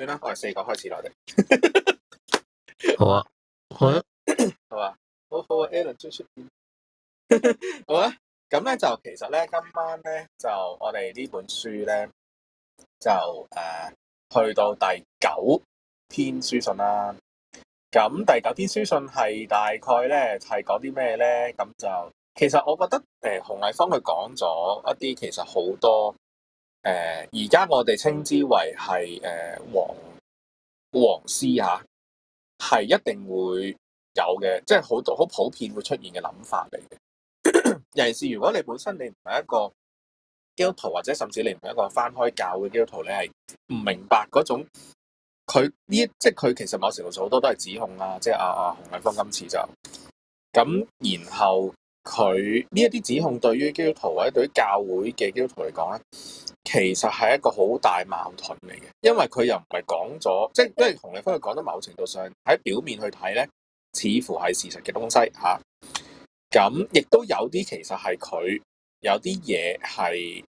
算啦，我哋四個開始落嚟、 啊啊。 好啊，好啊，係嘛？好，好啊，Alan，繼續。好啊，咁咧就其實咧，今晚咧就我哋呢本書咧就誒、啊、去到第九篇書信啦。咁第九篇書信係大概咧係講啲咩咧？咁就其實我覺得誒，洪、呃、麗芳佢講咗一啲其實好多。誒，而家、呃、我哋稱之為係誒、呃、黃黃絲吓，係、啊、一定會有嘅，即係好多好普遍會出現嘅諗法嚟嘅。 尤其是如果你本身你唔係一個基督徒，或者甚至你唔係一個返開教嘅基督徒，你係唔明白嗰種佢呢，即係佢其實某程度上好多都係指控啦、啊，即係啊啊洪麗峰今次就咁，然後。佢呢一啲指控，對於基督徒或者對於教會嘅基督徒嚟講咧，其實係一個好大矛盾嚟嘅，因為佢又唔係講咗，即係因為洪麗芳佢講得某程度上喺表面去睇咧，似乎係事實嘅東西嚇。咁亦都有啲其實係佢有啲嘢係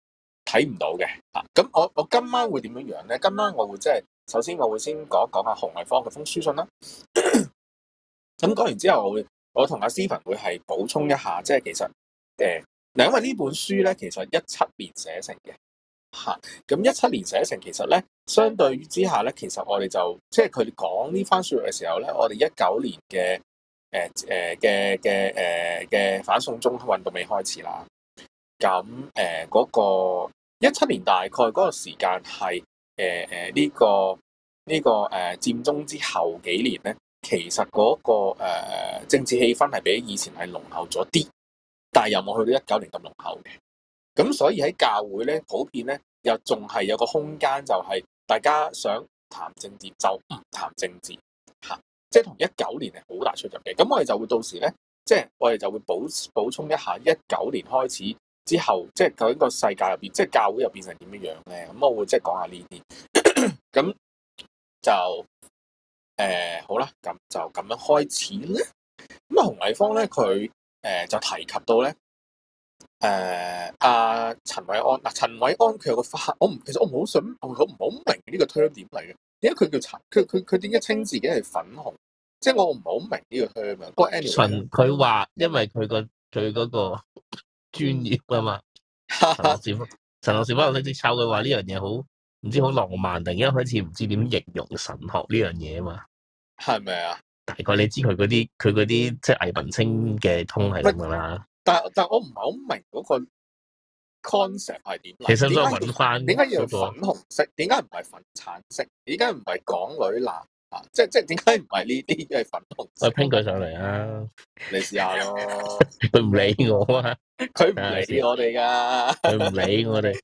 睇唔到嘅嚇。咁我我今晚會點樣樣咧？今晚我會即係首先我會先講講下洪麗芳嘅封書信啦。咁講完之後，我會。我同阿 Stephen 會係補充一下，即係其實誒，嗱，因為呢本書咧，其實一七年寫成嘅，吓，咁一七年寫成，其實咧相對於之下咧，其實我哋就即係佢講呢番說話嘅時候咧，我哋一九年嘅誒誒嘅嘅誒嘅反送中運動未開始啦，咁誒嗰個一七年大概嗰個時間係誒誒呢個呢、呢個誒、呃、佔中之後幾年咧。其實嗰個，呃，政治氣氛係比以前係濃厚咗啲，但係又冇去到一九年咁濃厚嘅。咁所以喺教會咧，普遍咧又仲係有個空間，就係大家想談政治就唔談政治吓，即係同一九年係好大出入嘅。咁我哋就會到時咧，即係我哋就會補補充一下一九年開始之後，即係究竟個世界入邊，即係教會又變成點樣樣咧？咁我會即係講下呢啲，咁就。呃、好啦，咁就咁樣開始咧。咁啊，洪麗芳咧佢誒就提及到咧，誒阿陳韋安嗱，陳韋安佢、呃、有個發，我唔其實我唔好想，我唔好明呢個 turn 點嚟嘅。點解佢叫陳？佢佢佢點解稱自己係粉紅？即係我唔好明呢個 turn。陳佢話，因為佢、嗰個佢嗰、嗰個專業啊嘛。陳老師， 陳老師一直臭佢話呢樣嘢好唔知好浪漫，定一開始唔知點形容神學呢樣嘢啊嘛。係咪啊？大概你知佢嗰啲佢嗰啲即係藝文青嘅通係咁樣啦。但係但係我唔係好明嗰個 concept 係點翻，點解要，要粉紅色？點解唔係粉橙色？點解唔係港女藍？即係即係，點解唔係呢啲即係粉紅色？我拼佢上嚟啊。你試下咯，佢唔理我啊！佢唔理我哋噶，佢唔理我哋。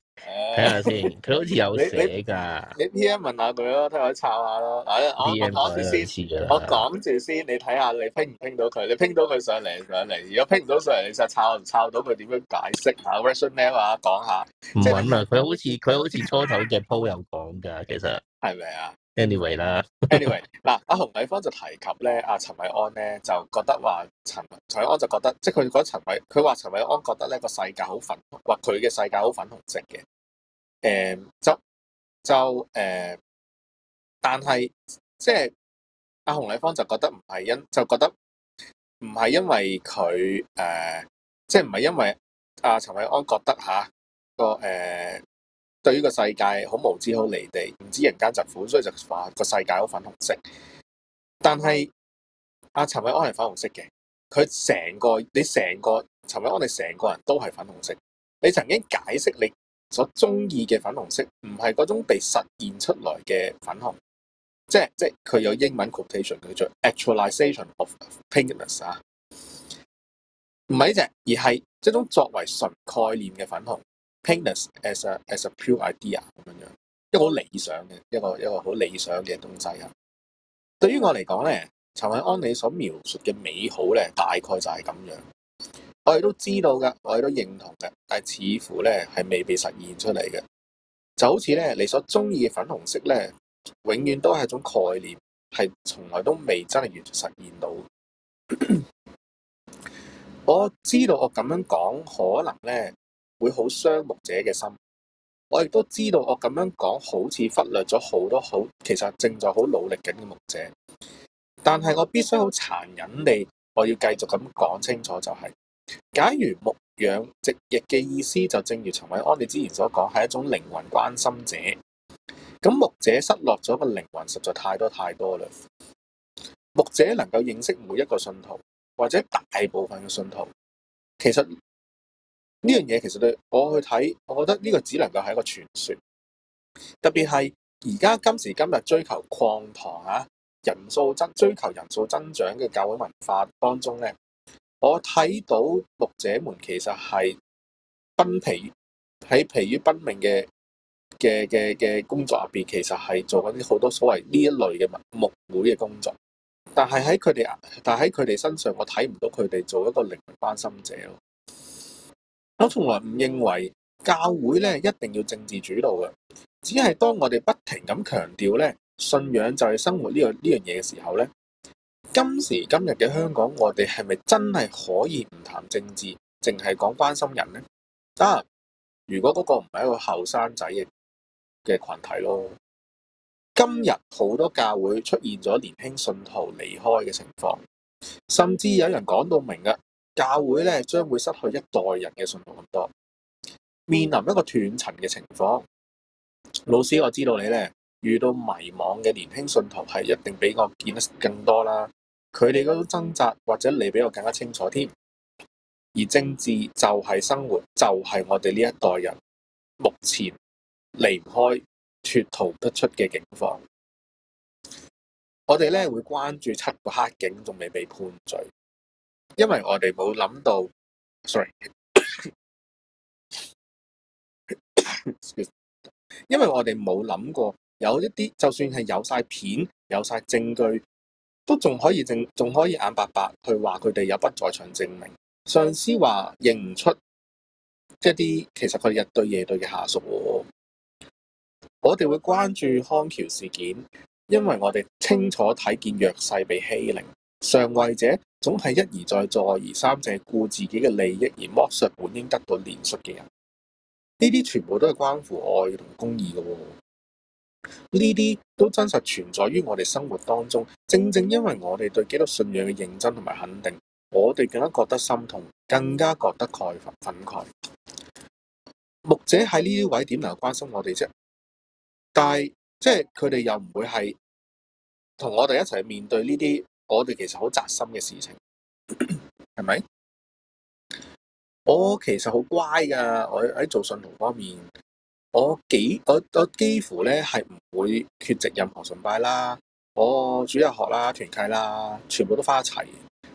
睇下先，佢好似有寫噶。你 PM 問下佢咯，睇下可以抄下咯。我講住先，你睇下你拼唔拼到佢，你拼到佢上嚟，上嚟，如果拼唔到上嚟，你就抄唔抄到佢？點樣解釋啊？Rationale 呢？啊，講下唔穩啊。佢好似佢好似初頭嘅鋪有講噶，其實係咪啊？Anyway 啦，Anyway 嗱，阿洪禮芳就提及咧，阿陳韋安咧就覺得話，陳陳韋安就覺得，即係佢覺得陳韋，佢話陳韋安覺得咧個世界好粉紅，話佢嘅世界好粉紅色嘅，誒、嗯，就就誒、呃，但係即係阿洪禮芳就覺得唔係因，就覺得唔係因為佢誒，即係唔係因為阿陳韋安覺得吓、啊、個誒。呃對於個世界好無知、好離地，唔知人間疾苦，所以就話個世界好粉紅色。但係阿陳偉安係粉紅色嘅，佢成個你成個陳偉安，你成個人都係粉紅色。你曾經解釋你所鍾意嘅粉紅色，唔係嗰種被實現出來嘅粉紅，即係即係佢有英文 quotation 叫做 actualization of pinkness 啊，唔係呢隻，而係一種作為純概念嘅粉紅。Painless as a as a pure idea 咁樣樣，一個好理想嘅一個一個好理想嘅東西啊！對於我嚟講咧，陳韋安你所描述嘅美好咧，大概就係咁樣。我哋都知道㗎，我哋都認同嘅，但係似乎咧係未被實現出嚟嘅。就好似咧，你所中意嘅粉紅色咧，永遠都係一種概念，係從來都未真係完全實現到。 我知道我咁樣講可能咧。會好傷牧者嘅心，我亦都知道我咁樣講好似忽略咗好多好，其實正在好努力緊嘅牧者，但係我必須好殘忍地我要繼續咁講清楚，就是，就係假如牧養直譯嘅意思，就正如陳韋安你之前所講，係一種靈魂關心者，咁牧者失落咗個靈魂實在太多太多啦，牧者能夠認識每一個信徒或者大部分嘅信徒，其實。呢樣嘢，其實對我去睇，我覺得呢個只能夠係一個傳說，特別係而家今時今日追求礦堂啊人數增追求人數增長嘅教會文化當中咧，我睇到牧者們其實係奔疲喺疲於奔命嘅嘅嘅嘅工作入邊，其實係做緊啲好多所謂呢一類嘅牧牧會嘅工作，但係喺佢哋但係喺佢哋身上，我睇唔到佢哋做一個靈關心者咯。我從來唔認為教會咧，一定要政治主導嘅，只係當我哋不停咁強調咧，信仰就係生活呢樣呢樣嘢嘅時候咧，今時今日嘅香港，我哋係咪真係可以唔談政治，淨係講關心人呢？啊，如果嗰個唔係一個後生仔嘅嘅群體咯，今日好多教會出現咗年輕信徒離開嘅情況，甚至有人講到明嘞，教會咧將會失去一代人嘅信徒咁多，面臨一個斷層嘅情況。老師，我知道你咧遇到迷茫嘅年輕信徒係一定比我見得更多啦。佢哋嗰種掙扎或者你比我更加清楚添。而政治就係生活，就係、是、我哋呢一代人目前離唔開、脫逃不出嘅境況。我哋咧會關注七個黑警仲未被判罪。因為我哋冇諗到，sorry，因為我哋冇諗過，有一啲就算係有晒片、有晒證據，都仲可以證，仲可以眼白白去話佢哋有不在場證明。上司話認唔出，一啲其實佢哋日對夜對嘅下屬，我哋會關注康橋事件，因為我哋清楚睇見弱勢被欺凌，上位者。總係一而再、再而三，淨係顧自己嘅利益，而剝削本應得到憐恤嘅人。呢啲全部都係關乎愛同公義嘅。呢啲都真實存在於我哋生活當中。正正因為我哋對基督信仰嘅認真同埋肯定，我哋更加覺得心痛，更加覺得慨憤慨。牧者喺呢啲位點能夠關心我哋啫？但係即係佢哋又唔會係同我哋一齊面對呢啲。我哋其實好扎心嘅事情，係咪？我其實好乖㗎，我喺做信徒方面，我幾我我幾乎咧係唔會缺席任何崇拜啦，我主日學啦、團契啦，全部都返一齊。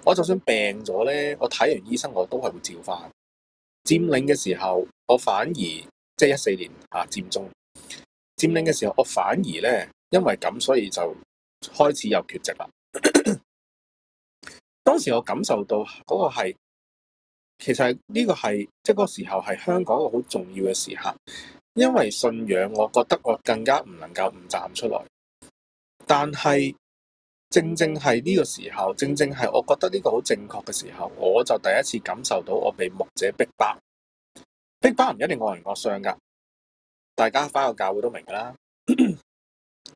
我就算病咗咧，我睇完醫生我都係會照返。佔領嘅時候，我反而即係一四年啊佔中佔領嘅時候，我反而咧因為咁，所以就開始有缺席啦。當時我感受到嗰個係，其實呢個係，即係嗰個時候係香港一個好重要嘅時刻，因為信仰，我覺得我更加唔能夠唔站出來。但係正正係呢個時候，正正係我覺得呢個好正確嘅時候，我就第一次感受到我被牧者逼爆。逼爆唔一定按人惡相噶，大家翻個教會都明噶啦。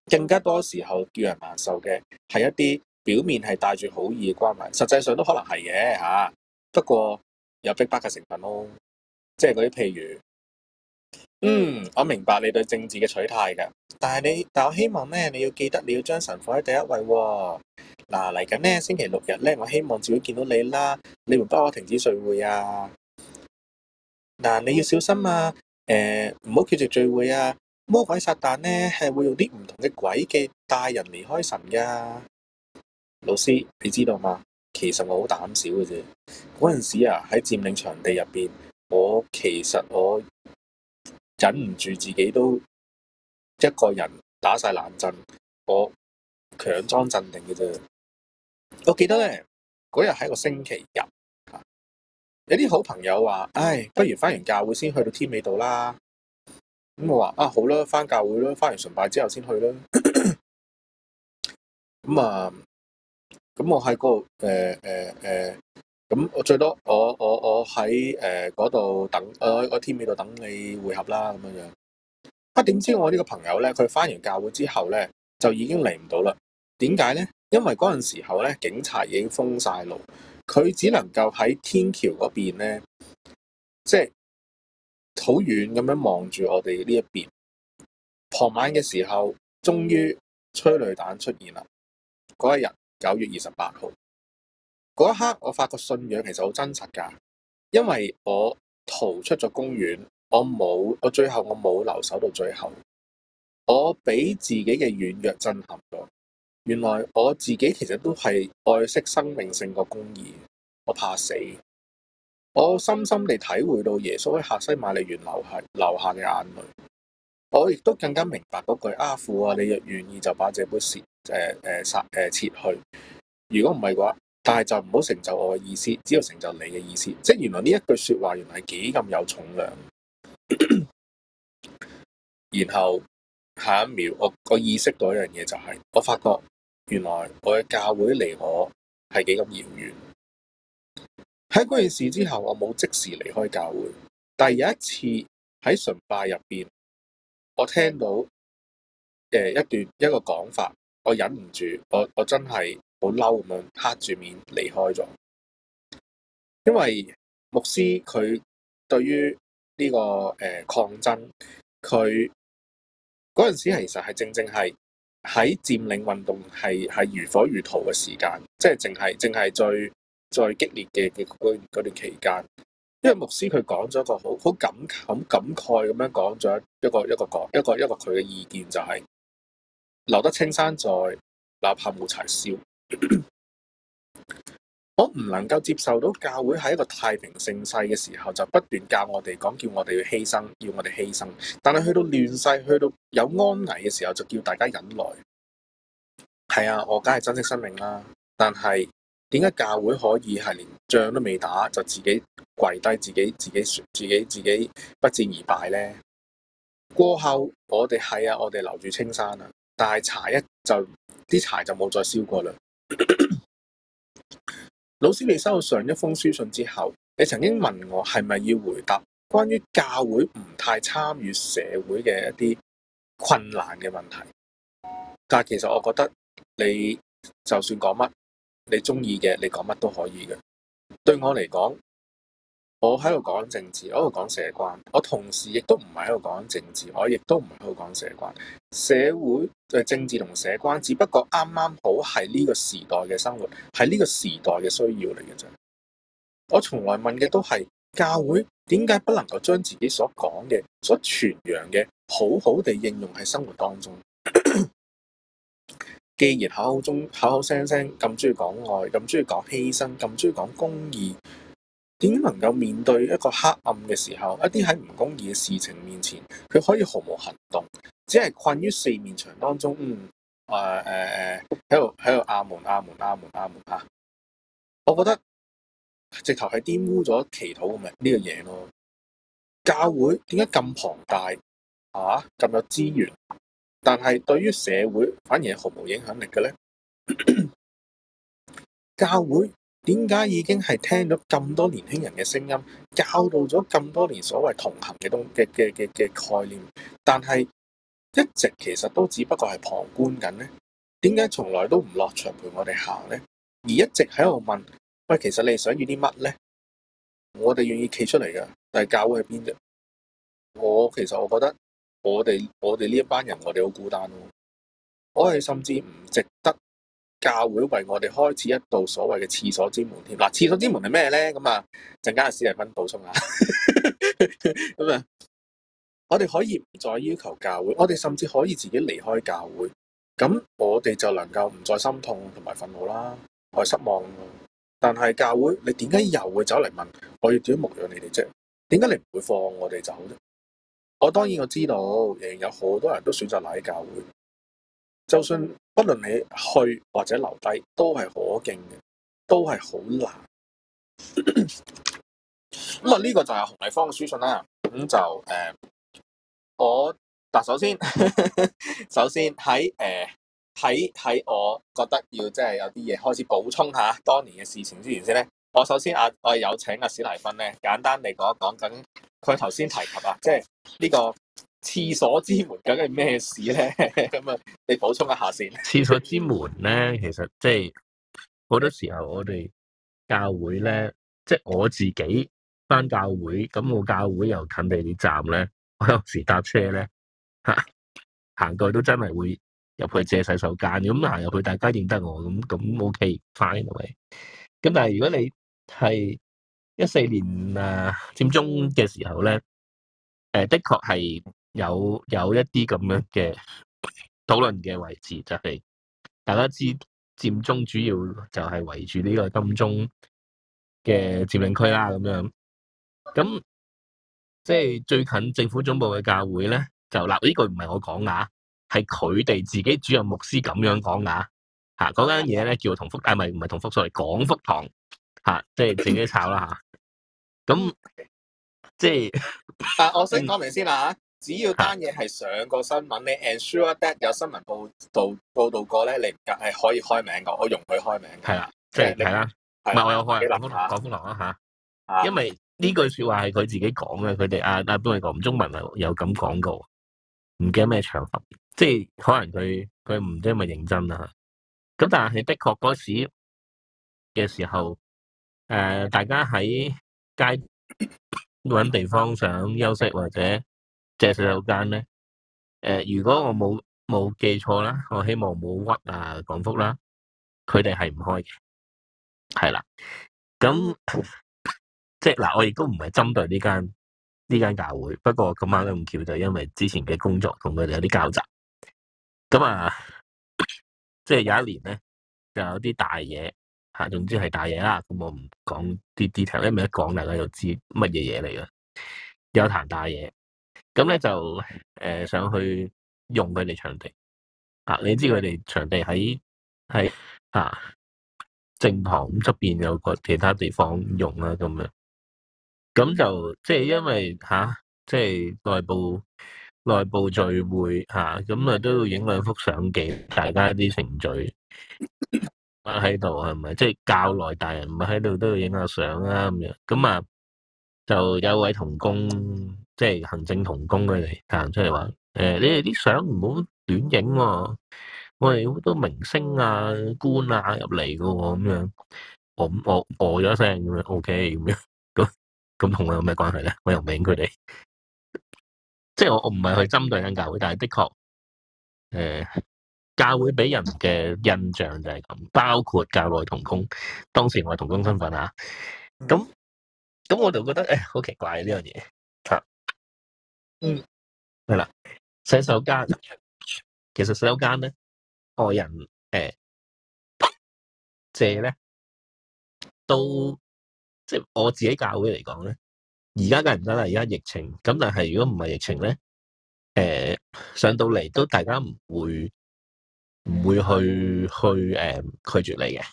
更加多時候叫人難受嘅係一啲。表面係帶住好意嘅關懷，實際上都可能係嘅嚇。不過有逼迫嘅成分咯，即係嗰啲譬如嗯，我明白你對政治嘅取態㗎，嗯、但係你但我希望呢，你要記得你要將神放喺第一位嗱。嚟緊呢星期六日呢，我希望至少見到你啦。你唔不可停止聚會啊！嗱，你要小心啊！誒唔好叫住聚會啊！魔鬼撒旦呢，係會用啲唔同嘅詭計帶人離開神㗎。老師，你知道嗎？其實我好膽小嘅啫。嗰陣時啊，喺佔領場地入邊，我其實我忍唔住自己都一個人打晒冷震，我強裝鎮定嘅啫。我記得咧，嗰日係個星期日，有啲好朋友話：唉，不如翻完教會先去到添美道啦。咁我話：啊，好啦，翻教會啦，翻完崇拜之後先去啦。咁 啊。咁我喺嗰度，誒誒誒，咁、呃、我、呃、最多我我我喺誒嗰度等，我 team 喺度等你匯合啦，咁樣樣。點點知我呢個朋友咧，佢返完教會之後咧，就已經嚟唔到啦。點解咧？因為嗰陣時候咧，警察已經封晒路，佢只能夠喺天橋嗰邊咧，即係好遠咁樣望住我哋呢一邊。傍晚嘅時候，終於催淚彈出現啦，嗰、嗰日九月二十八號，嗰一刻我發覺信仰其實好真實噶，因為我逃出咗公園，我冇，我最後我冇留守到最後，我畀自己嘅軟弱震撼咗。原來我自己其實都係愛惜生命勝過公義，我怕死，我深深地體會到耶穌喺客西馬利園留下留下嘅眼淚，我亦都更加明白嗰句阿、啊，父啊，你若願意就把這杯事誒誒，撤去。如果唔係嘅話，但係就唔好成就我嘅意思，只要成就你嘅意思。即係原來呢一句說話，原來係幾咁有重量。然後下一秒，我個意識到一樣嘢就係、是，我發覺原來我嘅教會離我係幾咁遙遠。喺嗰件事之後，我冇即時離開教會，但係有一次喺崇拜入邊，我聽到一段一個講法。我忍唔住，我我真係好嬲，咁樣黑住面離開咗。因為牧師佢對於呢個誒抗爭，佢嗰陣時其實係正正係喺佔領運動係係如火如荼嘅時間，即係淨係淨係最最激烈嘅嘅段期間。因為牧師佢講咗一個好好感好感慨咁樣講咗一個一個一個一個佢嘅意見就係、是。留得青山在，哪怕冇柴燒。 我唔能夠接受到教會喺一個太平盛世嘅時候就不斷教我哋講，叫我哋要犧牲，要我哋犧牲。但係去到亂世，去到有安危嘅時候，就叫大家忍耐。係啊，我梗係珍惜生命啦。但係點解教會可以係連仗都未打就自己跪低，自己自己自己自己，自己不戰而敗呢？過後我哋係啊，我哋留住青山啊！但係茶一就啲茶就冇再燒過啦。 老師你收到上一封書信之後，你曾經問我係咪要回答關於教會唔太參與社會嘅一啲困難嘅問題？但係其實我覺得你就算講乜，你中意嘅你講乜都可以嘅。對我嚟講。我喺度講政治，我喺度講社關。我同時亦都唔係喺度講政治，我亦都唔喺度講社關。社會誒，政治同社關，只不過啱啱好係呢個時代嘅生活，係呢個時代嘅需要嚟嘅啫。我從來問嘅都係教會點解不能夠將自己所講嘅、所傳揚嘅，好好地應用喺生活當中？ 既然口中口口聲聲咁中意講愛，咁中意講犧牲，咁中意講公義。點樣能夠面對一個黑暗嘅時候，一啲喺唔公義嘅事情面前，佢可以毫無行動，只係困於四面牆當中，嗯，誒誒誒，喺度喺度阿門阿門阿門阿門啊！我覺得直頭係玷污咗祈禱嘅呢個嘢咯。教會點解咁龐大啊，咁有資源，但係對於社會反而係毫無影響力嘅咧？ 教會。點解已經係聽到咁多年輕人嘅聲音，教導咗咁多年所謂同行嘅東嘅嘅嘅嘅概念，但係一直其實都只不過係旁觀緊呢？點解從來都唔落場陪我哋行呢？而一直喺度問喂，其實你想要啲乜呢？我哋願意企出嚟㗎，但係教會係邊隻？我其實我覺得我哋我哋呢一班人，我哋好孤單咯。我哋甚至唔值得。教會為我哋開始一道所謂嘅廁所之門添嗱，廁所之門係咩咧？咁啊，陣間阿史提芬補充啦。咁啊，我哋可以唔再要求教會，我哋甚至可以自己離開教會。咁我哋就能夠唔再心痛同埋憤怒啦，我失望。但係教會，你點解又會走嚟問我要點樣牧養你哋啫？點解你唔會放我哋走咧？我當然我知道，仍然有好多人都選擇留喺教會，就算。不論你去或者留低，都係可敬嘅，都係好難。咁啊，呢、 嗯這個就係洪禮芳嘅書信啦。咁就誒、呃，我嗱首先，呵呵首先喺誒喺喺，呃、我覺得要即係有啲嘢開始補充下當年嘅事情之前先咧。我首先啊，我有請阿、啊、史麗芬咧，簡單嚟講一講緊，佢頭先提及啊，即係呢個。廁所之門究竟係咩事咧？咁啊，你補充一下先。廁所之門咧，其實即係好多時候我哋教會咧，即係我自己翻教會，咁我教會又近地鐵站咧，我有時搭車咧，行過去都真係會入去借洗手間。咁行入去，大家認得我，咁咁 OK fine。咁但係如果你係一四年啊佔中嘅時候咧，誒，的確係。有有一啲咁樣嘅討論嘅位置，就係、是、大家知佔中主要就係圍住呢個金鐘嘅佔領區啦。咁樣咁即係最近政府總部嘅教會咧，就嗱，呢個唔係我講噶，係佢哋自己主任牧師咁樣講噶嚇。嗰、啊、間嘢咧叫同福，但係唔係同福所謂，廣福堂嚇、啊，即係自己炒啦嚇。咁即係，但、啊、我想講明先啦、啊、嚇。只要單嘢係上過新聞，你 ensure that 有新聞報道報道過咧，你係可以開名㗎。我容許佢開名。係啊，即係係啦，唔係我有開。講風涼啊嚇，啊因為呢句説話係佢自己講嘅。佢哋阿阿邊位講中文係有咁講過，唔記得咩場合，即係可能佢佢唔知係咪認真啊？咁但係的確嗰時嘅時候，呃、大家喺街搵地方想休息或者。借洗手間咧，誒、呃，如果我冇冇記錯啦，我希望冇屈啊廣福啦，佢哋係唔開嘅，係啦。咁即係嗱，我亦都唔係針對呢間呢間教會，不過今晚咁巧就因為之前嘅工作同佢哋有啲交集。咁啊，即係有一年咧，就有啲大嘢吓，總之係大嘢啦。咁我唔講啲 detail，因為一講大家就知乜嘢嘢嚟嘅，有壇大嘢。咁咧就、呃、想去用佢哋場地，啊、你知佢哋場地喺喺啊正堂咁側邊有個其他地方用啦咁樣。咁就即係因為吓、啊、即係內部內部聚會咁啊，都要影兩幅相記，大家啲程序啊喺度係咪？即係、就是、教內大人咪喺度都要影下相啊咁樣。咁啊就有位同工。即係行政同工佢哋行出嚟話，誒，你哋啲相唔好亂影，我哋好多明星啊、官啊入嚟噶喎，咁樣，我我哦咗一聲咁樣，O K，咁樣，咁咁同我有咩關係咧？我又唔影佢哋，即係我我唔係去針對緊教會，但係的確，誒，教會俾人嘅印象就係咁，包括教內同工，當時我係同工身份啊，咁咁我就覺得誒，好奇怪呢樣嘢。嗯，係啦，洗手間，其實洗手間咧，外人誒、呃、借咧，都即係我自己教會嚟講咧，而家梗係唔得啦，而家疫情咁，但係如果唔係疫情咧，誒、呃、上到嚟都大家唔會唔會去去誒、呃、拒絕你嘅，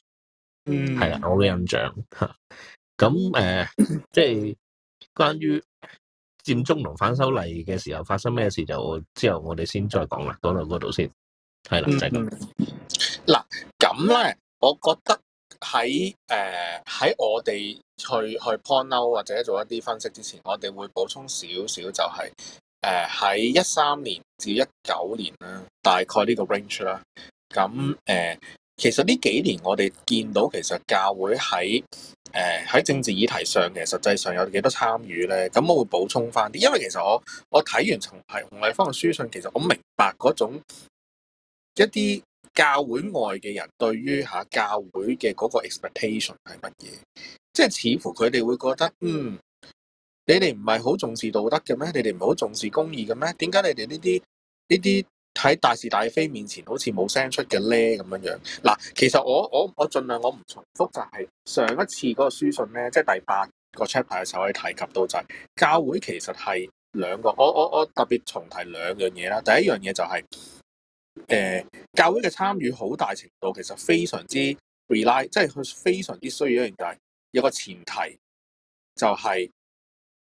嗯，係啦，我嘅印象吓，咁誒、呃、 即係關於。佔中同反修例嘅時候發生咩事就之後我哋先再講啦，講到嗰度先，係啦，就係咁。嗱、hmm. 的，咁咧，我覺得喺誒喺我哋去去 point out 或者做一啲分析之前，我哋會補充少少，就係，就係誒喺一三年至一九年啦，大概呢個 range 啦。咁、呃、誒，其實呢幾年我哋見到其實教會喺誒喺政治議題上嘅，實際上有幾多參與呢？咁我會補充翻啲，因為其實我我睇完從係洪麗芳嘅書信，其實我明白嗰種一啲教會外嘅人對於嚇教會嘅嗰個 expectation 係乜嘢，即係似乎佢哋會覺得，嗯，你哋唔係好重視道德嘅咩？你哋唔係好重視公義嘅咩？點解你哋呢啲呢啲？喺大是大非面前，好似冇聲出嘅咧咁樣樣。嗱，其實我我我盡量我唔重複，就係上一次嗰個書信咧，即係第八個 chapter 嘅時候，可以提及到就係教會其實係兩個。我我我特別重提兩樣嘢啦。第一樣嘢就係，誒，教會嘅參與好大程度其實非常之 rely，即係佢非常之需要的一樣就係有個前提，就係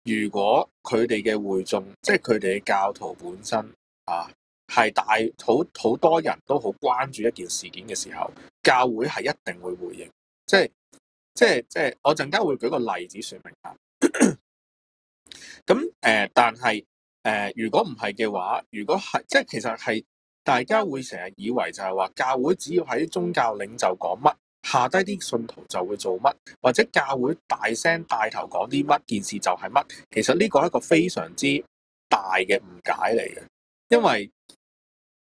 如果佢哋嘅會眾，即係佢哋嘅教徒本身啊。係大好好多人都好關注一件事件嘅時候，教會係一定會回應，即係即係即係，我陣間會舉個例子說明下。咁誒、 呃，但係誒、呃，如果唔係嘅話，如果係即係，其實係大家會成日以為就係話教會只要喺宗教領袖講乜，下低啲信徒就會做乜，或者教會大聲帶頭講啲乜，件事就係乜。其實呢個係一個非常之大嘅誤解嚟嘅。因為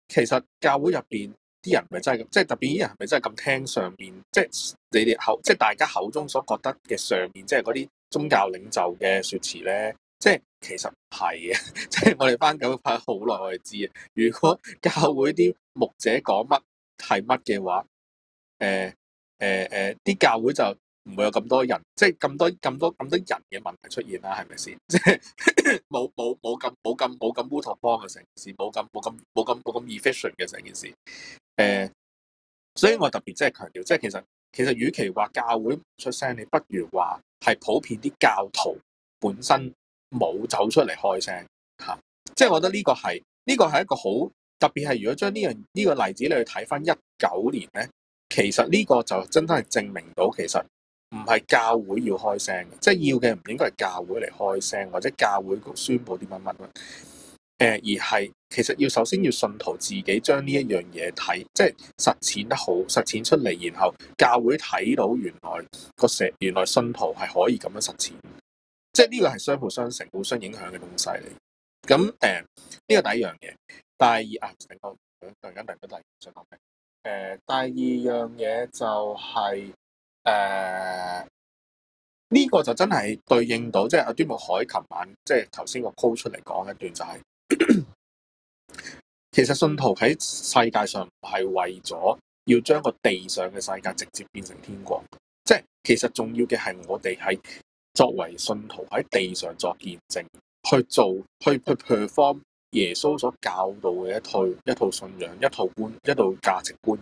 其實教會入邊啲人唔係真係，即係特別啲人唔係真係咁聽上面，即係你哋口，即係大家口中所覺得嘅上面，即係嗰啲宗教領袖嘅說辭咧，即係其實唔係嘅，即係我哋返教會返咗好耐，我哋知啊。如果教會啲牧者講乜係乜嘅話，誒誒誒，啲教會就。唔會有咁多人，即係咁多咁多咁多人嘅問題出現啦，係咪先？即係冇冇冇咁冇咁冇咁烏托邦嘅城市，冇咁冇咁冇咁冇咁 efficient 嘅成件事。誒，uh，所以我特別即係強調，即係其實其實與其話教會唔出聲，你不如話係普遍啲教徒本身冇走出嚟開聲吓。即係我覺得呢個係呢個係一個好特別係，如果將呢樣呢個例子你去睇翻一九年咧，其實呢個就真真係證明到其實，唔係教會要開聲，即係要嘅唔應該係教會嚟開聲，或者教會宣佈啲乜乜乜，誒、呃、而係其實要首先要信徒自己將呢一樣嘢睇，即係實踐得好，實踐出嚟，然後教會睇到原來個社原來信徒係可以咁樣實踐，即係呢個係相輔相成、互相影響嘅東西嚟。咁誒呢個第一樣嘢，第二，啊、等我大家大家嚟講咩？誒、呃、第二樣嘢就係、是。誒，呢、uh, 個就真係對應到，即係阿端木海琴晚，即係頭先我 call 出嚟講一段就係、是，其實信徒喺世界上唔係為咗要將個地上嘅世界直接變成天國，即、就、係、是、其實重要嘅係我哋係作為信徒喺地上作見證，去做去，去 perform 耶穌所教導嘅一套一套信仰、一套觀、一套價值觀。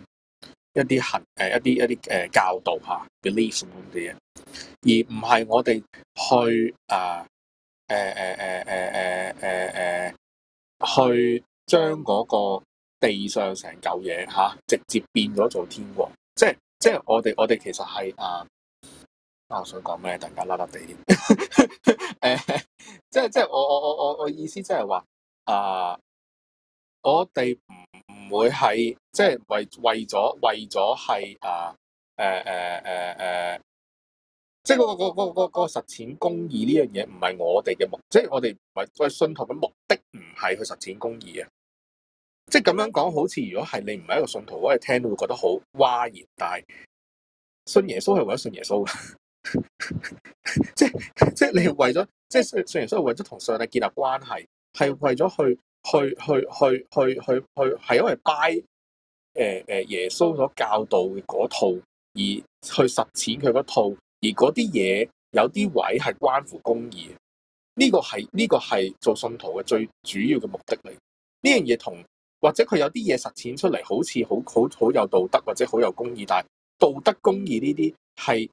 一啲行一啲一啲教導嚇 belief 咁啲嘢，而唔係我哋去啊誒誒誒去將嗰個地上成嚿嘢嚇直接變咗做天國，即係即係我哋我哋其實係啊，我、啊、想講咩？大家啦啦地誒、啊，即係即係我我我我我意思即係話啊。我哋唔唔會係即係為為咗為咗係啊誒誒誒誒，即係嗰個嗰個嗰個嗰個實踐公義呢樣嘢，唔係我哋嘅目，即係我哋唔係我哋信徒嘅目的唔係去實踐公義啊！即係咁樣講，好似如果係你唔係一個信徒，我哋聽到會覺得好嘩然。但係信耶穌係為咗信耶穌嘅， 即係即係你為咗即係信耶穌係為咗同上帝建立關係，係為咗去。去去去去去去，係因為拜誒誒、呃、耶穌所教導嘅嗰套而去實踐佢嗰套，而嗰啲嘢有啲位係關乎公義，呢、呢個係呢、呢個係做信徒嘅最主要嘅目的嚟。呢樣嘢同或者佢有啲嘢實踐出嚟，好似好好好有道德或者好有公義，但係道德公義呢啲係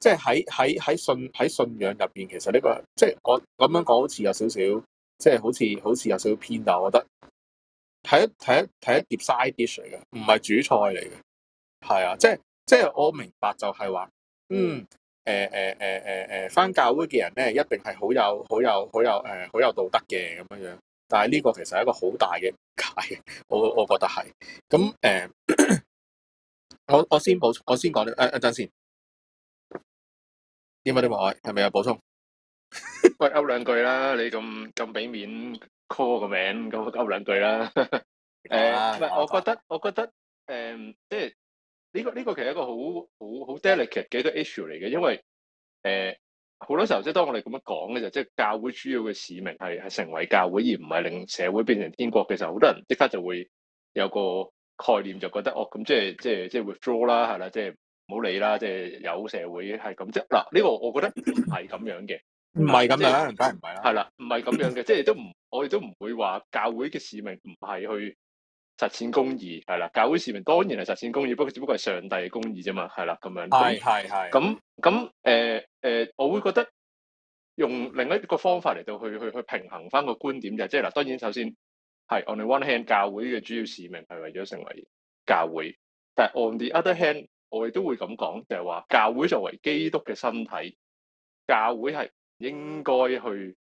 即係喺喺喺信喺信仰入邊，其實呢個即係我咁樣講，好似有少少。即係好似好似有少少偏，但我覺得睇一睇一睇一碟 side dish 嚟嘅，唔係主菜嚟嘅。係啊，即係即係我明白就係話，嗯，誒誒誒誒誒，返教會嘅人咧，一定係好有好有好有誒好有道德嘅咁樣樣，但係呢個其實係一個好大嘅誤解，我我覺得係，咁誒、欸，我我先補充，我先講誒一陣先，點乜啲話，係咪有補充？ 喂，勾兩句啦！你咁咁俾面 call 個名，咁勾兩句啦。誒，唔係，啊、我覺得，我覺得，誒、嗯，即係呢、這個呢、這個其實一個好好好 delicate 嘅一個 issue 嚟嘅，因為誒、呃、好多時候即係當我哋咁樣講嘅時候，即係教會主要嘅使命係係成為教會，而唔係令社會變成天國嘅時候，好多人即刻就會有個概念就覺得哦，咁即係即係即係 withdraw 啦，係啦，即係唔好理啦，即係有社會係咁即嗱呢、啊這個，我覺得係咁樣嘅。 唔係咁樣、啊，梗唔係啦。係啦、啊，唔係咁樣嘅， 即係都唔，我哋都唔會話教會嘅使命唔係去實踐公義，係啦。教會使命當然係實踐公義，不過只不過係上帝嘅公義啫嘛，係啦咁樣。係係係。咁咁誒誒，我會覺得用另一個方法嚟到去去去平衡翻個觀點就即係嗱，當然首先係 on the one hand，教會嘅主要使命係為咗成為教會，但係 on the other hand，我哋都會咁講就係、是、話，教會作為基督嘅身體，教會係。應該去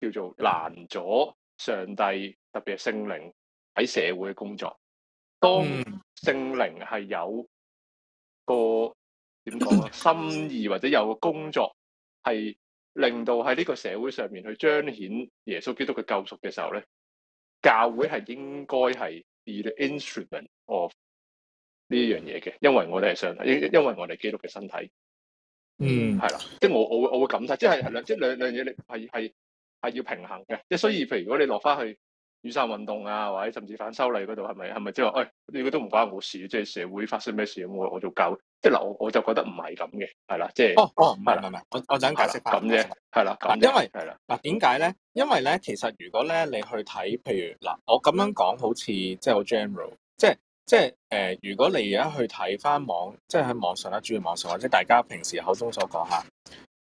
叫做攔阻上帝，特別係聖靈喺社會嘅工作。當聖靈係有個點講啊，心意或者有個工作係令到喺呢個社會上面去彰顯耶穌基督嘅救贖嘅時候咧，教會係應該係 be the instrument of 呢一樣嘢嘅，因為我哋係上帝，因因為我哋基督嘅身體。嗯，係啦，即係我我會我會咁睇，即係係啦，即係兩樣嘢，你係係係要平衡嘅，即係所以，譬如如果你落翻去雨傘運動啊，或者甚至反修例嗰度，係咪係咪即係話，誒，你、哎、都都唔關我事，即係社會發生咩事，我我做教，即係嗱，我我就覺得唔係咁嘅，係啦，即係哦哦，唔係唔係，我我等解釋翻啫，係啦的，因為係啦，嗱的，點解咧？因為咧，其實如果咧，你去睇，譬如嗱，我咁樣講，好似即係好 general，即係，就是即係誒、呃，如果你而家去睇翻網，即係喺網上啦，主要網上或者大家平時口中所講吓，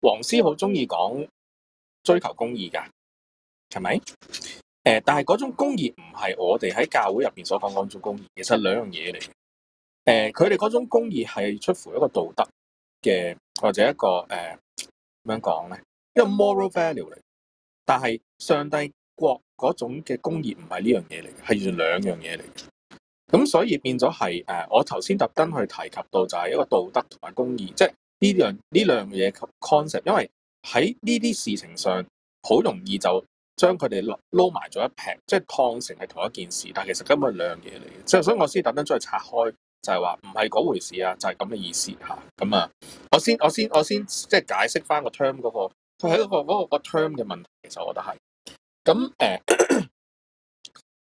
黃絲好中意講追求公義噶，係咪？誒、呃，但係嗰種公義唔係我哋喺教會入邊所講嗰種公義，其實兩樣嘢嚟。誒、呃，佢哋嗰種公義係出乎一個道德嘅或者一個誒點樣講咧，一個 moral value 嚟。但係上帝國嗰種嘅公義唔係呢樣嘢嚟，嘅，係兩樣嘢嚟。咁所以變咗係誒，我頭先特登去提及到就係一個道德同埋公義，即係呢樣呢兩樣嘢及 concept，因為喺呢啲事情上，好容易就將佢哋攞撈埋咗一撇，即係抗成係同一件事，但係其實根本係兩樣嘢嚟嘅。即係所以我先特登將佢拆開，就係話唔係嗰回事啊，就係咁嘅意思嚇。咁啊，我先我先我先即係解釋翻個 term 嗰、嗰個，佢喺嗰個嗰、嗰個嗰個 term 嘅問題，其實我覺得係咁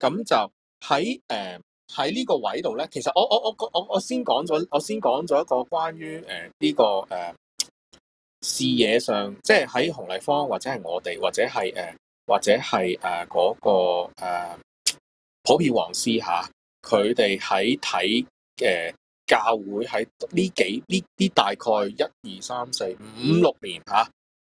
誒，咁、uh, 就喺誒。Uh, 喺呢個位度咧，其實我我我我我先講咗，我先講咗一個關於誒呢、呃這個誒、呃、視野上，即係喺洪麗芳或者係我哋或者係誒、呃、或者係誒嗰個誒、呃、普遍黃絲吓，佢哋喺睇誒教會喺呢幾呢啲大概一二三四五六年吓。啊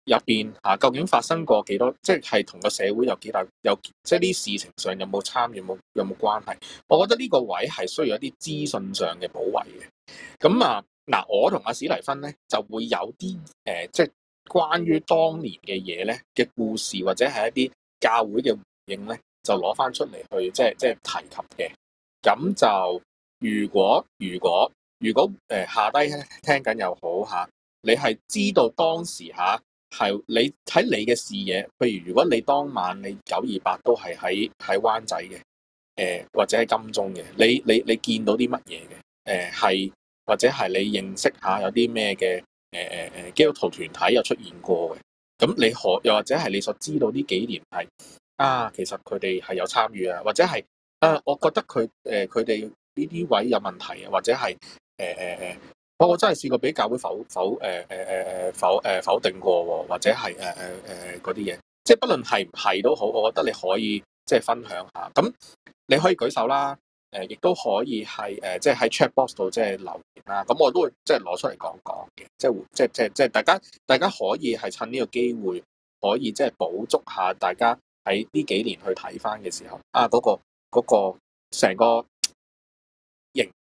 入邊嚇，究竟發生過幾多，即係同個社會有幾大有，即係呢事情上有冇參與，冇有冇關係？我覺得呢個位係需要一啲資訊上嘅補位嘅。咁啊，嗱，我同阿史黎芬呢就會有啲誒、呃，即係關於當年嘅嘢呢嘅故事，或者係一啲教會嘅回應呢，就攞翻出嚟去，即係即係提及嘅。咁就如果如果如果誒、呃、下低聽緊又好嚇，你係知道當時嚇。啊係你睇你嘅視野，譬如如果你當晚你九二八都係喺喺灣仔嘅，誒、呃、或者喺金鐘嘅，你你你見到啲乜嘢嘅？誒、呃、係或者係你認識一下有啲咩嘅誒誒誒基督徒團體有出現過嘅？咁你可又或者係你所知道呢幾年係啊，其實佢哋係有參與啊，或者係啊、呃，我覺得佢誒佢哋呢啲位置有問題，或者係誒誒誒。呃呃我我真係試過俾教會否否誒誒誒誒否誒、呃、否定過的，或者係誒誒誒嗰啲嘢，即係不論係唔係都好，我覺得你可以即係分享下。咁你可以舉手啦，誒亦都可以係誒、呃、即係喺 chat box 度即係留言啦。咁、啊、我都會即係攞出嚟講講嘅，即係即即即係大家大家可以係趁呢個機會，可以即係捕捉下大家喺呢幾年去睇返嘅時候啊嗰個嗰個成個。那個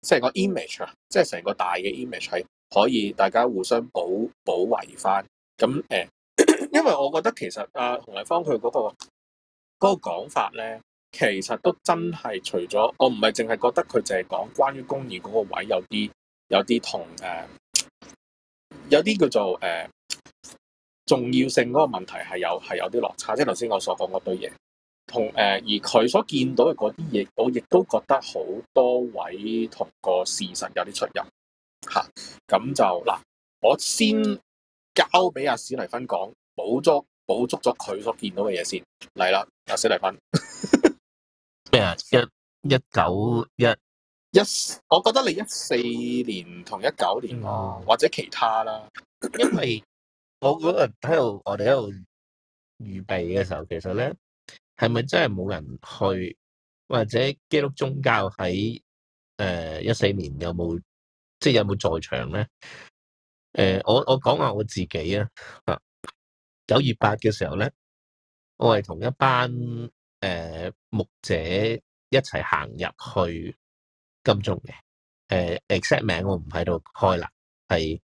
即係個 image 啊，即係成個大嘅 image 係可以大家互相保保衞翻。咁，誒，因為我覺得其實阿洪麗芳佢嗰個嗰個講法咧，其實都真係除咗我唔係淨係覺得佢淨係講關於公義嗰個位有啲有啲同誒有啲叫做誒、啊、重要性嗰個問題係有係有啲落差，即係頭先我所講嗰堆嘢。同誒，而佢所見到嘅嗰啲嘢，我亦都覺得好多位同個事實有啲出入嚇。咁、啊、就嗱，我先交俾阿史黎芬講補足補足咗佢所見到嘅嘢先嚟啦。阿史黎芬咩啊？ 一一九一一，yes，我覺得你一四年同一九年啊，嗯哦、或者其他啦， 因為我嗰日喺度，我哋喺度預備嘅時候，其實咧。係咪真係冇人去？或者基督宗教喺誒、呃、一四年有冇即係有冇、就是、在場咧？誒、呃，我我講下我自己啊！啊，九二八嘅時候咧，我係同一班誒、呃、牧者一齊行入去金鐘嘅。誒、呃、，except 名我唔喺度開啦，係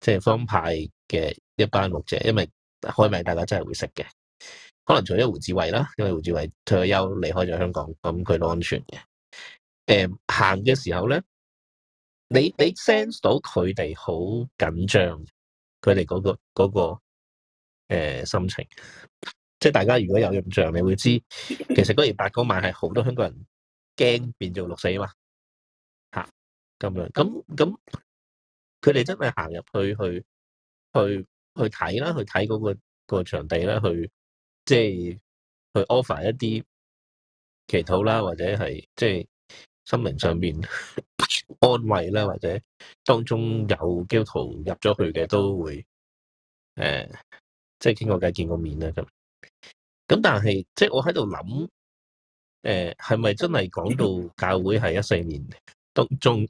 即係方派嘅一班牧者，因為開名大家真係會識嘅。可能除咗胡志偉啦，因為胡志偉退咗休離開咗香港，咁佢都安全嘅。誒行嘅時候咧，你你 sense 到佢哋好緊張，佢哋嗰個嗰、嗰個呃、心情，即係大家如果有印象，你會知其實嗰年八個萬係好多香港人驚變做六四啊嘛，吓、啊、咁樣咁咁，佢哋真係行入去去去去睇啦，去睇嗰、嗰個、嗰個場地啦。去。即係去 offer 一啲祈禱啦，或者係即係心靈上邊安慰啦，或者當中有基督徒入咗去嘅都會，誒、呃，即係傾過偈、見過面啦咁。咁但係即係我喺度諗，誒、呃，係咪真係講到教會係一四年當中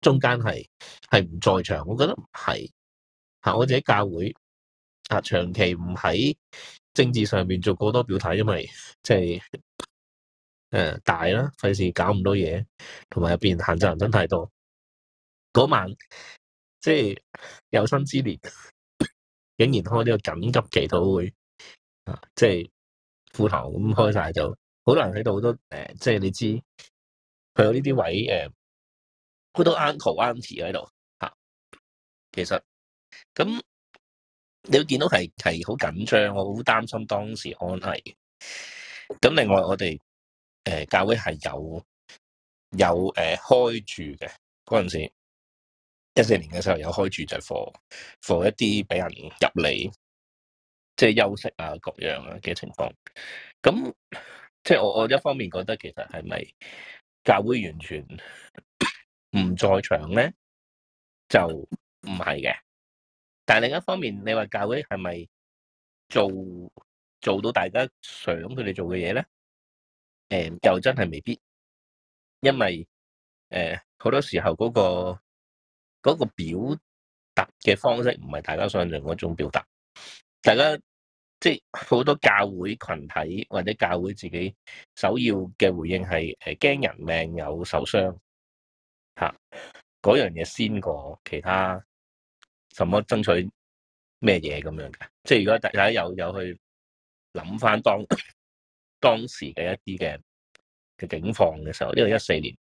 中間係係唔在場？我覺得唔係，喺我自己教會。啊！長期唔喺政治上面做過多表態，因為即係誒大啦，費事搞唔到嘢，同埋入邊限制人真太多。嗰晚即係、就是、有生之年，竟然開呢個緊急祈禱會啊！即係斧頭咁開晒，就好、是、多人喺度好多誒，即、呃、係、就是、你知佢有呢啲位誒，去到 uncle auntie 喺度嚇，其實咁。你會見到係係好緊張，我好擔心當時安危。咁另外我們，我哋誒教會係有有誒、呃、開住嘅嗰陣時候，一四年嘅時候有開住就係 for, for 一啲俾人入嚟，即係休息啊各樣啊嘅情況。咁即係我我一方面覺得其實係咪教會完全唔在場咧？就唔係嘅。但另一方面，你話教會係咪做做到大家想佢哋做嘅嘢咧？誒、呃，又真係未必，因為誒好、呃、多時候嗰、嗰個嗰個表達嘅方式唔係大家想像嗰種表達。大家即係好多教會群體或者教會自己首要嘅回應係誒驚人命有受傷嚇，嗰、啊、樣嘢先過其他。什麼爭取咩嘢咁樣嘅？即係如果大家有有去諗翻當當時嘅一啲嘅嘅境況嘅時候，呢、這個一四年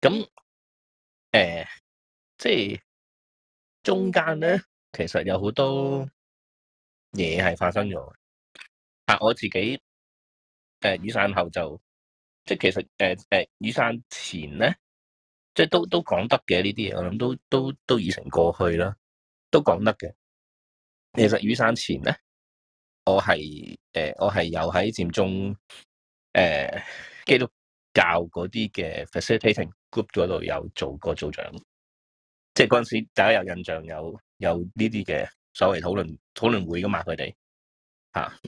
咁、呃、即係中間咧，其實有好多嘢係發生咗。但我自己、呃、雨傘後就即係其實、呃呃、雨傘前咧，即係都都講得嘅呢啲嘢，我諗都都都已成過去啦。都講得嘅，其實雨生傘前咧，我係誒、呃、我係又喺佔中誒、呃、基督教嗰啲嘅 facilitating group 度有做過組長，即係嗰陣時大家有印象有有呢啲嘅所謂討論討論會噶嘛，佢哋嚇，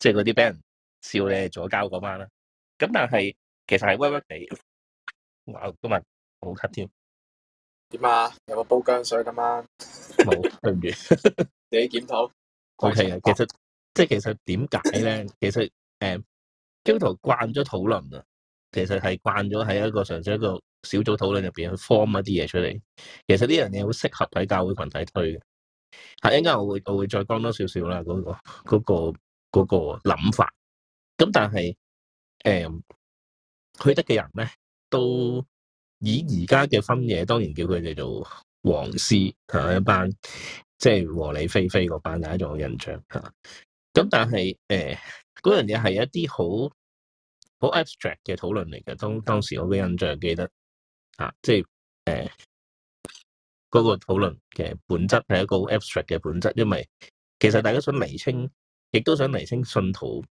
即係嗰啲俾人笑你左膠嗰晚啦。咁但係其實係屈屈地，話今日好咳添。點啊？有個煲薑水咁啊？冇 討，對唔住。你檢討。O.K. 啊，其實即係 其實點解咧？其實誒 Guto 慣咗討論啊，其實係慣咗喺一個純粹一個小組討論入邊去 form 一啲嘢出嚟。其實呢樣嘢好適合喺教會群體推嘅。係一陣間我會我會，我會再講多少少啦，嗰個嗰個嗰個諗法。咁但係誒、嗯，去得嘅人咧都。以而家嘅分野，當然叫佢哋做黃絲同一班，即係和理非非嗰班，大家仲有印象嚇。咁但係誒，嗰樣嘢係一啲好好 abstract 嘅討論嚟嘅。當當時我嘅印象記得嚇，即係誒嗰個討論嘅本質係一個好 abstract 嘅本質，因為其實大家想釐清，亦都想釐清信徒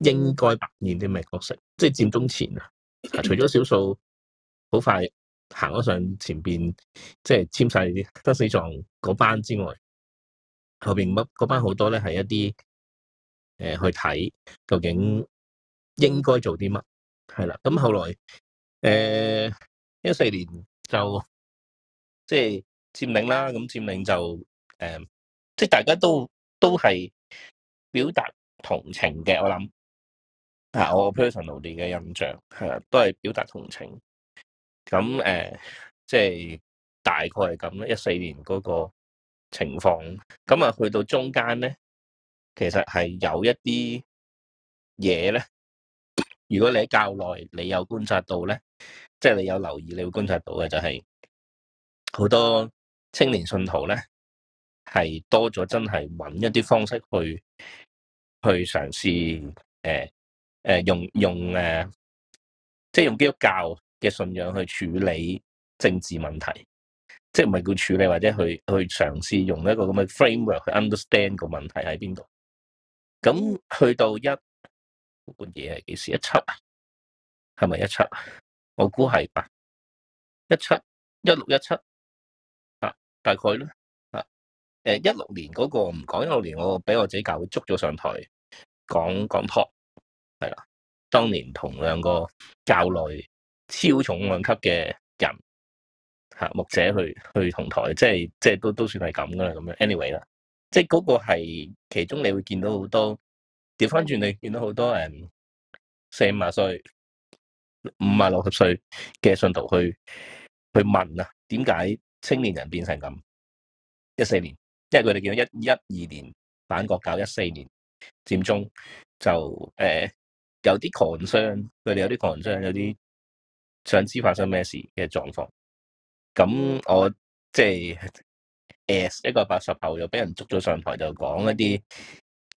應該扮演啲咩角色，即係佔中前啊，除咗少數好快。行咗上前邊，即係簽曬得死狀嗰班之外，後邊乜嗰班好多咧，係一啲誒去睇究竟應該做啲乜，係啦。咁後來誒一四年就即係佔領啦，咁佔領就誒、呃、即係大家都都係表達同情嘅，我諗啊，我 personal 啲嘅印象係都係表達同情嘅。咁誒，即係大概係咁啦。一四年嗰個情況，咁啊，去到中間咧，其實係有一啲嘢咧。如果你喺教內，你有觀察到咧，即係你有留意，你會觀察到嘅就係好多青年信徒咧，係多咗真係揾一啲方式去去嘗試誒誒用用誒，即係用基督教嘅信仰去處理政治問題，即係唔係叫處理，或者去去嘗試用一個咁嘅 framework 去 understand 個問題喺邊度。咁去到一半嘢係幾時？一七係咪一七？我估係吧。一七一六一七啊，大概啦啊。誒、那個，一六年嗰個唔、那、講、個，一六年我俾我自己教會捉咗上台講講 talk 係啦。當年同兩個教內。超重量級嘅人嚇，牧者去去同台，即係即係都都算係咁噶啦。咁樣，anyway 啦，即係嗰個係其中，你會見到好多掉返轉，你見到好多誒四五十歲、五十六十歲嘅信徒去去問啊，點解青年人變成咁一四年？即係佢哋見到一一二年反國教，一四年佔中就誒有啲狂傷，佢哋有啲狂傷，有啲。想知發生咩事嘅狀況，咁我即係、就是、s 一個八十後又俾人捉咗上台，就講一啲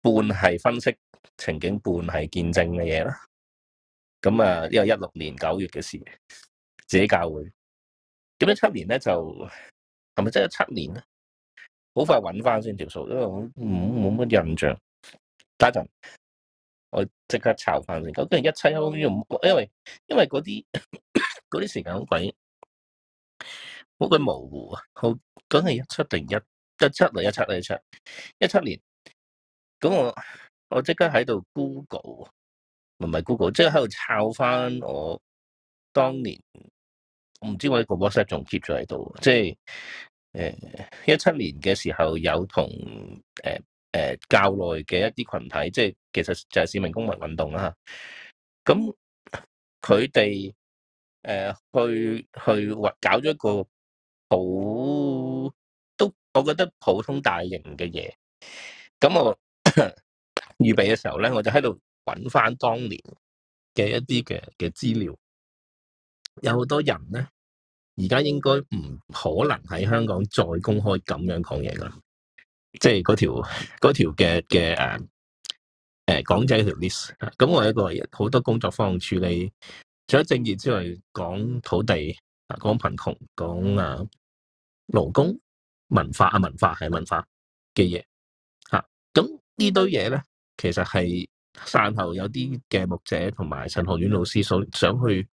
半係分析情景，半係見證嘅嘢啦。咁啊，呢個一六年九月嘅事，自己教會，咁一七年咧？就係咪真係一七年咧？好快揾翻先條數，因為我冇冇乜印象。等一陣，我即刻查翻先。咁跟住一七年，因為因為因為嗰啲。嗰啲時間好鬼好鬼模糊啊！好講係一七定一一七定一七嚟一七一七年。咁我我即刻喺度 Google 唔係 Google，即係喺度抄翻我當年。我唔知我啲 WhatsApp 仲 keep 咗喺度。即係誒一七年嘅時候有，有同誒誒教內嘅一啲群體，即係其實就係市民公民運動啦、啊。咁佢哋。誒去去或搞咗一個好都，我覺得普通大型嘅嘢。咁我 預備嘅時候咧，我就喺度揾返當年嘅一啲嘅嘅資料。有好多人咧，而家應該唔可能喺香港再公開咁樣、就是那那的的的啊啊、講嘢啦。即係嗰條嗰條嘅嘅誒誒港仔條 list。咁、啊、我有一個好多工作方向處理。除咗正義之外，講土地啊，講貧窮，講啊勞工文化啊，文化係文化嘅嘢嚇，咁、啊、呢堆嘢咧，其實係汕頭有啲嘅牧者同埋陳學遠老師想想去，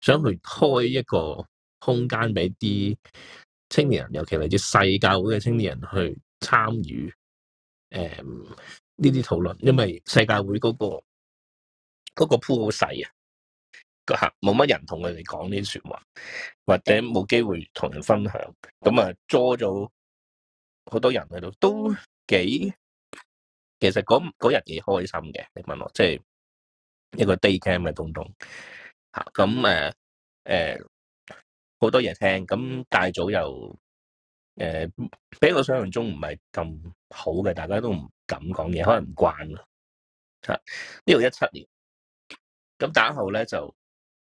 想去開一個空間俾啲青年人，尤其嚟自世界會嘅青年人去參與誒呢啲討論，因為世界會嗰、嗰個嗰個鋪好細啊。嗰個冇乜人同佢哋講呢啲說話，或者冇機會同人分享，咁啊，坐咗好多人喺度，都幾其實嗰日幾開心嘅。你問我，即、就、係、是、一個 day camp 嘅東東，吓咁誒誒，好、呃呃、多嘢聽，咁大早又誒，俾、呃、我想象中唔係咁好嘅，大家都唔敢講嘢，可能唔慣咯，吓呢度一七年，咁打後呢就。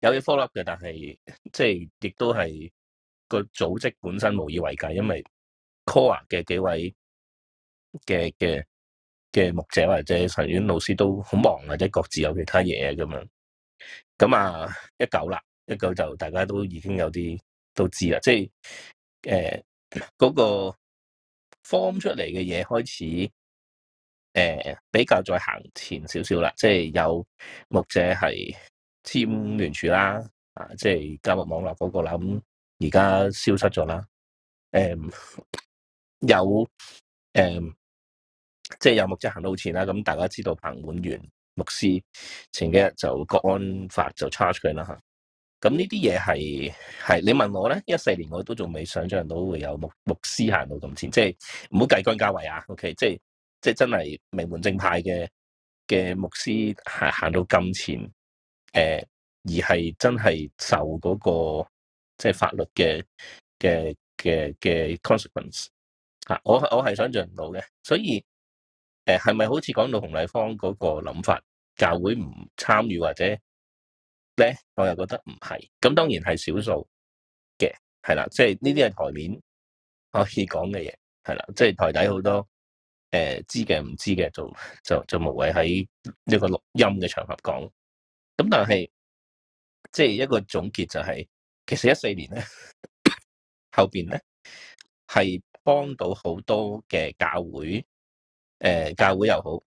有啲 follow up 嘅，但係即係亦都係個組織本身無以為繼，因為 Core 嘅幾位嘅嘅嘅牧者或者神院老師都好忙，或者各自有其他嘢咁樣。咁啊，一九啦，一九就大家都已經有啲都知啦，即係誒嗰個 form 出嚟嘅嘢開始誒、呃、比較再行前少少啦，即係有牧者係尖聯署啦，啊，即係教育網絡嗰個啦，咁而家消失咗啦。誒、嗯，有誒，即、嗯、係、就是、有牧者行到好前啦。咁、嗯、大家知道彭滿源牧師前幾日就國安法就叉出嚟啦嚇。咁呢啲嘢係係你問我咧，一四年我都仲未想象到會有牧牧師行到咁前，即係唔好計軍價位啊。O K，即係即係真係名門正派嘅嘅牧師行行到咁前。誒，而係真係受嗰、那個即係、就是、法律嘅嘅嘅嘅 consequence 我我係想象唔到嘅，所以係咪好似講到洪麗芳嗰個諗法？教會唔參與或者咧，我又覺得唔係。咁當然係少數嘅，係啦，即係呢啲係台面可以講嘅嘢，係啦，即、就、係、是、台底好多誒、欸、知嘅唔知嘅，就就就無謂喺一個錄音嘅場合講。咁但係即係一個總結就係、是，其實一四年咧後邊咧係幫到好多嘅教會，誒教會又好，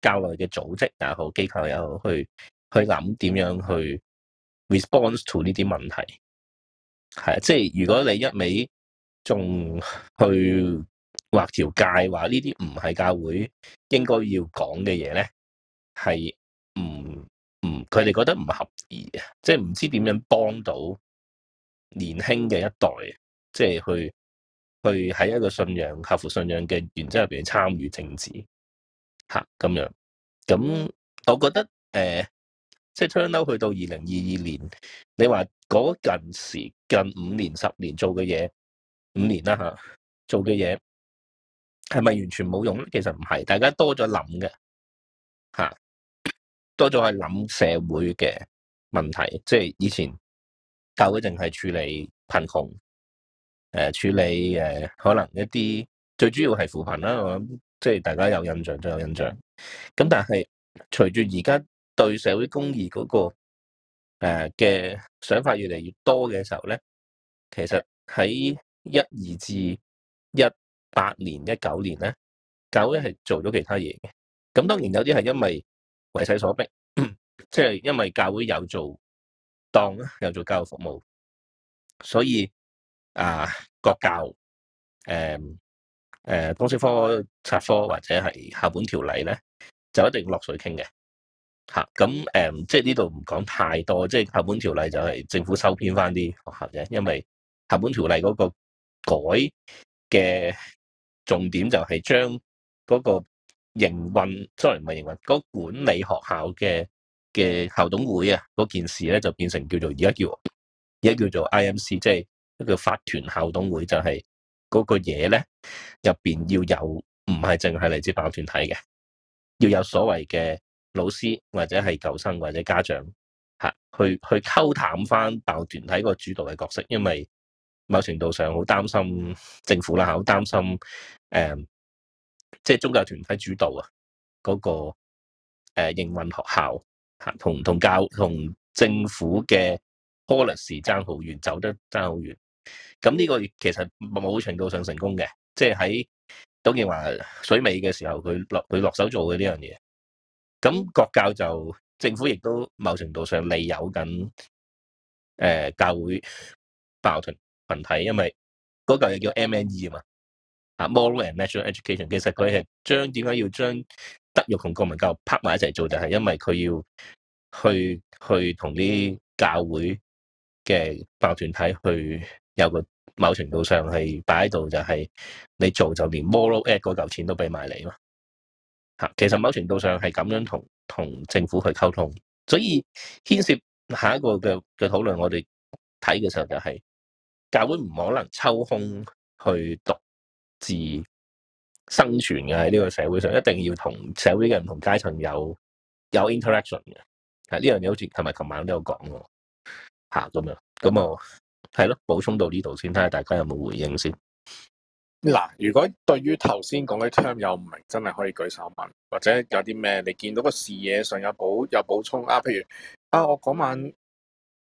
教內嘅組織又好，機構又好，去去諗點樣去 response to 呢啲問題，係即係如果你一味仲去畫條界話，話呢啲唔係教會應該要講嘅嘢咧，係。佢哋覺得唔合意嘅，即係唔知點樣幫到年輕嘅一代，即係去去喺一個信仰、合乎信仰嘅原則入邊參與政治，嚇咁樣。咁我覺得誒，即係 turn back 去到二零二二年，你話嗰陣時近五年、十年做嘅嘢，五年啦嚇，做嘅嘢係咪完全冇用咧？其實唔係，大家多咗諗嘅嚇。多咗係諗社會嘅問題，即係以前教會淨係處理貧窮，誒、呃、處理誒、呃、可能一啲最主要係扶貧啦，我諗即係大家有印象，最有印象。咁但係隨住而家對社會公義嗰、那個誒嘅、呃、想法越嚟越多嘅時候咧，其實喺一二至一八年、一九年咧，教會係做咗其他嘢嘅。咁當然有啲係因為。為勢所逼，即係因為教會有做當啊，有做教育服務，所以啊國教誒誒通識科插科或者係校本條例咧，就一定落水傾嘅吓。咁、嗯、誒、嗯，即係呢度唔講太多，即係校本條例就係政府收編返啲學校啫。因為校本條例嗰個改嘅重點就係將嗰個。營運，sorry 唔係營運，嗰、那個、管理學校嘅嘅校董會啊，嗰件事咧就變成叫做而家叫而家叫做 IMC，即係一個叫法團校董會，就係、是、嗰個嘢咧入邊要有，唔係淨係嚟自爆團體嘅，要有所謂嘅老師或者係舊生或者家長吓，去去溝淡翻暴團體個主導嘅角色，因為某程度上好擔心政府啦，好擔心誒。嗯即係宗教團體主導啊，嗰個誒營、呃、運學校吓，同同教同政府嘅 policy 爭好遠，走得爭好遠。咁呢個其實某程度上成功嘅，即係喺董建華水尾嘅時候，佢落佢落手做嘅呢樣嘢。咁國教就政府亦都某程度上利誘緊誒教會教團問題，因為嗰嚿嘢叫 MNE 嘛。啊 moral and national education，其實佢係將，點解要將德育同國民教育拍埋一齊做，就係因為佢要去去同啲教會嘅教團體去有個某程度上係擺喺度，就係你做就連 moral ed 嗰嚿錢都俾埋你嘛。吓，其實某程度上係咁樣同同政府去溝通，所以牽涉下一個嘅嘅討論，我哋睇嘅時候就係教會唔可能抽空去讀。自生存嘅喺呢個社會上，一定要同社會嘅唔同階層有有 interaction 嘅。係呢樣嘢好似同埋琴晚都有講過，吓咁樣咁啊，係咯，補充到呢度先，睇下大家有冇回應先。嗱，如果對於頭先講嘅 term 又唔明，真係可以舉手問，或者有啲咩你見到個視野上有補有補充啊？譬如啊，我嗰晚。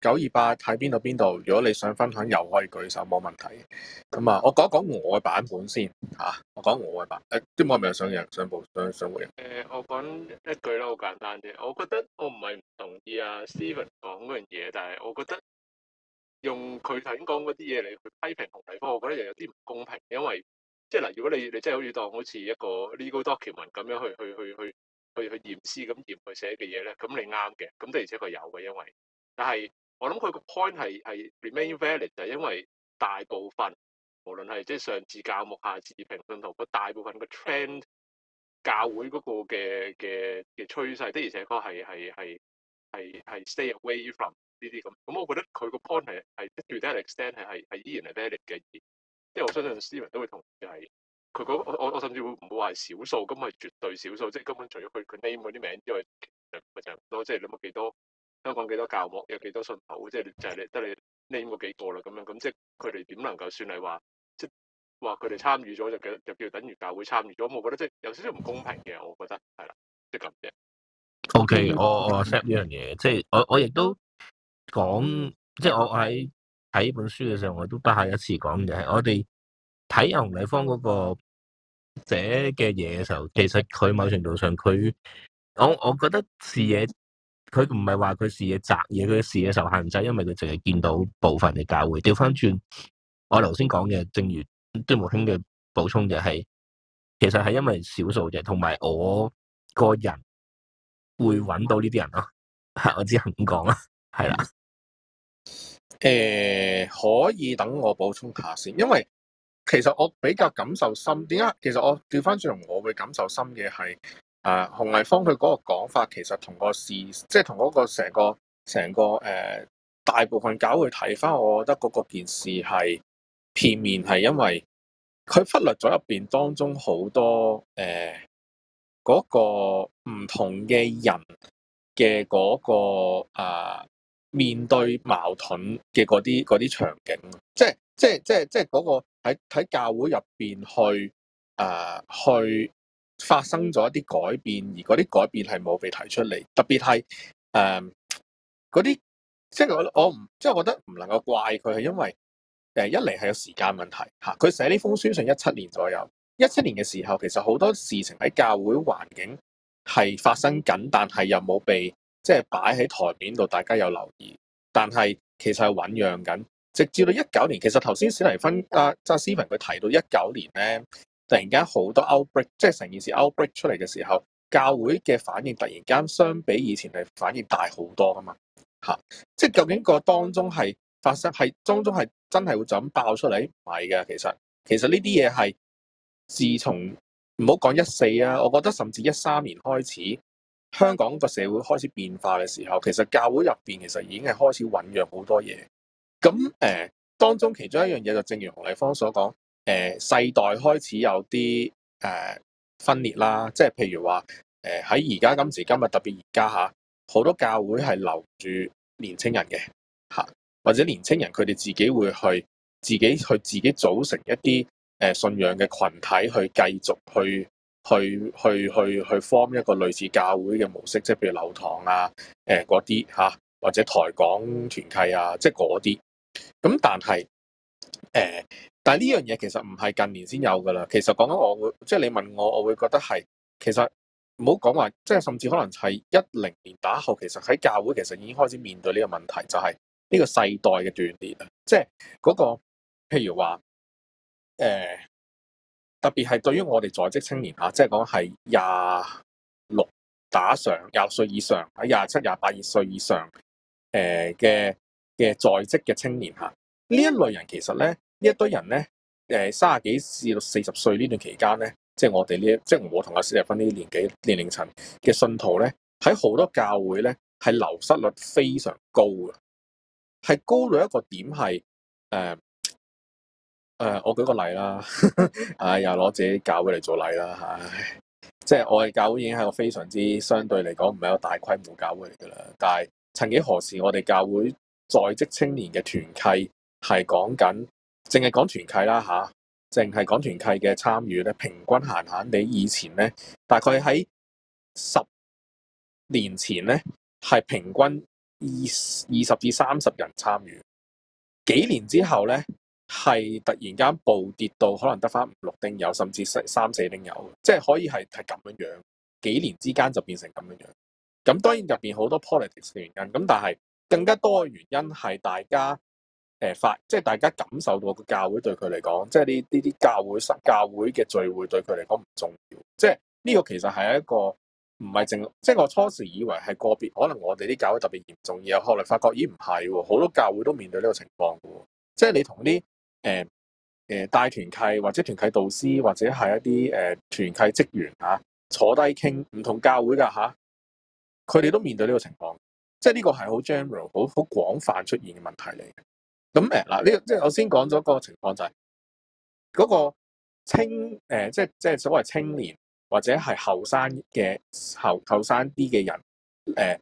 九二八睇邊度邊度？如果你想分享，又可以舉手，冇問題。咁啊，我講講我嘅版本先嚇、欸呃。我講我嘅版誒，啲外名又生日、新報、新新會員。誒，我講一句啦，好簡單啫。我覺得我唔係唔同意啊 Steven 講嗰樣嘢，但係我覺得用佢頭先講嗰啲嘢嚟去批評洪提科，我覺得又有啲唔公平。因為即係嗱，如果你你真係好似當好似一個 legal document 咁樣去去去去去去驗屍咁驗佢寫嘅嘢咧，咁你啱嘅。咁的而且佢有嘅，因為但係。我諗佢個 point 係係 remain valid 就係因為大部分無論係即係上至教牧，下至平信徒個大部分個 trend 教會嗰個嘅嘅嘅趨勢的而且確係係係係係 stay away from 呢啲咁，咁，我覺得佢個 point 係係 to that extent 係係係依然係 valid 嘅，即我相信 Steven 都會同意係佢嗰我我甚至會唔會話少數咁係絕對少數，即、就、係、是、根本除咗佢佢 name 嗰啲名之外，就就多即係咗幾多。就是香港幾多教牧有幾多信徒，即係就係、是、你得你呢個幾個啦，咁樣咁即係佢哋點能夠算係話，即係話佢哋參與咗就叫就叫等於教會參與咗？我覺得即係有少少唔公平嘅，我覺得係啦，即係咁啫。O K，我我 accept 呢樣嘢，即係我我亦都講，即係我喺睇本書嘅時候，我都不下一次講嘅係，我哋睇洪麗芳嗰個寫嘅嘢嘅時候，其實佢某程度上佢，我我覺得視野。佢唔係話佢視野窄嘢，佢視野受限制，就係、因為佢淨係見到部分嘅教會。調翻轉，我頭先講嘅，正如張木興嘅補充，就係其實係因為少數啫。同埋我個人會揾到呢啲人咯，係我只肯咁講啦。係啦。誒、欸，可以等我補充下先，因為其實我比較感受深。點解？其實我調翻轉，我會感受深嘅係。啊，洪毅方佢嗰個講法，其實同個事，即係同嗰個成個成個誒、呃，大部分教會睇返，我覺得嗰個件事係片面，係因為佢忽略咗入邊當中好多誒嗰、呃那個唔同嘅人嘅嗰、那個啊、呃、面對矛盾嘅嗰啲嗰啲場景，即係即係即係即係、那、嗰個喺喺教會入邊去誒去。呃去發生咗一啲改變，而嗰啲改變係冇被提出嚟。特別係誒嗰啲，即係我我唔即係我覺得唔能夠怪佢，係因為誒一嚟係有時間問題嚇。佢寫呢封書信一七年左右，一七年嘅時候其實好多事情喺教會環境係發生緊，但係又冇被即係擺喺台面度，大家有留意。但係其實係醖釀緊，直至到一九年。其實頭先史提芬啊 j o 文，佢提到一九年咧。突然間好多 outbreak，即係成件事 outbreak 出嚟嘅時候，教會嘅反應突然間相比以前係反應大好多嘛啊嘛嚇！即係究竟個當中係發生係當中係真係會就咁爆出嚟，唔係嘅。其實其實呢啲嘢係自從唔好講一四啊，我覺得甚至一三年開始香港個社會開始變化嘅時候，其實教會入邊其實已經係開始醖釀好多嘢。咁誒、呃、當中其中一樣嘢就正如何麗芳所講。誒，世代開始有啲誒分裂啦，即係譬如話，誒喺而家今時今日，特別而家吓，好多教會係留住年青人嘅吓，或者年青人佢哋自己會去，自己去自己組成一啲誒信仰嘅群體去繼續去去去去去 form 一個類似教會嘅模式，即係譬如流堂啊，誒嗰啲吓，或者台港團契啊，即係嗰啲，咁但係誒。呃但係呢樣嘢其實唔係近年先有㗎喇，其實講緊我會即係你問我，我會覺得係其實唔好講話，即係甚至可能係一零年打後，其實喺教會其實已經開始面對呢個問題，就係、是、呢個世代嘅斷裂啦，即係嗰、那個譬如話誒、呃，特別係對於我哋在職青年啊，即係講係廿六打上廿歲以上，喺廿七廿八廿歲以上誒嘅嘅在職嘅青年吓，呢一類人其實咧。這些呢一堆人咧，誒三十幾至到四十歲呢段期間咧，即係我哋呢，即係我同阿斯立芬呢啲年紀年齡層嘅信徒咧，喺好多教會咧係流失率非常高嘅，係高到一個點係誒誒，我舉個例啦， 例啦，唉，又攞自己教會嚟做例啦，唉，即係我哋教會已經係一個非常之相對嚟講唔係一個大規模教會嚟噶啦，但係曾幾何時我哋教會在職青年嘅團契係講緊。淨係講團契啦吓，淨係講團契嘅參與咧，平均閒閒地以前咧，大概喺十年前咧係平均二二十至三十人參與，幾年之後咧係突然間暴跌到可能得翻五六丁友，甚至三四丁友，即係可以係係咁樣樣，幾年之間就變成咁樣樣。咁當然入邊好多 politics 原因，咁但係更加多嘅原因係大家。誒，發即係大家感受到個教會對佢嚟講，即係呢呢啲教會、教會嘅聚會對佢嚟講唔重要。即係呢個其實係一個唔係淨，即係我初時以為係個別，可能我哋啲教會特別嚴重，然後後來發覺不是，咦唔係，好多教會都面對呢個情況嘅。即係你同啲誒誒帶團契或者團契導師或者係一啲誒、呃、團契職員啊，坐低傾唔同教會噶吓，佢哋都面對呢個情況。即係呢個係好 general 好好廣泛出現嘅問題嚟嘅。咁誒嗱呢，即係我先講咗個情況就係、係、嗰、嗰個青、呃、即係即係所謂青年或者係後生嘅後後生啲嘅人，誒、呃、誒、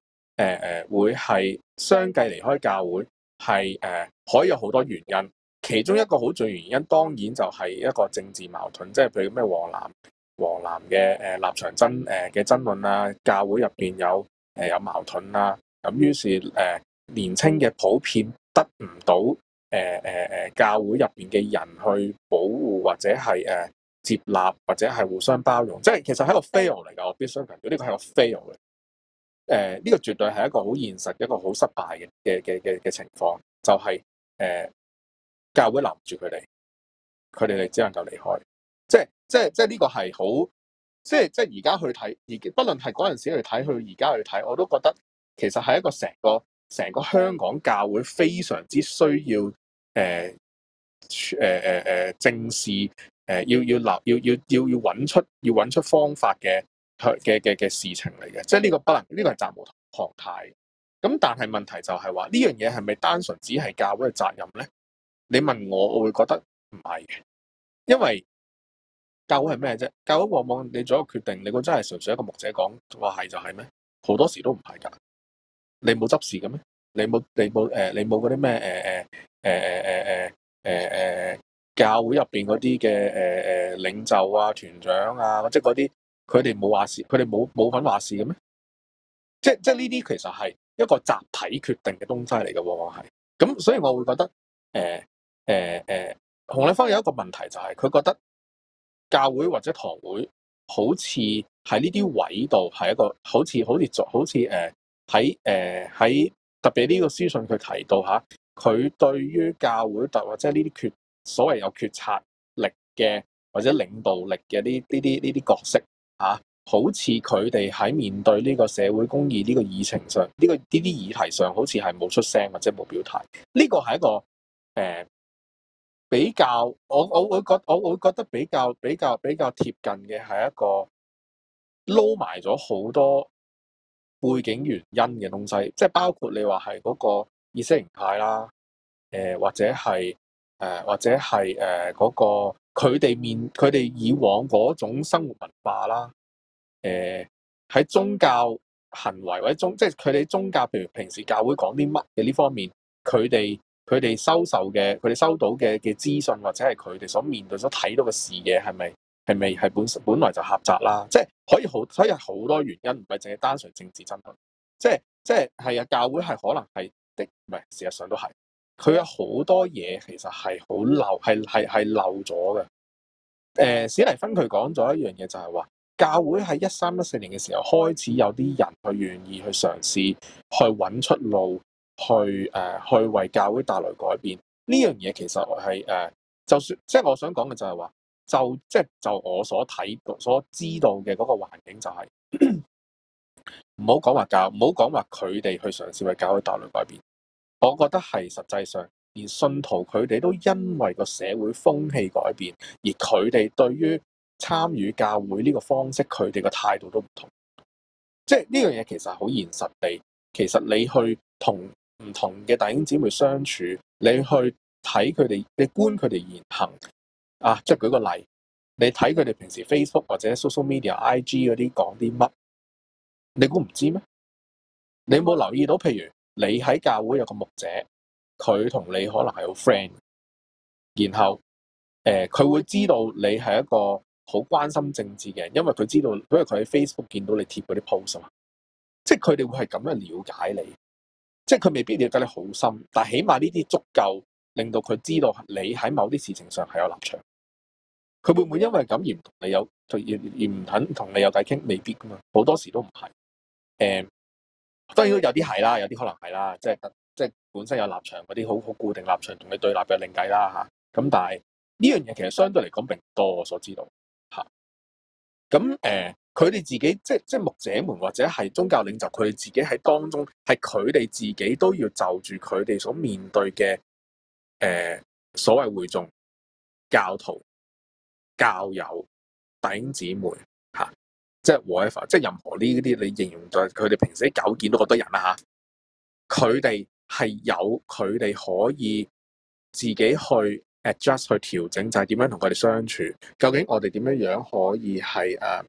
呃、會係相繼離開教會，係誒、呃、可以有好多原因，其中一個好重要原因當然就係一個政治矛盾，即係譬如咩黃藍黃藍嘅立場爭嘅爭論啦，教會入面有誒有矛盾啦，咁於是誒、呃、年青嘅普遍。得唔到誒誒誒教會入邊嘅人去保護或者係誒、呃、接納或者係互相包容，即係其實係一個 fail 嚟㗎，我必須強調呢個係個 fail 嚟。誒、呃、呢、這個絕對係一個好現實、一個好失敗嘅嘅嘅嘅情況，就係、是、誒、呃、教會攔住佢哋，佢哋哋只能夠離開。即係即係即係呢個係好，即係即係而家去睇，而不論係嗰陣時去睇，去而家去睇，我都覺得其實係一個成個。成個香港教會非常之需要誒誒誒誒正視，誒、呃、要要立要要要要搵出要搵出方法嘅嘅嘅嘅事情嚟嘅，即係呢個不能呢、呢個係責無旁貸。咁但係問題就係話呢樣嘢係咪單純只係教會嘅責任咧？你問我我會覺得唔係嘅，因為教會係咩啫？教會往往你做一個決定，你講真係純粹一個牧者講話係就係咩？好多時都唔係噶。你冇執事嘅咩？你冇你冇誒？你冇嗰啲咩誒誒誒誒誒誒誒教會入邊嗰啲嘅誒誒領袖啊團長啊或者嗰啲佢哋冇話事，佢哋冇冇份話事嘅咩？即係即係呢啲其實係一個集體決定嘅東西嚟嘅喎，係咁，所以我會覺得誒誒誒洪禮芳有一個問題就係、是、佢覺得教會或者堂會好似喺呢啲位度係一個好似好似做好似誒。呃喺誒喺特別呢個書信佢提到嚇，佢對於教會特或者呢啲決所謂有決策力嘅或者領導力嘅呢呢啲呢啲角色嚇、啊，好似佢哋喺面對呢個社會公義呢個議程上呢、呢個呢啲議題上，好似係冇出聲或者冇表態。呢個係一個誒、呃、比較，我我會覺我會覺得比較比較比較貼近嘅係一個撈埋咗好多。背景原因嘅東西，即係包括你話係嗰個意識形態啦，誒、呃、或者係誒、呃、或者係誒嗰個佢哋面佢哋以往嗰種生活文化啦，誒、呃、喺宗教行為或者宗，即係佢哋宗教，譬如平時教會講啲乜嘅呢方面，佢哋佢哋收受嘅佢哋收到嘅嘅資訊，或者係佢哋所面對所睇到嘅事嘅係咪？是係咪係本本來就狹窄啦？即係可以好，所以好多原因唔係淨係單純政治爭論，即係即係係啊！教會係可能係的，唔係事實上都係，佢有好多嘢其實係好漏，係係係漏咗嘅。誒、呃，史尼芬佢講咗一樣嘢，就係話教會喺一三一四年嘅時候開始有啲人去願意去嘗試去揾出路，去誒、呃、去為教會帶來改變。呢樣嘢其實係誒、呃，就算即係我想講嘅就係話。就即係就我所睇到、所知道嘅嗰個環境、就是，就係唔好講話教，唔好講話佢哋去嘗試去教會帶來改變。我覺得係實際上，連信徒佢哋都因為個社會風氣改變，而佢哋對於參與教會呢個方式，佢哋嘅態度都唔同。即係呢樣嘢其實好現實地，其實你去跟同唔同嘅弟兄姊妹相處，你去睇佢哋，你觀佢哋言行。啊，即係舉個例，你睇佢哋平時 Facebook 或者 social media、IG 嗰啲講啲乜，你估唔知咩？你有冇留意到？譬如你喺教會有個牧者，佢同你可能係好 friend，然後誒佢、呃、會知道你係一個好關心政治嘅人，因為佢知道，因為佢喺 Facebook 見到你貼嗰啲 post 啊嘛，即係佢哋會係咁樣了解你，即係佢未必了解你好深，但係起碼呢啲足夠令到佢知道你喺某啲事情上係有立場。佢會唔會因為咁而唔同你有，而而唔肯同你有偈傾？未必噶嘛，好多時都唔係。誒，當然有啲係啦，有啲可能係啦，即係即係本身有立場嗰啲，好好固定立場同你對立嘅另計啦嚇。咁但係呢樣嘢其實相對嚟講並多，我所知道嚇。咁誒，佢、呃、哋自己即即牧者們或者係宗教領袖，佢哋自己喺當中係佢哋自己都要就住佢哋所面對嘅誒、呃、所謂會眾教徒。教友、弟兄姊妹嚇、啊，即係 whatever 即係任何呢啲你形容就係佢哋平時啲度見都覺得人啦吓，佢哋係有佢哋可以自己去 adjust 去調整，就係、是、點樣同佢哋相處，究竟我哋點樣樣可以係誒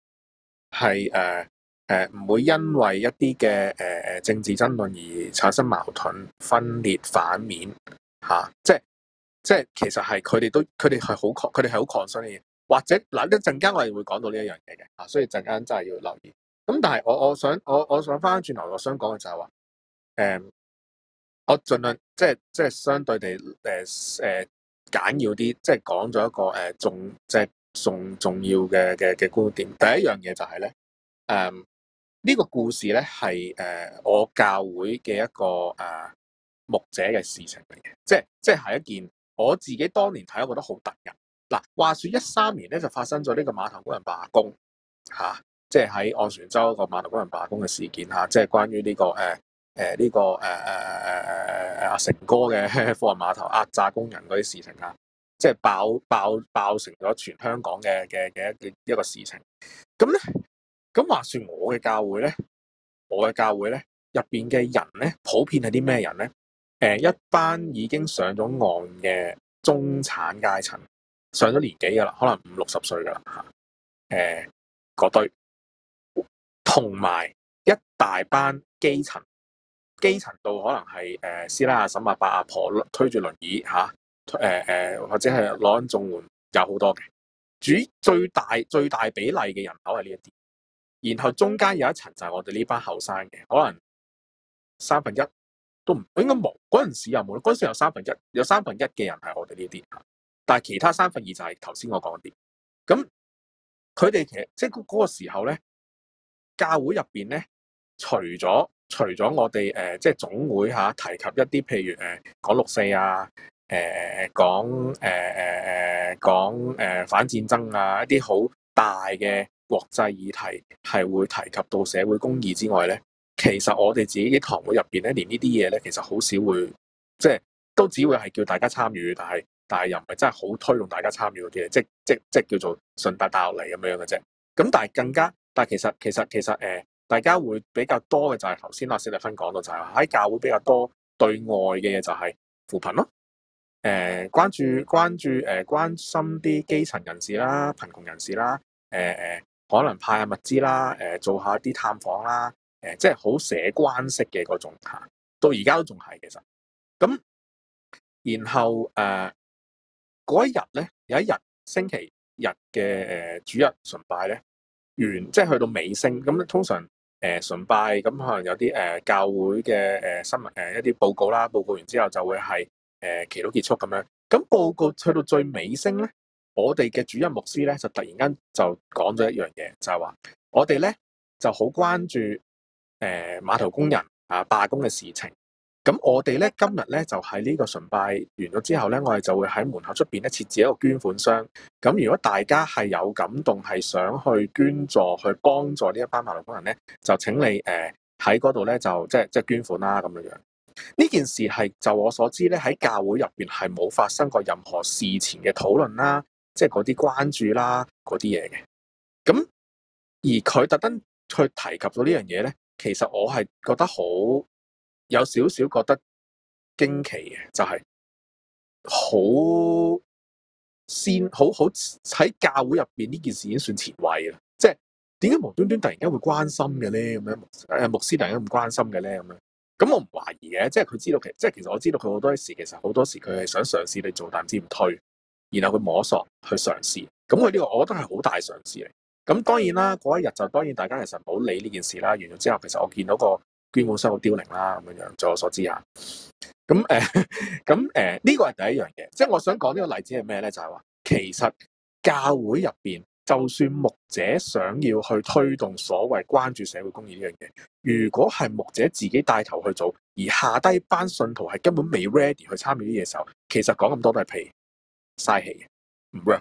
係誒誒唔會因為一啲嘅誒政治爭論而產生矛盾分裂反面嚇、啊？即係即係其實係佢哋都佢哋係好抗，佢哋係好抗衰或者嗱，一陣間我哋會講到呢一樣嘢嘅，所以陣間真係要留意。咁但係我我想我我想翻返轉頭，我想講嘅就係話，誒，我儘、嗯、量即係即係相對地誒、啊啊、簡要啲，即係講咗一個、啊、重即係重重要嘅嘅嘅觀點。第一樣嘢就係、是、咧，呢、嗯呢個故事咧係、啊、我教會嘅一個誒、啊、牧者嘅事情嚟嘅，即係即係係一件我自己當年睇，我覺得好突然。嗱，話説一三年咧，就發生咗呢個碼頭工人罷工嚇，即係喺昂船洲個碼頭工人罷工嘅事件嚇，即係關於呢個誒誒呢個誒誒誒阿成哥嘅貨運碼頭壓榨工人嗰啲事情啊，即係爆爆爆成咗全香港嘅嘅嘅一個一個事情。咁咧，咁話説我嘅教會咧，我嘅教會咧入邊嘅人咧，普遍係啲咩人咧？誒，一班已經上咗岸嘅中產階層。上咗年紀噶啦，可能五六十歲噶啦吓，誒、呃，嗰堆，同埋一大班基層，基層度可能係誒，師、呃、奶阿嬸阿伯阿婆推住輪椅吓，誒、啊、誒、呃，或者係攞緊綜援，有好多嘅。主最大最大比例嘅人口係呢一啲，然後中間有一層就係我哋呢班後生嘅，可能三分一都唔應該冇，嗰陣時又冇，嗰陣時有三分一，有三分一嘅人係我哋呢啲。但係其他三分二就係頭先我講啲，咁佢哋其實即係嗰個時候咧，教會入邊咧，除咗除咗我哋誒即係總會嚇、啊、提及一啲譬如誒講六四啊，誒講誒誒誒講誒反戰爭啊一啲好大嘅國際議題係會提及到社會公義之外咧，其實我哋自己嘅堂會入邊咧，連這些呢啲嘢咧其實好少會即係都只會係叫大家參與，但係。但係又唔係真係好推動大家參與嘅嘢，即即即叫做順帶帶落嚟咁樣嘅啫。咁但係更加，但係其實其實其實誒、呃，大家會比較多嘅就係頭先阿薛麗芬講到就係、話、喺教會比較多對外嘅嘢就係扶貧咯。誒、呃，關注關注誒、呃，關心啲基層人士啦，貧窮人士啦。誒、呃、誒，可能派下物資啦，誒、呃、做下啲探訪啦。誒、呃，即係好社關式嘅嗰種、啊、到而家都仲係其實咁。然後誒。呃嗰一日咧，有一日星期日嘅主日崇拜咧，完即係、就是、去到尾聲。咁通常誒崇、呃、拜咁可能有啲誒、呃、教會嘅誒、呃、新聞誒、呃、一啲報告啦，報告完之後就會係誒祈禱結束咁樣。咁報告去到最尾聲咧，我哋嘅主任牧師咧就突然間就講咗一樣嘢，就係、是、話我哋咧就好關注誒、呃、碼頭工人啊罷工嘅事情。咁我哋咧今日咧就喺呢個崇拜完咗之後咧，我哋就會喺門口出邊咧設置一個捐款箱。咁如果大家係有感動，係想去捐助，去幫助呢一班馬路工人咧，就請你誒喺嗰度咧就即係即係捐款啦咁樣樣。呢件事係就我所知咧喺教會入邊係冇發生過任何事前嘅討論啦，即係嗰啲關注啦，嗰啲嘢嘅。咁而佢特登去提及到呢樣嘢咧，其實我係覺得好。有少少覺得驚奇嘅，就係好先好好喺教會入邊呢件事已經算前衞啦。即係點解無端端突然間會關心嘅咧？咁樣誒牧師突然間咁關心嘅咧？咁樣咁我唔懷疑嘅，即係佢知道其即係其實我知道佢好多時，其實好多時佢係想嘗試你做，但唔知唔推，然後佢摸索去嘗試。咁佢呢個我覺得係好大嘗試嚟。咁當然啦，嗰一日就當然大家其實冇理呢件事啦。完咗之後，其實我見到個。捐款收入凋零啦，咁樣樣。據我所知啊，咁、嗯、誒，咁、嗯、誒，呢、嗯嗯嗯嗯，這個係第一樣嘢。即係我想講呢個例子係咩咧？就係、是、話，其實教會入邊，就算牧者想要去推動所謂關注社會公義呢樣嘢，如果係牧者自己帶頭去做，而下低班信徒係根本未 ready 去參與呢啲嘢時候，其實講咁多都係屁，嘥氣嘅，唔 work。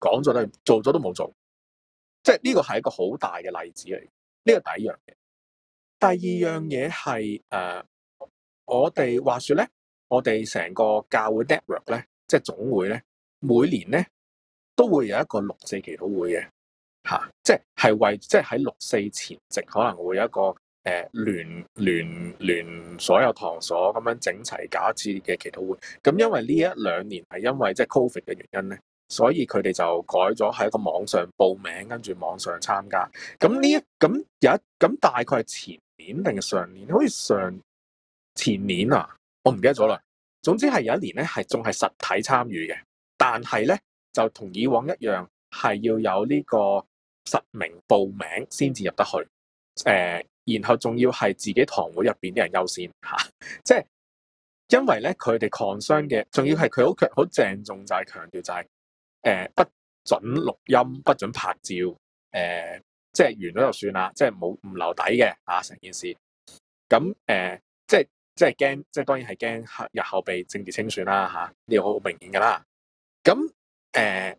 講咗都係，做咗都冇做。即係呢個係一個好大嘅例子嚟。呢、這個第一樣嘢。第二樣嘢係誒，我哋話說咧，我哋成個教會 network 咧，即係總會咧，每年咧都會有一個六四祈禱會嘅吓、啊，即係係為即係喺六四前夕可能會有一個誒聯聯聯所有堂所咁樣整齊假設嘅祈禱會。咁因為呢一兩年係因為即係、就是、COVID 嘅原因咧，所以佢哋就改咗喺一個網上報名，跟住網上參加。咁呢一咁有一咁大概係前。年定係上年，好似上前年啊，我、哦、唔記得咗啦。總之係有一年咧，係仲係實體參與嘅，但係咧就同以往一樣，係要有呢個實名報名先至入得去。誒、呃，然後仲要係自己堂會入邊啲人優先嚇、啊，即係因為咧佢哋 concern 嘅，仲要係佢好強好鄭重就係強調就係、是、誒、呃、不准錄音、不准拍照、誒、呃。即係完咗就算啦，即係冇唔留底嘅吓成件事。咁誒、呃，即係即係驚，即係當然係驚日後被政治清算啦吓，呢個好明顯噶啦。咁誒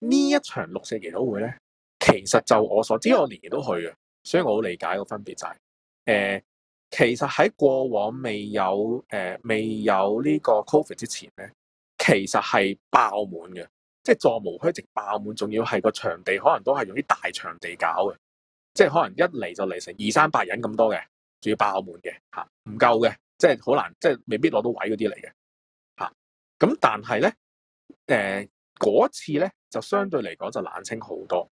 呢一場六四祈禱會咧，其實就我所知，我年年都去嘅，所以我好理解個分別就係、是、誒、呃，其實喺過往未有誒、呃、未有呢個 COVID 之前咧，其實係爆滿嘅。即係座無虛席爆滿，仲要係個場地可能都係用啲大場地搞嘅，即係可能一嚟就嚟成二三百人咁多嘅，仲要爆滿嘅吓，唔夠嘅，即係好難，即係未必攞到位嗰啲嚟嘅吓。咁、啊、但係咧，誒、呃、嗰次咧就相對嚟講就冷清好多，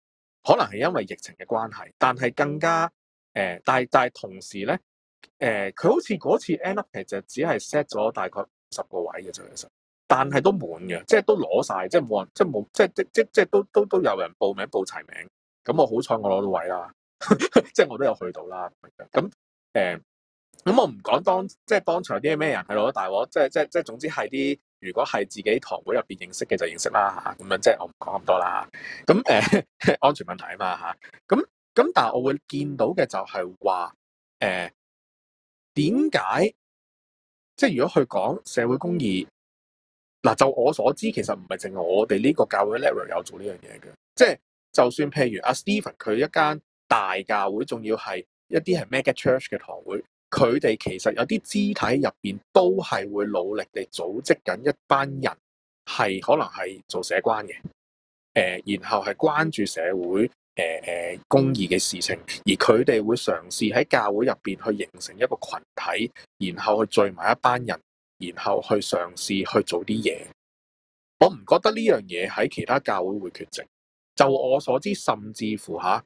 可能係因為疫情嘅關係，但係更加誒、呃，但係但係同時咧，誒、呃、佢好似嗰次 end up 其實只係 set 咗大概十個位嘅啫，其實。但係都滿嘅，即係都攞晒，即係冇人，即係冇，即係即係即係都都都有人報名報齊名，咁我好彩我攞到位啦， 即係我都有去到啦咁樣。咁誒，咁、欸、我唔講當即係當場啲咩人係咯，大鑊即係即係即係總之係啲如果係自己堂會入邊認識嘅就認識啦吓，咁樣即係我唔講咁多啦。咁誒、欸，安全問題啊嘛吓，咁咁但係我會見到嘅就係話誒，點、欸、解即係如果去講社會公義？嗱，就我所知，其實唔係淨係我哋呢個教會 level 有做呢樣嘢嘅，即係就算譬如阿 Steven 佢一間大教會，仲要係一啲係 Mega Church 嘅堂會，佢哋其實有啲肢體入邊都係會努力地組織緊一班人是，係可能係做社關嘅，誒、呃，然後係關注社會，誒、呃、誒，公義嘅事情，而佢哋會嘗試喺教會入邊去形成一個群體，然後去聚埋一班人。然後去嘗試去做啲嘢，我唔覺得呢樣嘢喺其他教會會缺席。就我所知，甚至乎吓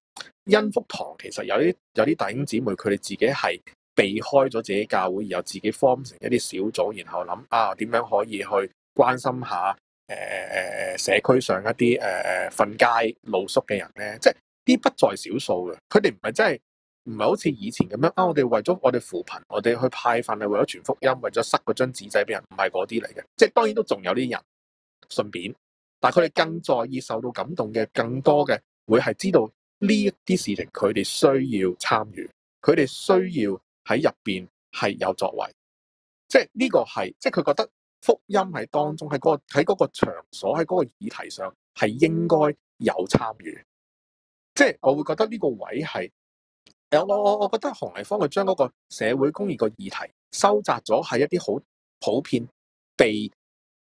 恩福堂其實有啲有啲弟兄姊妹，佢哋自己係避開咗自己教會，然後自己 form 成一啲小組，然後諗啊點樣可以去關心下誒誒、呃、社區上一啲誒瞓街露宿嘅人咧，即係啲不在少數嘅。佢哋唔係真係。唔係好似以前咁樣啊！我哋為咗我哋扶貧，我哋去派飯係為咗傳福音，為咗塞嗰張紙仔俾人，唔係嗰啲嚟嘅。即係當然都仲有啲人順便，但係佢哋更在意受到感動嘅，更多嘅會係知道呢一啲事情，佢哋需要參與，佢哋需要喺入邊係有作為。即係呢個係，即係佢覺得福音喺當中，喺嗰個喺嗰個場所，喺嗰個議題上係應該有參與。即係我會覺得呢個位係。我我我覺得洪麗芳佢將嗰個社會公義個議題收集咗，係一啲好普遍被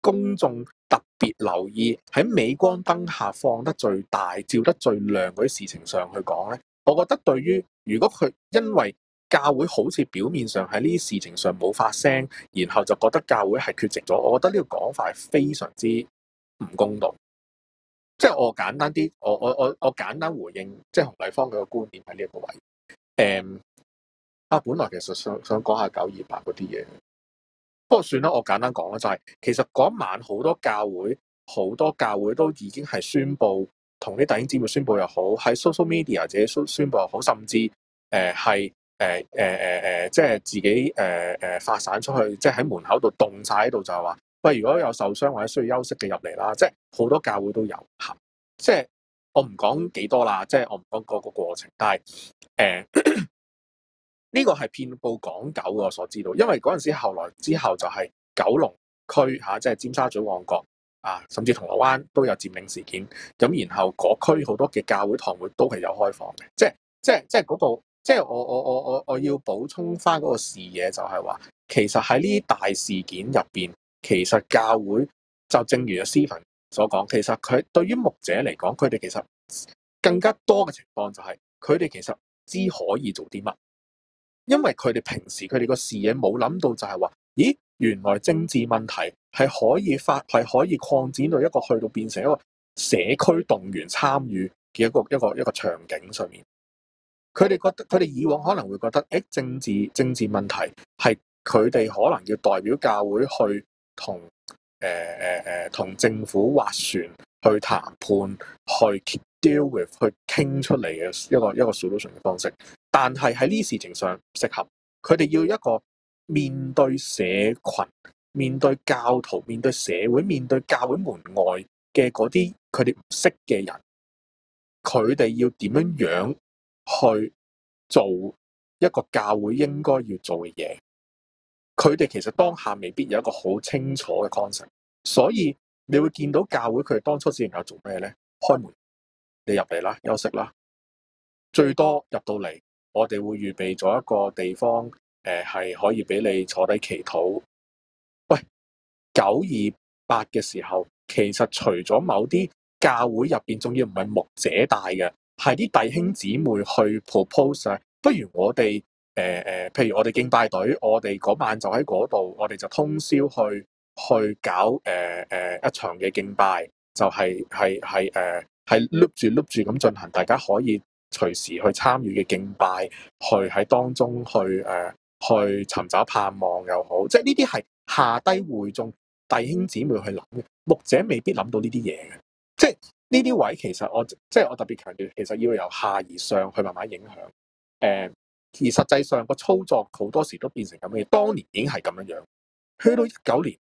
公眾特別留意喺鎂光燈下放得最大、照得最亮嗰啲事情上去講咧。我覺得，對於如果佢因為教會好似表面上喺呢啲事情上冇發聲，然後就覺得教會係缺席咗，我覺得呢個講法係非常之唔公道。即係我簡單啲，我我我我簡單回應，即係洪麗芳佢個觀點喺呢一個位。誒、um, 啊！本來其實想想講下九二八嗰啲嘢，不過算啦，我簡單講啦，就係、是、其實嗰晚好多教會，好多教會都已經係宣布，同啲弟兄姊妹宣布又好，喺 social media 或者宣宣布又好，甚至誒係誒誒誒誒，即係自己誒誒、呃呃、發散出去，即係喺門口度凍晒。喺度就係話，喂！如果有受傷或者需要休息嘅入嚟啦，即係好多教會都有，即係。我唔講幾多啦，即係我唔講個個過程，但係誒，呢、呃這個係遍布港九我所知道，因為嗰陣時後來之後就係九龍區吓、啊，即係尖沙咀、旺角啊，甚至銅鑼灣都有佔領事件。咁然後嗰區好多嘅教會堂會都係有開放嘅，即係即係即係嗰度，即係、那個、我我我我我要補充翻嗰個視野，就係話，其實喺呢啲大事件入邊，其實教會就正如阿所講，其實佢對於牧者嚟講，佢哋其實更加多嘅情況就係，佢哋其實知可以做啲乜，因為佢哋平時佢哋個視野冇諗到就係話，咦，原來政治問題係可以發係可以擴展到一個去到變成一個社區動員參與嘅一個一個一個場景上面。佢哋覺得佢哋以往可能會覺得，誒，政治政治問題係佢哋可能要代表教會去同。誒誒誒，同、呃呃、政府划船去談判，去 deal with，去傾出嚟嘅一個一個 solution 嘅方式。但係喺呢事情上唔適合。佢哋要一個面對社群、面對教徒、面對社會、面對教會門外嘅嗰啲佢哋唔識嘅人，佢哋要點樣樣去做一個教會應該要做嘅嘢？佢哋其實當下未必有一個好清楚嘅 concept，所以你會見到教會佢哋當初只能夠做咩咧？開門，你入嚟啦，休息啦，最多入到嚟，我哋會預備咗一個地方，誒、呃、係可以俾你坐低祈禱。喂，九二八嘅時候，其實除咗某啲教會入邊，仲要唔係牧者帶嘅，係啲弟兄姊妹去 propose，不如我哋。誒誒，譬、呃、如我哋敬拜隊，我哋嗰晚就喺嗰度，我哋就通宵去去搞誒誒、呃呃、一場嘅敬拜，就係係係誒係碌住碌住咁進行，大家可以隨時去參與嘅敬拜，去喺當中去誒、呃、去尋找盼望又好，即係呢啲係下低會眾弟兄姊妹去諗嘅，牧者未必諗到呢啲嘢嘅，即係呢啲位其實我即係我特別強調，其實要由下而上去慢慢影響誒。呃而實際上個操作好多時都變成咁嘅，當年已經係咁樣樣。去到一九年，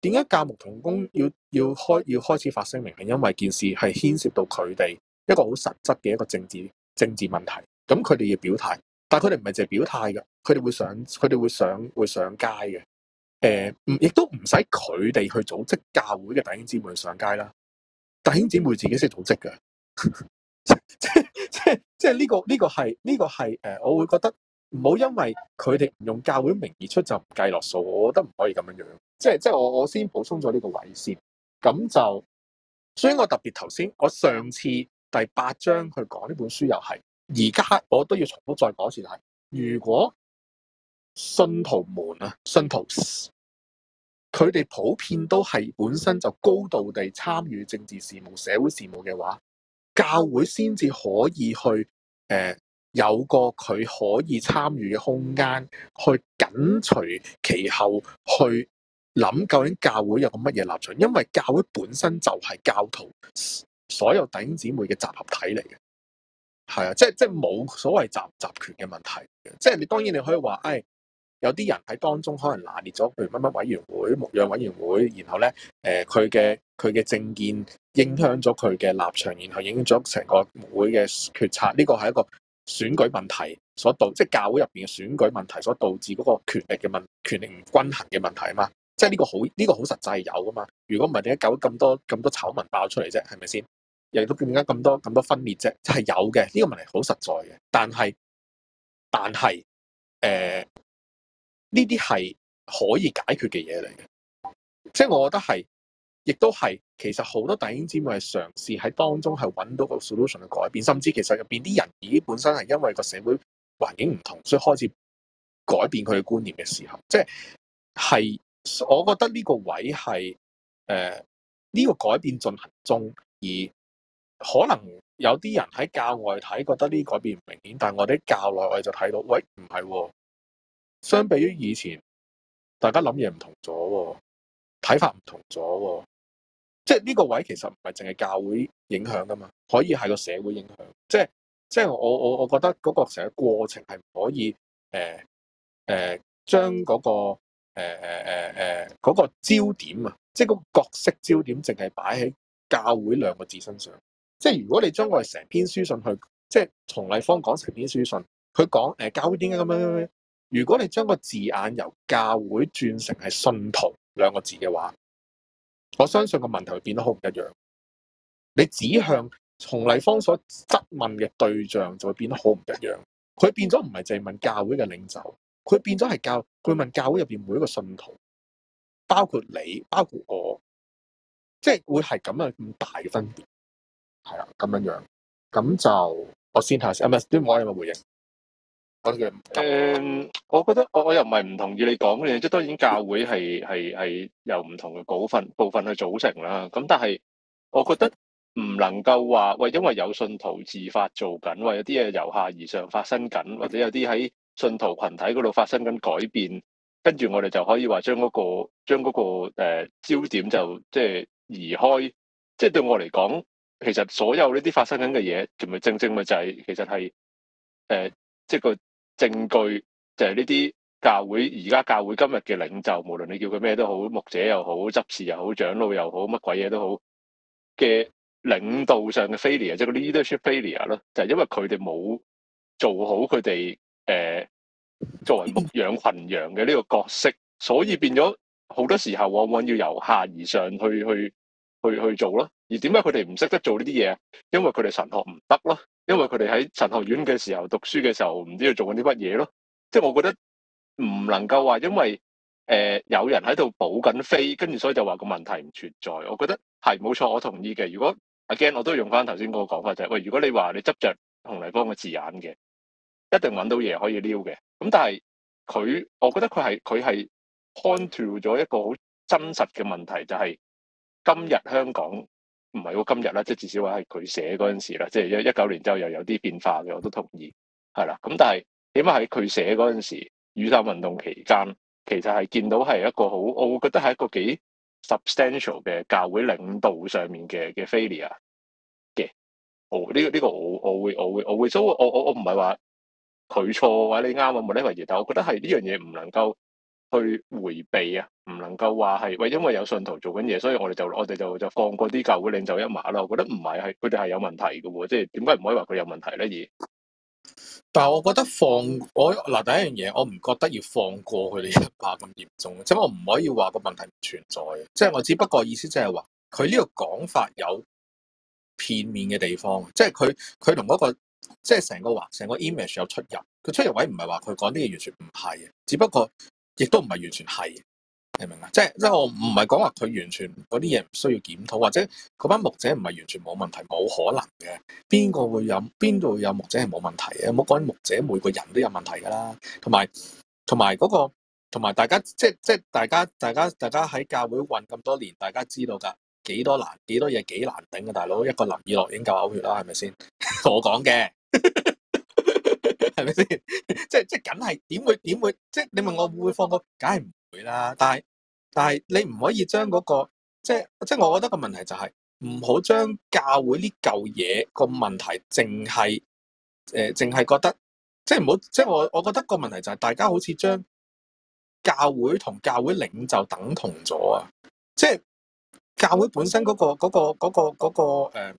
點解教牧同工要要開要開始發聲明？係因為件事係牽涉到佢哋一個好實質嘅一個政治政治問題。咁佢哋要表態，但係佢哋唔係淨係表態㗎，佢哋會上佢哋會上會上，會上街嘅。誒、呃，亦都唔使佢哋去組織教會嘅弟兄姊妹上街啦。弟兄姊妹自己識組織㗎。 即係呢個呢、呢個係呢、呢個係誒，我會覺得唔好因為佢哋唔用教會名義而出就唔計落數，我覺得唔可以咁樣樣。即係即係我我先補充咗呢個位先，咁就所以，我特別頭先我上次第八章去講呢本書是，又係而家我都要重複再講一次，就係如果信徒們啊信徒，佢哋普遍都係本身就高度地參與政治事務、社會事務嘅話。教會先至可以去，呃、有個佢可以參與嘅空間，去緊隨其後去諗究竟教會有個乜嘢立場，因為教會本身就係教徒所有弟兄姊妹嘅集合體嚟嘅，係啊，即係即係冇所謂集集權嘅問題，即係你當然你可以話，誒、哎。有啲人喺當中可能拿捏咗，譬如乜乜委員會、牧養委員會，然後咧，誒佢嘅佢嘅政見影響咗佢嘅立場，然後影響咗成個會嘅決策。呢個係一個選舉問題所導，即係教會入邊嘅選舉問題所導致嗰個權力嘅問題權力唔均衡嘅問題啊嘛。即係呢個好呢個好實際有噶嘛。如果唔係點解搞咁多咁多醜聞爆出嚟啫？係咪先？又都點解咁多咁多分裂啫？即係有嘅，呢個問題好實在嘅。但係但係誒。呃呢啲係可以解決嘅嘢嚟嘅，即係我覺得係，亦都係，其實好多弟兄姊妹係嘗試喺當中係揾到個 solution 去改變，甚至其實入邊啲人已經本身係因為個社會環境唔同，所以開始改變佢嘅觀念嘅時候，即係係，我覺得呢個位係誒呢個改變進行中，而可能有啲人喺教外睇覺得呢改變唔明顯，但係我哋喺教內我就睇到，喂唔係喎。相比於以前，大家諗嘢唔同咗，睇法唔同咗，即係呢個位其實唔係淨係教會影響噶嘛，可以係個社會影響，即係即係我我我覺得嗰個成個過程係唔可以誒誒、呃呃，將嗰、那個誒誒誒誒個焦點啊，即係個角色焦點淨係擺喺教會兩個字身上，即係如果你將我哋成篇書信去，即係從麗芳講成篇書信，佢講誒、呃、教會點解咁樣樣。如果你將個字眼由教會轉成係信徒兩個字嘅話，我相信個問題會變得好唔一樣。你指向從麗芳所質問嘅對象就會變得好唔一樣。佢變咗唔係淨係問教會嘅領袖，佢變咗係教佢問教會入邊每一個信徒，包括你，包括我，即係會係咁樣咁大嘅分別，係啊咁樣樣。咁就我先睇下，唔係我網友回應。誒、嗯，我覺得我我又唔係唔同意你講嘅嘢，即、就、係、是、當然教會係係係由唔同嘅股份、部分去組成啦。咁但係我覺得唔能夠話喂，因為有信徒自發做緊，或者啲嘢由下而上發生緊，或者有啲喺信徒群體嗰度發生緊改變，跟住我哋就可以話將嗰個將、那個誒、呃、焦點就即係、就是、移開。即、就、係、是、對我嚟講，其實所有呢啲發生緊嘅嘢，咪正正咪就係、是、其實係誒、呃、即係個。證據就係呢啲教會，而家教會今日嘅領袖，無論你叫佢咩都好，牧者又好，執事又好，長老又好，乜鬼嘢都好嘅領導上嘅 failure，即係嗰啲 leadership failure 咯，就係因為佢哋冇做好佢哋誒作為牧養群羊嘅呢個角色，所以變咗好多時候往往要由下而上去去去去做咯。而點解佢哋唔識得做呢啲嘢？因為佢哋神學唔得咯。因為佢哋喺神學院嘅時候讀書嘅時候，唔知佢做緊啲乜嘢咯。即係我覺得唔能夠話，因為誒有人喺度補緊飛，跟住所以就話個問題唔存在。我覺得係冇錯，我同意嘅。如果 Again，我都用翻頭先嗰個講法，就係喂，如果你話你執着洪麗光嘅字眼嘅，一定揾到嘢可以撩嘅。咁但係佢，我覺得佢係佢係 point to 咗一個好真實嘅問題，就係今日香港。唔係喎，今日啦，即係至少話係佢寫嗰陣時咧，即係一九年之後又有啲變化嘅，我都同意，係啦。咁但係，起碼喺佢寫嗰陣時，雨傘運動期間，其實係見到係一個好，我會覺得係一個幾 substantial 嘅教會領導上面嘅嘅 failure 嘅。哦、這個，呢個呢個我我會我會我會，所以我我我唔係話佢錯或者你啱啊，無釐雲嘅。但我覺得係呢樣嘢唔能夠。去回避啊，唔能夠話係喂，因為有信徒做緊嘢，所以我哋就我哋就就放過啲教會領袖一馬啦。我覺得唔係，係佢哋係有問題嘅喎，即係點解唔可以話佢有問題咧？而但係，我覺得放我嗱第一樣嘢，我唔覺得要放過佢哋一馬咁嚴重。即係我唔可以話個問題唔存在，即係我只不過意思即係話佢呢個講法有片面嘅地方，即係佢佢同嗰個即係成個環成個 image 有出入。佢出入位唔係話佢講啲嘢完全唔係，只不過。亦都唔係完全係，明唔明啊？即係即係我唔係講話佢完全嗰啲嘢唔需要檢討，或者嗰班牧者唔係完全冇問題，冇可能嘅。邊個會有？邊度有牧者係冇問題嘅？唔好講牧者，每個人都有問題㗎啦。同埋同埋嗰個同埋大家即係即係大家大家大家喺教會混咁多年，大家知道㗎，幾多難幾多嘢幾難頂嘅大佬，一個林以樂已經夠嘔血啦，係咪先？ 我講嘅。係咪先？即係即係，梗係點會點會？即係你問我會唔會放過？梗係唔會啦。但係但係，你唔可以將嗰個，即係即係、呃，我覺得個問題就係唔好將教會呢舊嘢個問題，淨係誒，淨係覺得即係唔好。即係我我覺得個問題就係，大家好似將教會同教會領袖等同咗啊！即係教會本身嗰個嗰個嗰個嗰個，誒，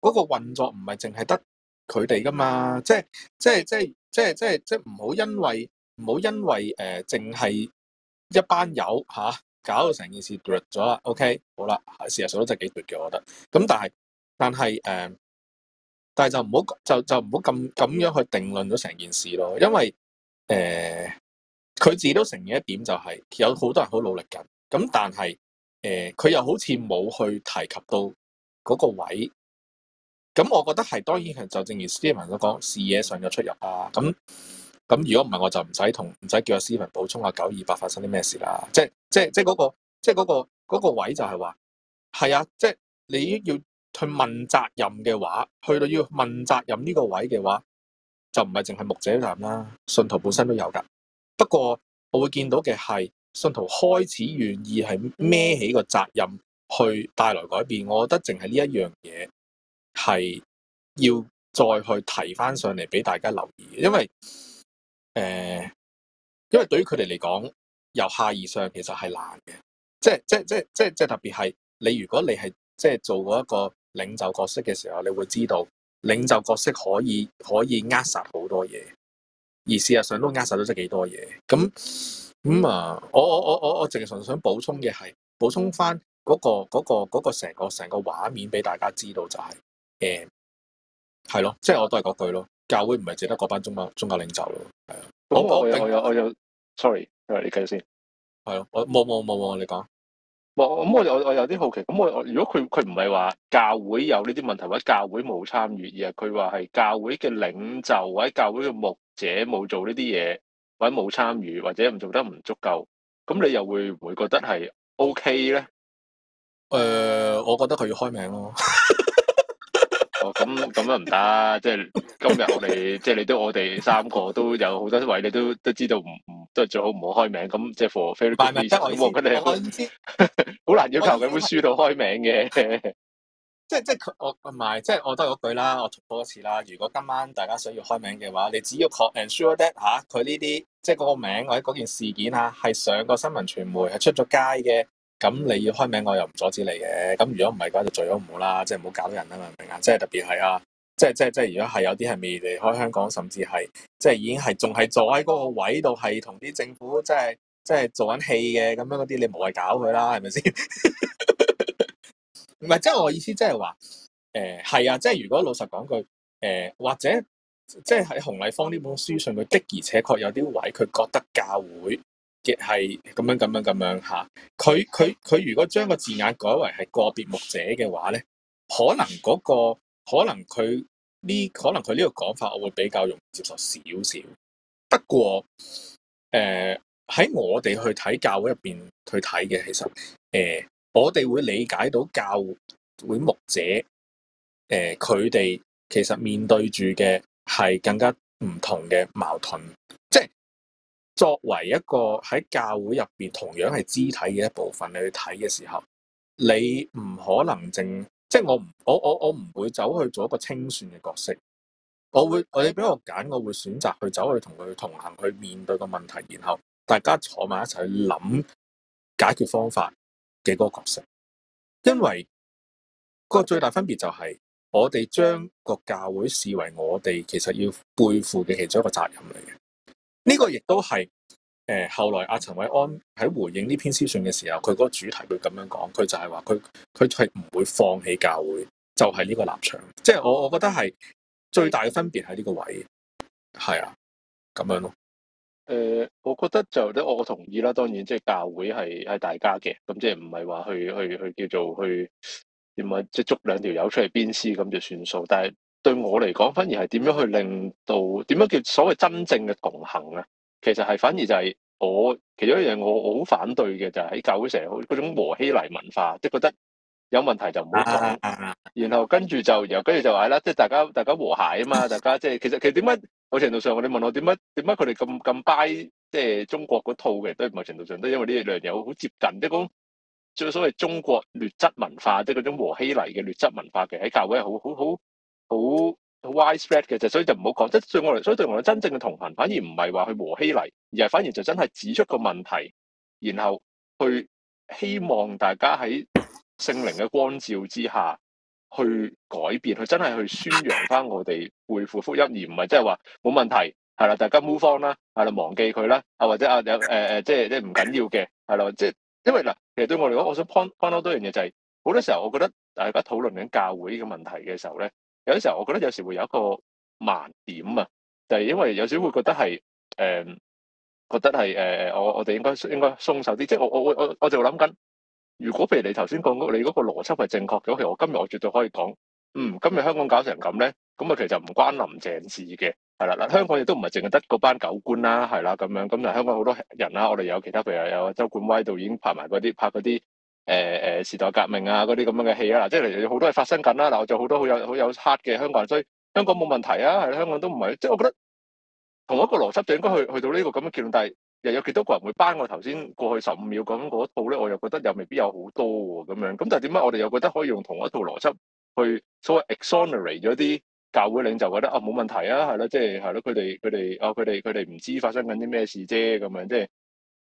嗰個運作唔係淨係得。佢哋噶嘛，即係即係即係即係即係即係唔好，因為唔好因為誒，淨、呃、係一班友吓、啊、搞到成件事 break 咗啦。OK，好啦，事實上都真係幾脫嘅，我覺得咁。但係但係誒，但係、呃、就唔好就就唔好咁咁樣去定論咗成件事咯。因為誒，佢、呃、自己都承認一點、就係，就係有好多人好努力緊咁，但係誒，佢、呃、又好似冇去提及到嗰個位。咁我覺得係，當然係就正如 Stephen 所講，視野上有出入啊。咁咁如果唔係，我就唔使同唔使叫阿 Stephen 補充下九二八發生啲咩事啦。即即即嗰個即嗰個嗰個位就係話，係啊，即你要去問責任嘅話，去到要問責任呢個位嘅話，就唔係淨係牧者責任啦，信徒本身都有噶。不過我會見到嘅係，信徒開始願意係孭起個責任去帶來改變。我覺得淨係呢一樣嘢，係要再去提翻上嚟俾大家留意嘅，因為誒、呃，因為對於佢哋嚟講，由下而上其實係難嘅，即係即係即係即係即係特別係你。如果你係即係做過一個領袖角色嘅時候，你會知道領袖角色可以可以扼殺好多嘢，而事實上都扼殺咗即幾多嘢。咁咁啊，我我我我我，淨係想想補充嘅係補充翻嗰個嗰個嗰個成個成個畫面俾大家知道，就係，就係。誒，係咯、嗯，即係、就是、我都係嗰句咯。教會唔係淨係嗰班宗教宗教領袖咯，係啊、嗯。我有，我有我有，sorry，你繼續先。係咯，我冇冇冇冇，你講。咁我我我有啲好奇。咁我如果佢佢唔係話教會有呢啲問題，或者教會冇參與，而係佢話係教會嘅領袖或者教會嘅牧者冇做呢啲嘢，或者冇參與，或者唔做得唔足夠，咁你又會唔會覺得係 OK 咧？誒、呃，我覺得佢要開名咯。 咁咁都唔得，即係、 哦，就是、今日我哋，即係 你都我哋三個都有好多位，你都都知道，唔唔都係最好唔好開名。咁即係 for fee，而家我哋好 難要求佢會輸到開名嘅。即係即佢，我唔係，即係我都係嗰句啦，我重講一次啦。如果今晚大家想要開名嘅話，你只要確 ensure that 嚇佢呢啲，即係嗰個名或者嗰件事件啊，係上過新聞傳媒，係出咗街嘅。咁你要開名，我又唔阻止你嘅。咁如果唔係嘅話，就最好唔好啦，即係唔好搞人啊嘛。明啊？即係特別係啊，即係即係即係，如果係有啲係未離開香港，甚至係即係已經係仲係坐喺嗰個位度，係同啲政府即係即係做緊戲嘅咁樣嗰啲，你無謂搞佢啦，係咪先？唔 係，即係我意思，即係話誒，係啊，即係如果老實講句誒、呃，或者即係喺洪麗芳呢本書上佢的而且確有啲位，佢覺得教會。亦係咁樣咁樣咁樣吓，佢佢佢如果將個字眼改為係個別牧者嘅話咧，可能嗰個，可能佢呢可能佢呢個講法我會比較容易接受少少。不過誒喺、呃、我哋去睇教會入邊去睇嘅，其實誒、呃、我哋會理解到教會牧者誒佢哋其實面對住嘅係更加唔同嘅矛盾，即係。作為一個喺教會入邊同樣係肢體嘅一部分，你去睇嘅時候，你唔可能淨即係我唔我我我唔會走去做一個清算嘅角色。我會我哋俾我揀，我會選擇去走去同佢同行去面對個問題，然後大家坐埋一齊去諗解決方法嘅個角色。因為個最大分別就係我哋將個教會視為我哋其實要背負嘅其中一個責任嚟嘅。呢個亦都係誒，後來阿陳韋安喺回應呢篇私信嘅時候，佢嗰個主題佢咁樣講，佢就係話佢佢係唔會放棄教會，就係、是、呢個立場。即、就、係、是、我我覺得係最大嘅分別喺呢個位，係啊，咁樣咯。誒、呃，我覺得就咧，我同意啦。當然，即係教會係係大家嘅，咁即係唔係話去去去，去叫做去，唔係即係捉兩條友出嚟鞭屍咁就算數，但係。對我嚟講，反而係點樣去令到點樣叫所謂真正嘅同行啊？其實係反而就係我其中一樣我我好反對嘅就係喺教會成日好嗰種和稀泥文化，即係覺得有問題就唔好講，然後跟住就然後跟住就話啦，即係大家大家和諧啊嘛，大家即係其實其實點解，某程度上，我哋問我點解，點解佢哋咁咁 buy 即係中國嗰套嘅，都係某程度上都因為呢兩樣嘢好接近，即係嗰種最所謂中國劣質文化，即係嗰種和稀泥嘅劣質文化嘅喺、就是、教會係好好好。好 widespread 嘅就，所以就唔好講。即係對我嚟，所以對我嚟真正嘅同行反而唔係話去和稀泥，而係反而就真係指出個問題，然後去希望大家喺聖靈嘅光照之下去改變，去真係去宣揚翻我哋背負福音，而唔係即係話冇問題係啦，大家 move on 啦，係啦，忘記佢啦，啊或者啊有誒誒，即係即係唔緊要嘅係啦，即係因為嗱，其實對我嚟講，我想 point out 多樣嘢就係、是、好多時候，我覺得大家討論緊教會嘅問題嘅時候咧。有啲時候，我覺得有時會有一個盲點啊，就係因為有時會覺得係誒，覺得係誒，我我哋應該應該鬆手啲，即係我我我我就諗緊，如果譬如你頭先講嗰你嗰個邏輯係正確嘅，咁其實我今日我絕對可以講，嗯，今日香港搞成咁咧，咁啊其實唔關林鄭事嘅，係啦嗱，香港亦都唔係淨係得嗰班狗官啦，係啦咁樣，咁啊香港好多人啦，我哋有其他譬如有周冠威度已經拍埋嗰啲拍嗰啲。誒誒、呃，時代革命啊，嗰啲咁樣嘅戲啊，即係嚟好多係發生緊啦，嗱，我就好多好有好有 heart 嘅香港人，所以香港冇問題啊，係啦，香港都唔係，即、就、係、是、我覺得同一個邏輯就應該去去到呢個咁嘅結論，但係又有幾多個人會班我頭先過去十五秒講嗰套咧？我又覺得又未必有好多咁、啊、樣，咁但係點解我哋又覺得可以用同一套邏輯去所謂 exonerate 咗啲教會領袖，覺得啊冇問題啊，係啦，即係係咯，佢哋佢哋啊，佢哋佢哋唔知發生緊啲咩事啫，咁樣即係。就是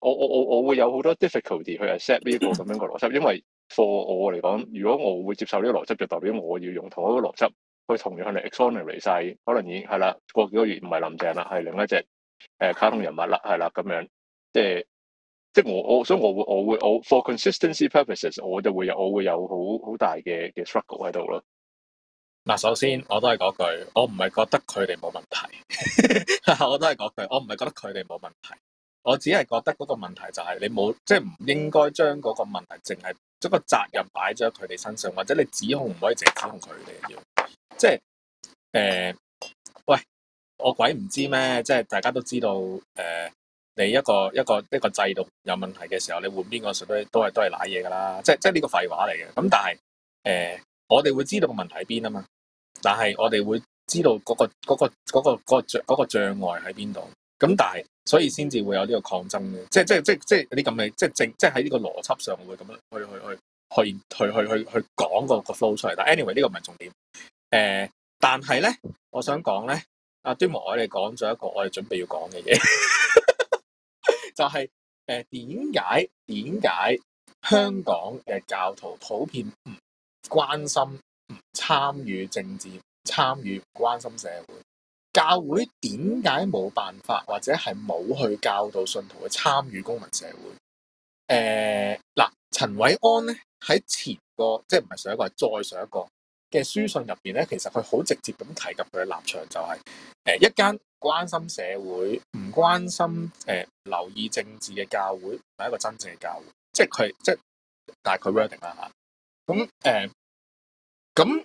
我我我我會有好多 difficulty 去 accept 呢個咁樣嘅邏輯，因為 for 我嚟講，如果我會接受呢個邏輯，就代表我要用同一個邏輯去同樣向嚟 exonerate 曬，可能已經係啦，過幾個月唔係林鄭啦，係另一隻誒卡通人物啦，係啦咁樣，即係即係我我所以我會我會我 for consistency purposes，我就會有我會有好好大嘅嘅 struggle 喺度咯。嗱，首先我都係嗰句，我唔係覺得佢哋冇問題， 我都係嗰句，我唔係覺得佢哋冇問題。我只係覺得嗰個問題就係你冇，即係唔應該將嗰個問題淨係將個責任擺咗佢哋身上，或者你指控唔可以淨係指控佢哋。要即係誒、呃，喂，我鬼唔知咩？即係大家都知道誒、呃，你一個一個一個制度有問題嘅時候，你換邊個都係都係都係瀨嘢噶啦。即係即係呢個廢話嚟嘅。咁但係誒、呃，我哋會知道個問題喺邊啊嘛？但係我哋會知道嗰、嗰個、嗰個、嗰個、嗰個障嗰、嗰個嗰個障礙喺邊度？咁但係，所以先至會有呢個抗爭嘅，即係即係即係即係有啲咁嘅，即係正，即係喺呢個邏輯上會咁樣去去去去去去去講個個 flow 出嚟。但係 anyway 呢個唔係重點。誒、呃，但係咧，我想講咧，阿、啊、端木我哋講咗一個我哋準備要講嘅嘢， 就係誒點解點解香港嘅教徒普遍唔關心、唔參與政治、參與、唔關心社會。教會點解冇辦法或者係冇去教導信徒去參與公民社會？誒、呃，嗱、呃，陳韋安咧喺前個即係唔係上一個係再上一個嘅書信入邊咧，其實佢好直接咁提及佢嘅立場，就是，就係誒一間關心社會唔關心誒、呃、留意政治嘅教會唔係一個真正嘅教會，即係佢即係大概 ready 啦吓。咁誒，咁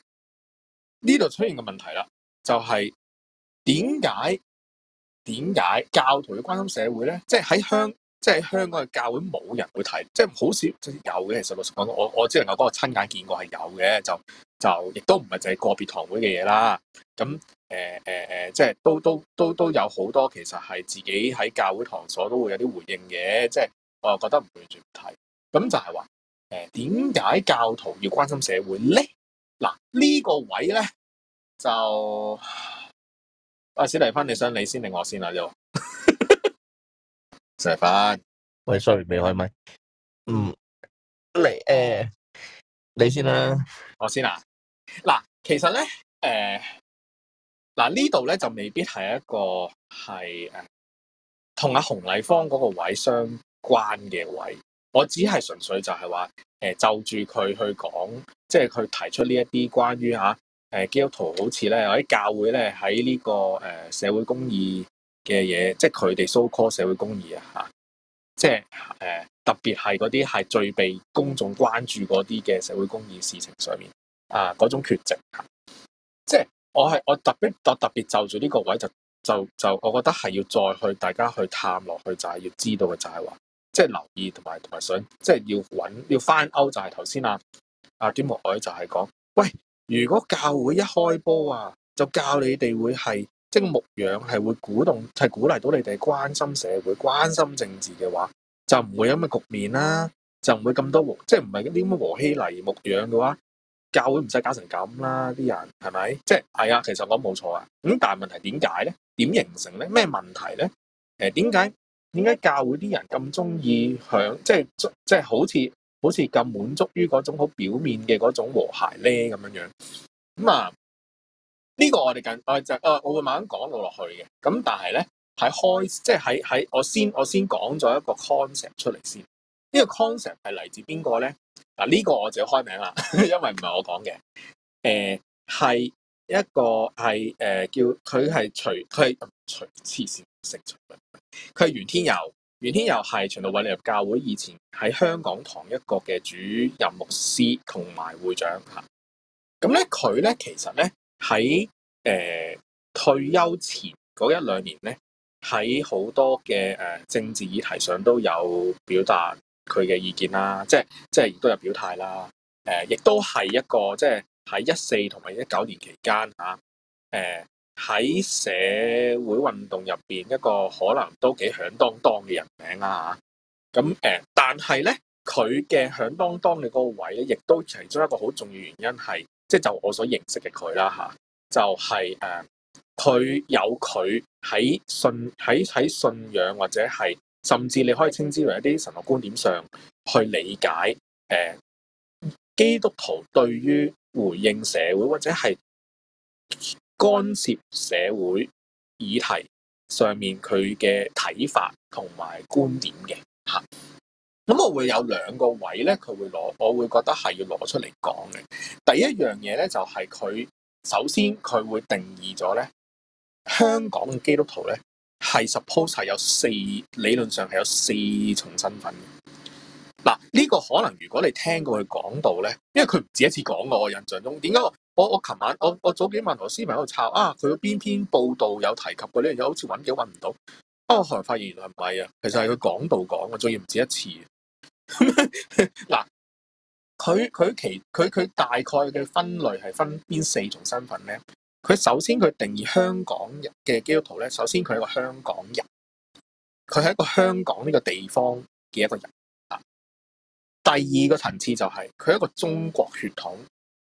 呢度出現嘅問題啦，就係、是。點解點解教徒要關心社會咧？即係喺香，即係香港嘅教會冇人會睇，即係好少有嘅。其實老實講，我我只能夠講我親眼見過係有嘅，就就亦都唔係淨係個別堂會嘅嘢啦。咁誒誒誒，即係都都都都有好多其實係自己喺教會堂所都會有啲回應嘅。即係我又覺得唔完全睇。咁就係話誒，點解教徒要關心社會咧？嗱，呢個位咧就。阿史蒂芬，你想你先定我先啊？又小黎芬，喂 sorry 未開麥。嗯，嚟誒、呃，你先啦、啊，我先啦、啊。嗱，其實咧，誒、呃，嗱呢度咧就未必係一個係誒同阿洪麗芳嗰個位相關嘅位。我只係純粹就係話，誒、呃、就住佢去講，即係佢提出呢一啲關於吓。啊誒，基督徒好似咧喺教會咧喺呢在、這個誒、呃、社會公義嘅嘢，即係佢哋 so call 社會公義啊吓，即係誒、呃、特別係嗰啲係最被公眾關注嗰啲嘅社會公義事情上面啊，嗰種缺席、啊，即係我係我特別特特別就住呢個位就就就，就就我覺得係要再去大家去探落去，就係要知道嘅就係話，即係留意同埋同埋想，即係要揾要翻歐，就係頭先啊阿、啊、端木凱就係講喂。如果教會一開波啊，就教你哋會係即係牧養係會鼓動係鼓勵到你哋關心社會，關心政治嘅話，就唔會有咁嘅局面啦，就唔會咁多即唔係啲咁嘅和稀泥牧養嘅話，教會唔使搞成咁啦，啲人係咪？即係係啊，其實我講冇錯啊。咁但係問題點解咧？點形成咧？咩問題咧？誒，點解點解教會啲人咁中意響即係即係好似？好似咁滿足於嗰種好表面嘅嗰種和諧咧，咁樣樣，咁啊呢個我哋緊，我就誒，我會慢慢講落落去嘅。咁但係咧，喺開即係喺喺我先我先講咗一個 concept 出嚟先。這個、概念個呢個 concept 係嚟自邊個咧？嗱、這、呢個我就要開名啦，因為唔係我講嘅。誒、呃、係一個係誒、呃、叫佢係徐，佢係、呃、徐，黐線，成名，佢係袁天佑。袁天佑係循道衛理教會以前喺香港堂一國嘅主任牧師同埋會長嚇，咁咧佢咧其實咧喺誒退休前嗰一兩年咧，喺好多嘅誒政治議題上都有表達佢嘅意見啦，即係即係亦都有表態啦，誒亦都係一個即係喺一四同埋一九年期間嚇誒。喺社會運動入邊一個可能都幾響當當嘅人名啦、啊、吓，咁誒，但係咧佢嘅響當當嘅嗰個位咧，亦都其中一個好重要原因係，即、就、係、是、就我所認識嘅佢啦吓，就係、是、誒，佢有佢喺信喺喺信仰或者係甚至你可以稱之為一啲神學觀點上去理解誒、呃，基督徒對於回應社會或者係干涉社會議題上面佢嘅睇法同埋觀點嘅吓，咁我會有兩個位咧，佢會攞，我會覺得係要攞出嚟講嘅。第一樣嘢咧就係佢首先佢會定義咗咧，香港嘅基督徒咧係 suppose 係有四理論上係有四重身份的。嗱，這、呢個可能如果你聽過佢講到咧，因為佢唔止一次講過，我印象中點解我我琴晚我我早幾晚同我斯文喺度抄啊，佢邊篇報道有提及過呢樣嘢，好似揾幾揾唔到。不過我後來發現原來唔係啊，其實係佢講道講啊，仲要唔止一次。嗱， 佢佢其佢佢大概嘅分類係分邊四種身份咧？佢首先佢定義香港人嘅基督徒咧，首先佢係一個香港人，佢係一個香港呢個地方嘅一個人啊。第二個層次就係、是、佢係一個中國血統。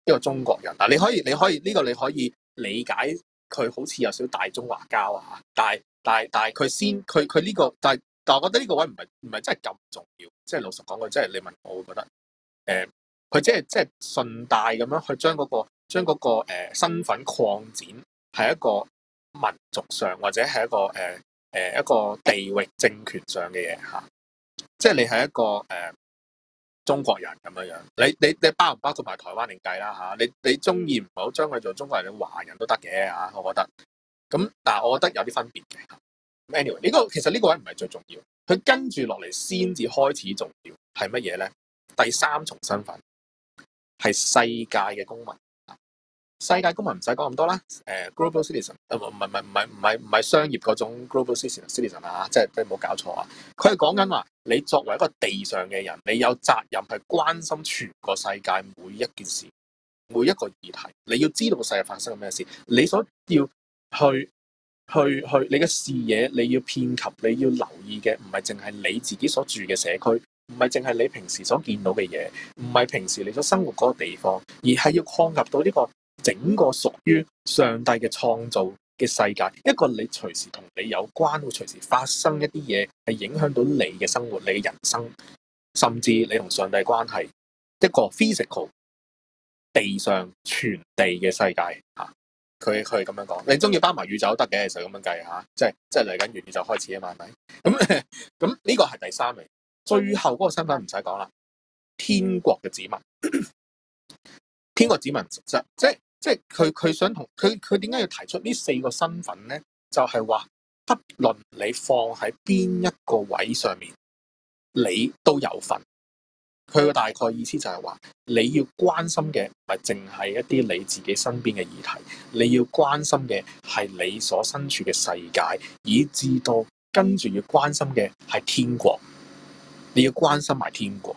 呢個中國人嗱，你可以你可以呢個你可以理解佢好似有少少大中華膠啊，但係但係但係佢先佢佢呢個但係，但我覺得呢個位唔係唔係真係咁重要，即係老實講句，即係你問我會覺得誒，佢即係即係順帶咁樣去將嗰個將嗰個誒身份擴展，係一個民族上或者係一個誒誒一個地域政權上嘅嘢嚇，即係你係一個誒。呃中國人咁樣樣，你你你包唔包括埋台灣定計啦嚇？你你中意唔好將佢做中國人、華人都得嘅嚇，我覺得。咁但係我覺得有啲分別嘅。咁 anyway 呢個其實呢個位唔係最重要，佢跟住落嚟先至開始重要係乜嘢咧？第三重身份係世界嘅公民。世界公民唔使講咁多啦，誒、啊，global citizen，唔唔唔唔係唔係商業嗰種 global citizen citizen 啊，即係你冇搞錯啊，佢係講緊話，你作為一個地上嘅人，你有責任去關心全個世界每一件事、每一個議題，你要知道個世界發生咩事，你所要去去去，你嘅視野你要遍及，你要留意嘅唔係淨係你自己所住嘅社區，唔係淨係你平時所見到嘅嘢，唔係平時你所生活嗰個地方，而係要擴及到呢個。整個屬於上帝嘅創造嘅世界，一個你隨時同你有關，會隨時發生一啲嘢，係影響到你嘅生活、你嘅人生，甚至你同上帝關係，一個 physical 地上全地嘅世界嚇。佢佢咁樣講，你中意包埋宇宙都得嘅，就咁樣計嚇，即係即係嚟緊宇宙開始啊嘛，係咪？咁咁呢個係第三名，最後嗰個身份唔使講啦，天國嘅子民，天國子民實即係。即係佢佢想同佢佢，點解要提出呢四個身份咧？就係話不論你放喺邊一個位上面，你都有份。佢嘅大概意思就係話，你要關心嘅唔係淨係一啲你自己身邊嘅議題，你要關心嘅係你所身處嘅世界，以至到跟住要關心嘅係天國，你要關心埋天國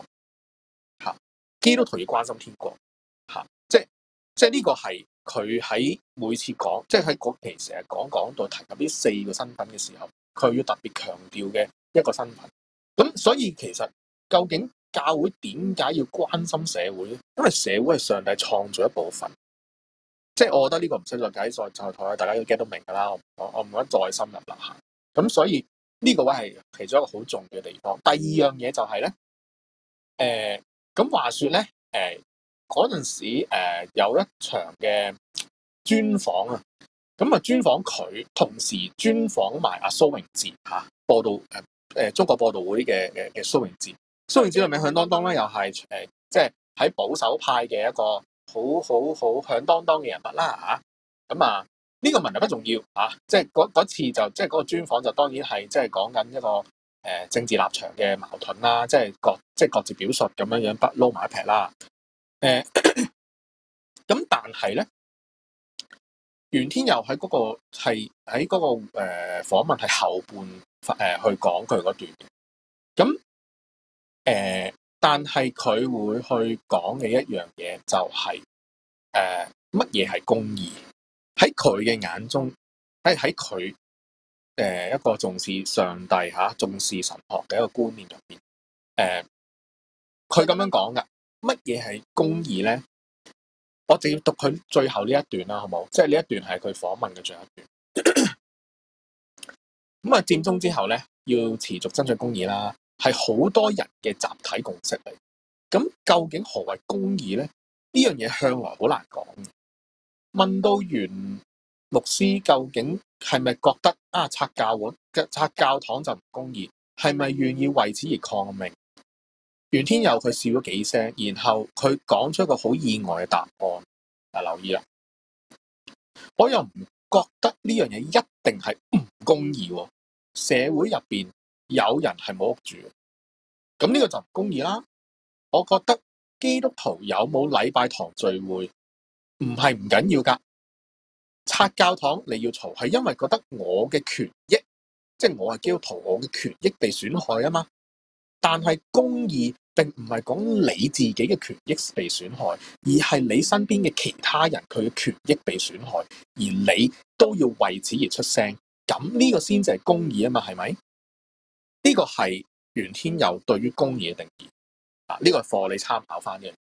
吓，基督徒要關心天國。即係呢個係佢喺每次講，即係喺嗰期成日講，講到提及呢四個身份嘅時候，佢要特別強調嘅一個身份。咁所以其實究竟教會點解要關心社會咧？因為社會係上帝創造一部分。即係我覺得呢個唔使再解釋，就同大家 get 到明噶啦。我我唔覺得再深入啦。咁所以呢個位係其中一個好重要嘅地方。第二樣嘢就係咧，誒，咁話說咧，誒。嗰陣時，誒有一場嘅專訪啊，咁啊專訪佢，同時專訪埋阿蘇穎智嚇，播道誒誒中國播道會嘅嘅嘅蘇穎智。蘇穎智又名響當當咧，又係誒即係喺保守派嘅一個好好好響當當嘅人物啦嚇。咁啊，呢個問題不重要啊，即係嗰次就即係嗰個專訪就當然係即係講緊一個誒政治立場嘅矛盾啦，即係各即係各自表述咁樣樣，不撈埋一撇啦。誒，咁 但係咧，袁天佑喺嗰，嗰個係喺嗰個誒、呃、訪問係後半誒、呃、去講佢嗰段，咁，嗯、誒、呃，但係佢會去講嘅一樣嘢就係誒乜嘢係公義？喺佢嘅眼中，喺喺佢誒一個重視上帝吓、啊、重視神學嘅一個觀念入邊，誒、呃，佢咁樣講噶。乜嘢係公義咧？我就要讀佢最後呢一段啦，好冇？即係呢一段係佢訪問嘅最後一段。咁 啊，佔中之後咧，要持續爭取公義啦，係好多人嘅集體共識嚟。咁究竟何為公義咧？呢樣嘢向來好難講。問到袁牧師，究竟係咪覺得啊拆教會拆教堂就唔公義？係咪願意為此而抗命？袁天佑佢笑咗幾聲，然後佢講出一個好意外嘅答案。啊，留意啦！我又唔覺得呢樣嘢一定係唔公義。社會入邊有人係冇屋住，咁呢個就唔公義啦。我覺得基督徒有冇禮拜堂聚會唔係唔緊要噶，拆教堂你要嘈，係因為覺得我嘅權益，即係我係基督徒，我嘅權益被損害啊嘛。但係公義並唔係講你自己嘅權益被損害，而係你身邊嘅其他人佢嘅權益被損害，而你都要為此而出聲。咁呢個先至係公義啊嘛，係咪？呢個係袁天佑對於公義嘅定義啊。呢個畀你參考翻嘅。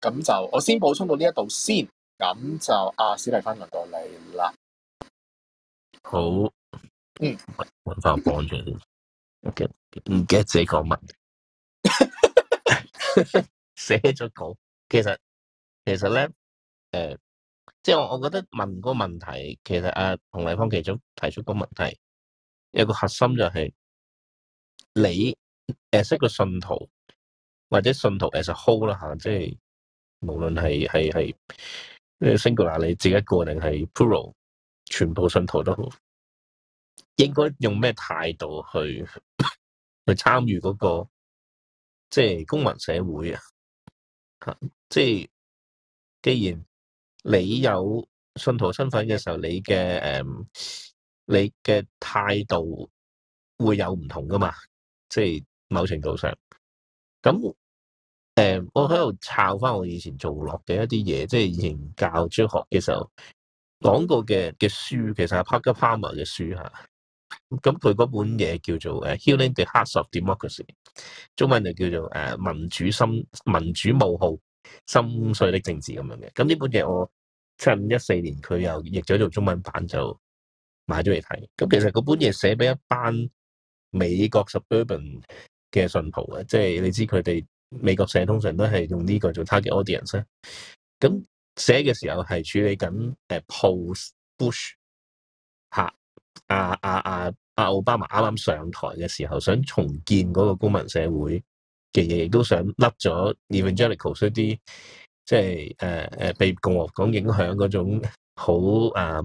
咁就我先補充到呢一度先。咁就啊，史蒂芬，輪到你啦。好。嗯。搵份幫助唔、okay，記得自己講乜，寫咗 稿。其實其實咧，誒、呃，即係我，我覺得問個問題，其實阿、啊、洪麗芳其中提出個問題，有一個核心就係、是、你 as 一個信徒，或者信徒 as a whole 啦、啊、吓，即係無論係係係 single 啊，是是是 ular，你自己一個定係 plural 全部信徒都好。應該用咩態度去去參與嗰，那個即係公民社會啊？即係既然你有信徒身份嘅時候，你嘅誒、嗯，你嘅態度會有唔同噶嘛？即係某程度上，咁誒、嗯，我喺度抄翻我以前做落嘅一啲嘢，即係營教中學嘅時候講過嘅嘅書，其實係 Parker Palmer 嘅書吓。咁佢嗰本嘢叫做《誒 Healing the Hearts of Democracy》，中文就叫做《誒民主心民主冒號心碎的政治》咁樣嘅。咁呢本嘢我趁一四年佢又譯咗做中文版，就買咗嚟睇。咁其實嗰本嘢寫俾一班美國 suburban 嘅信徒即係你知佢哋美國社通常都係用呢個做 target audience 咁寫嘅時候係處理緊誒，post Bush 吓。阿阿阿阿奧巴馬啱啱上台嘅時候，想重建嗰個公民社會嘅嘢，亦都想甩咗 evangelical 嗰啲，即係誒誒被共和黨影響嗰種好誒、啊、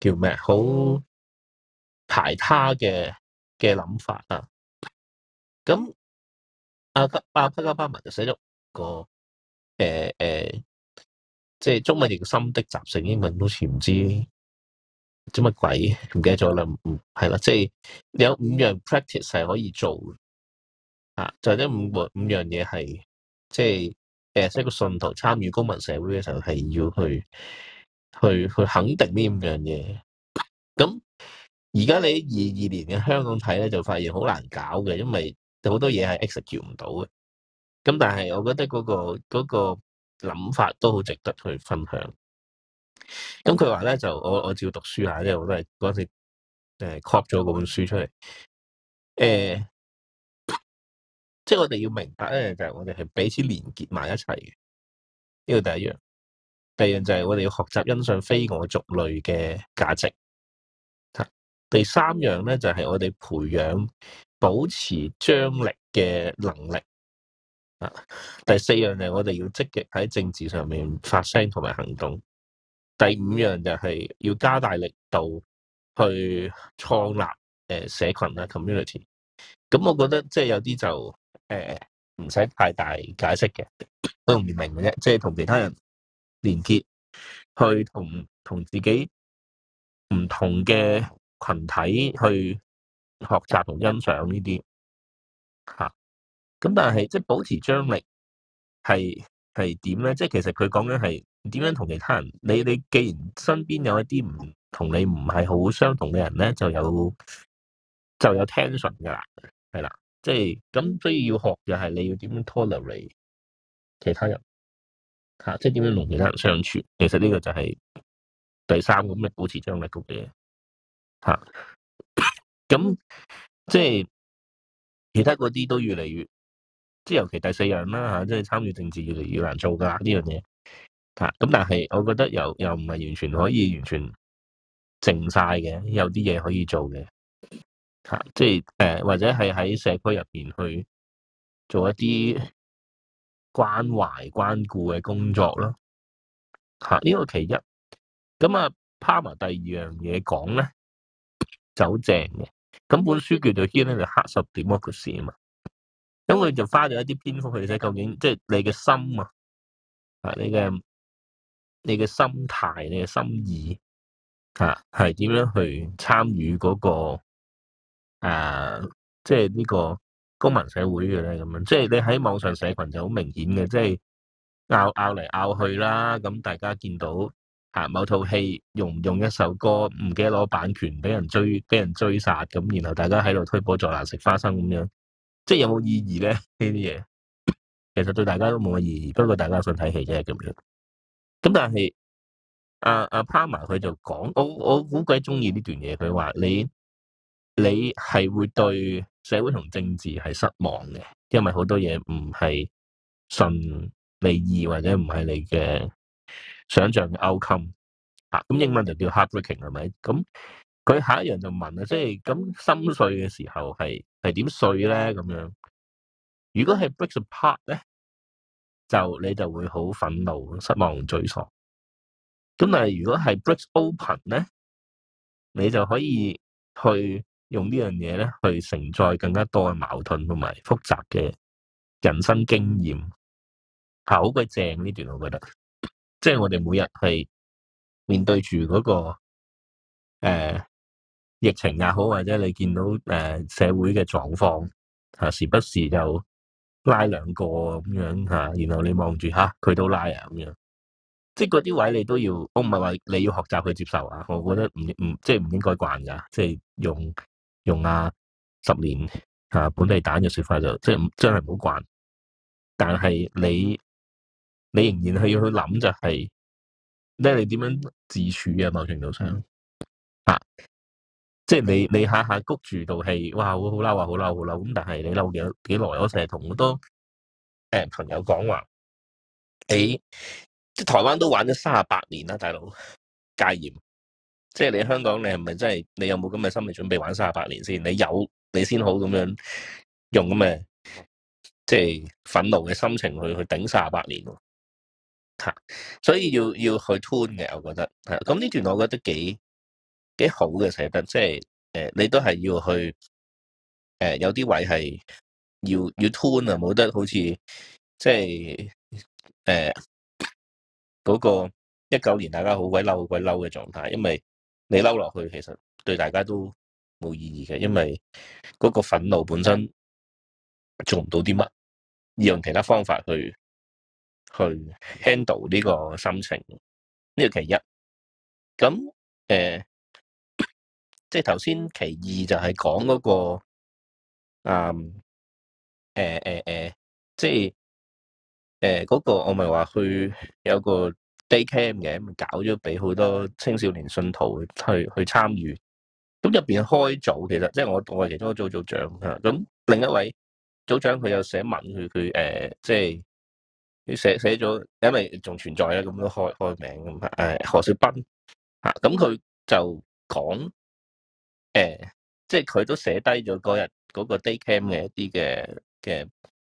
叫咩好排他嘅嘅諗法啊。咁阿德阿德加巴文就寫咗個誒誒，即、呃、係、呃就是、中文譯嘅《心的集成》，英文好似唔知。做乜鬼？唔記得咗啦，唔係啦，即係有五樣 practice 係可以做啊，或者五五樣嘢係即係誒，一個信徒參與公民社會嘅時候係要去去去肯定呢五樣嘢。咁而家你二二年嘅香港睇咧，就發現好難搞嘅，因為好多嘢係 execute 唔到嘅。咁但係我覺得嗰個嗰個諗法都好值得去分享。咁佢話咧就我我照讀書下、呃書呃，即我都係嗰陣時誒 copy 咗嗰本書出嚟。誒，即係我哋要明白咧，就係、是、我哋係彼此連結埋一齊嘅。呢個第一樣，第二樣就係我哋要學習欣賞非我族類嘅價值、啊。第三樣咧就係、是、我哋培養保持張力嘅能力、啊。第四樣就係我哋要積極喺政治上面發聲同埋行動。第五樣就係要加大力度去創立誒社群啊 community，咁我覺得即係有啲就誒唔使太大解釋嘅，都唔明嘅啫，即係同其他人連結，去同同自己唔同嘅群體去學習同欣賞呢啲嚇，咁但係即係保持張力係。係點咧？即係其實佢講緊係點樣同其他人？你你既然身邊有一啲唔同你唔係好相同嘅人咧，就有就有 tension 噶啦，係啦。即係咁，所以要學嘅係你要點樣 tolerate 其他人，吓即係點樣同其他人相處？其實呢個就係第三咁嘅保持張力局嘅嘢，吓咁、嗯、即係其他嗰啲都越嚟越。即尤其第四樣啦嚇，即係參與政治越嚟越難做㗎呢樣嘢嚇。咁但係我覺得又又唔係完全可以完全靜晒嘅，有啲嘢可以做嘅嚇。即係誒或者係喺社區入邊去做一啲關懷關顧嘅工作咯嚇。呢個其一。咁啊，Palmer 第二樣嘢講咧，走正嘅。咁本書叫做《Healing the Heart of Democracy》啊嘛。咁佢就花咗一啲篇幅去寫究竟，即係你嘅心啊，啊，你嘅你嘅心態、你嘅心意啊，係點樣去參與嗰個誒，即係呢個公民社會嘅咧？咁樣即係你喺網上社群就好明顯嘅，即係拗拗嚟拗去啦。咁大家見到啊，某套戲用唔用一首歌，唔記得攞版權，俾人追，俾人追殺咁，然後大家喺度推波助瀾，食花生咁樣。即係有冇意義咧？呢啲嘢其實對大家都冇乜意義，不過大家想睇戲啫咁樣。咁但係阿阿 Palmer 佢就講，我我估計中意呢段嘢。佢話你你係會對社會同政治係失望嘅，因為好多嘢唔係順利意或者唔係你嘅想象嘅 outcome。吓、啊、咁英文就叫 heartbreaking 係咪？咁。佢下一樣就問啦，即係咁心碎嘅時候係係點碎咧？咁樣如果係 breaks apart 咧，就你就會好憤怒、失望、沮喪。咁但係如果係 breaks open 咧，你就可以去用呢樣嘢咧去承載更加多嘅矛盾同埋複雜嘅人生經驗，係好鬼正呢段，我覺得。即係我哋每日係面對住嗰個呃疫情也、啊、好，或者你見到誒、呃、社會嘅狀況嚇，時不時就拉兩個咁樣嚇、啊，然後你望住嚇佢都拉啊咁樣，即係嗰啲位你都要，我唔係話你要學習去接受啊，我覺得唔唔即係唔應該慣㗎，即係用用啊十年嚇、啊、本地蛋嘅説法就即係唔真係唔好慣，但係你你仍然係要去諗就係、是、咧你點樣自處嘅、啊、某程度上嚇。啊即係你你下下谷住道氣，哇！好好嬲啊，好嬲好嬲咁。但係你嬲咗幾耐？我成日同好多誒、欸、朋友講話，你、欸、即係台灣都玩咗三十八年啦，大佬戒嚴。即係你香港你是是真，你係咪真係你有冇咁嘅心理準備玩三十八年先？你有，你先好咁樣用咁嘅即係憤怒嘅心情去去頂三十八年。吓，所以要要去吞嘅，我覺得。吓，咁呢段我覺得幾。幾好嘅寫得，即係誒，你都係要去誒、呃，有啲位係要要 tune 啊，冇得好似即係誒嗰個一九年大家好鬼嬲好鬼嬲嘅狀態，因為你嬲落去其實對大家都冇意義嘅，因為嗰個憤怒本身做唔到啲乜，要用其他方法去去 handle 呢個心情，呢個其一。咁誒。呃即係頭先其二就係講嗰個，嗯，誒即係誒嗰個我咪話去有個 day camp 嘅，咁搞咗俾好多青少年信徒去去參與。咁入邊開組其實，即係我我係其中一組組長嚇。咁、啊、另一位組長佢有寫文佢佢誒，即係佢寫寫咗，因為仲存在啊，咁都開開名咁誒何小斌嚇。咁、啊、佢就講。誒、呃，即係佢都寫低咗嗰日嗰個 Day Camp 嘅一啲嘅嘅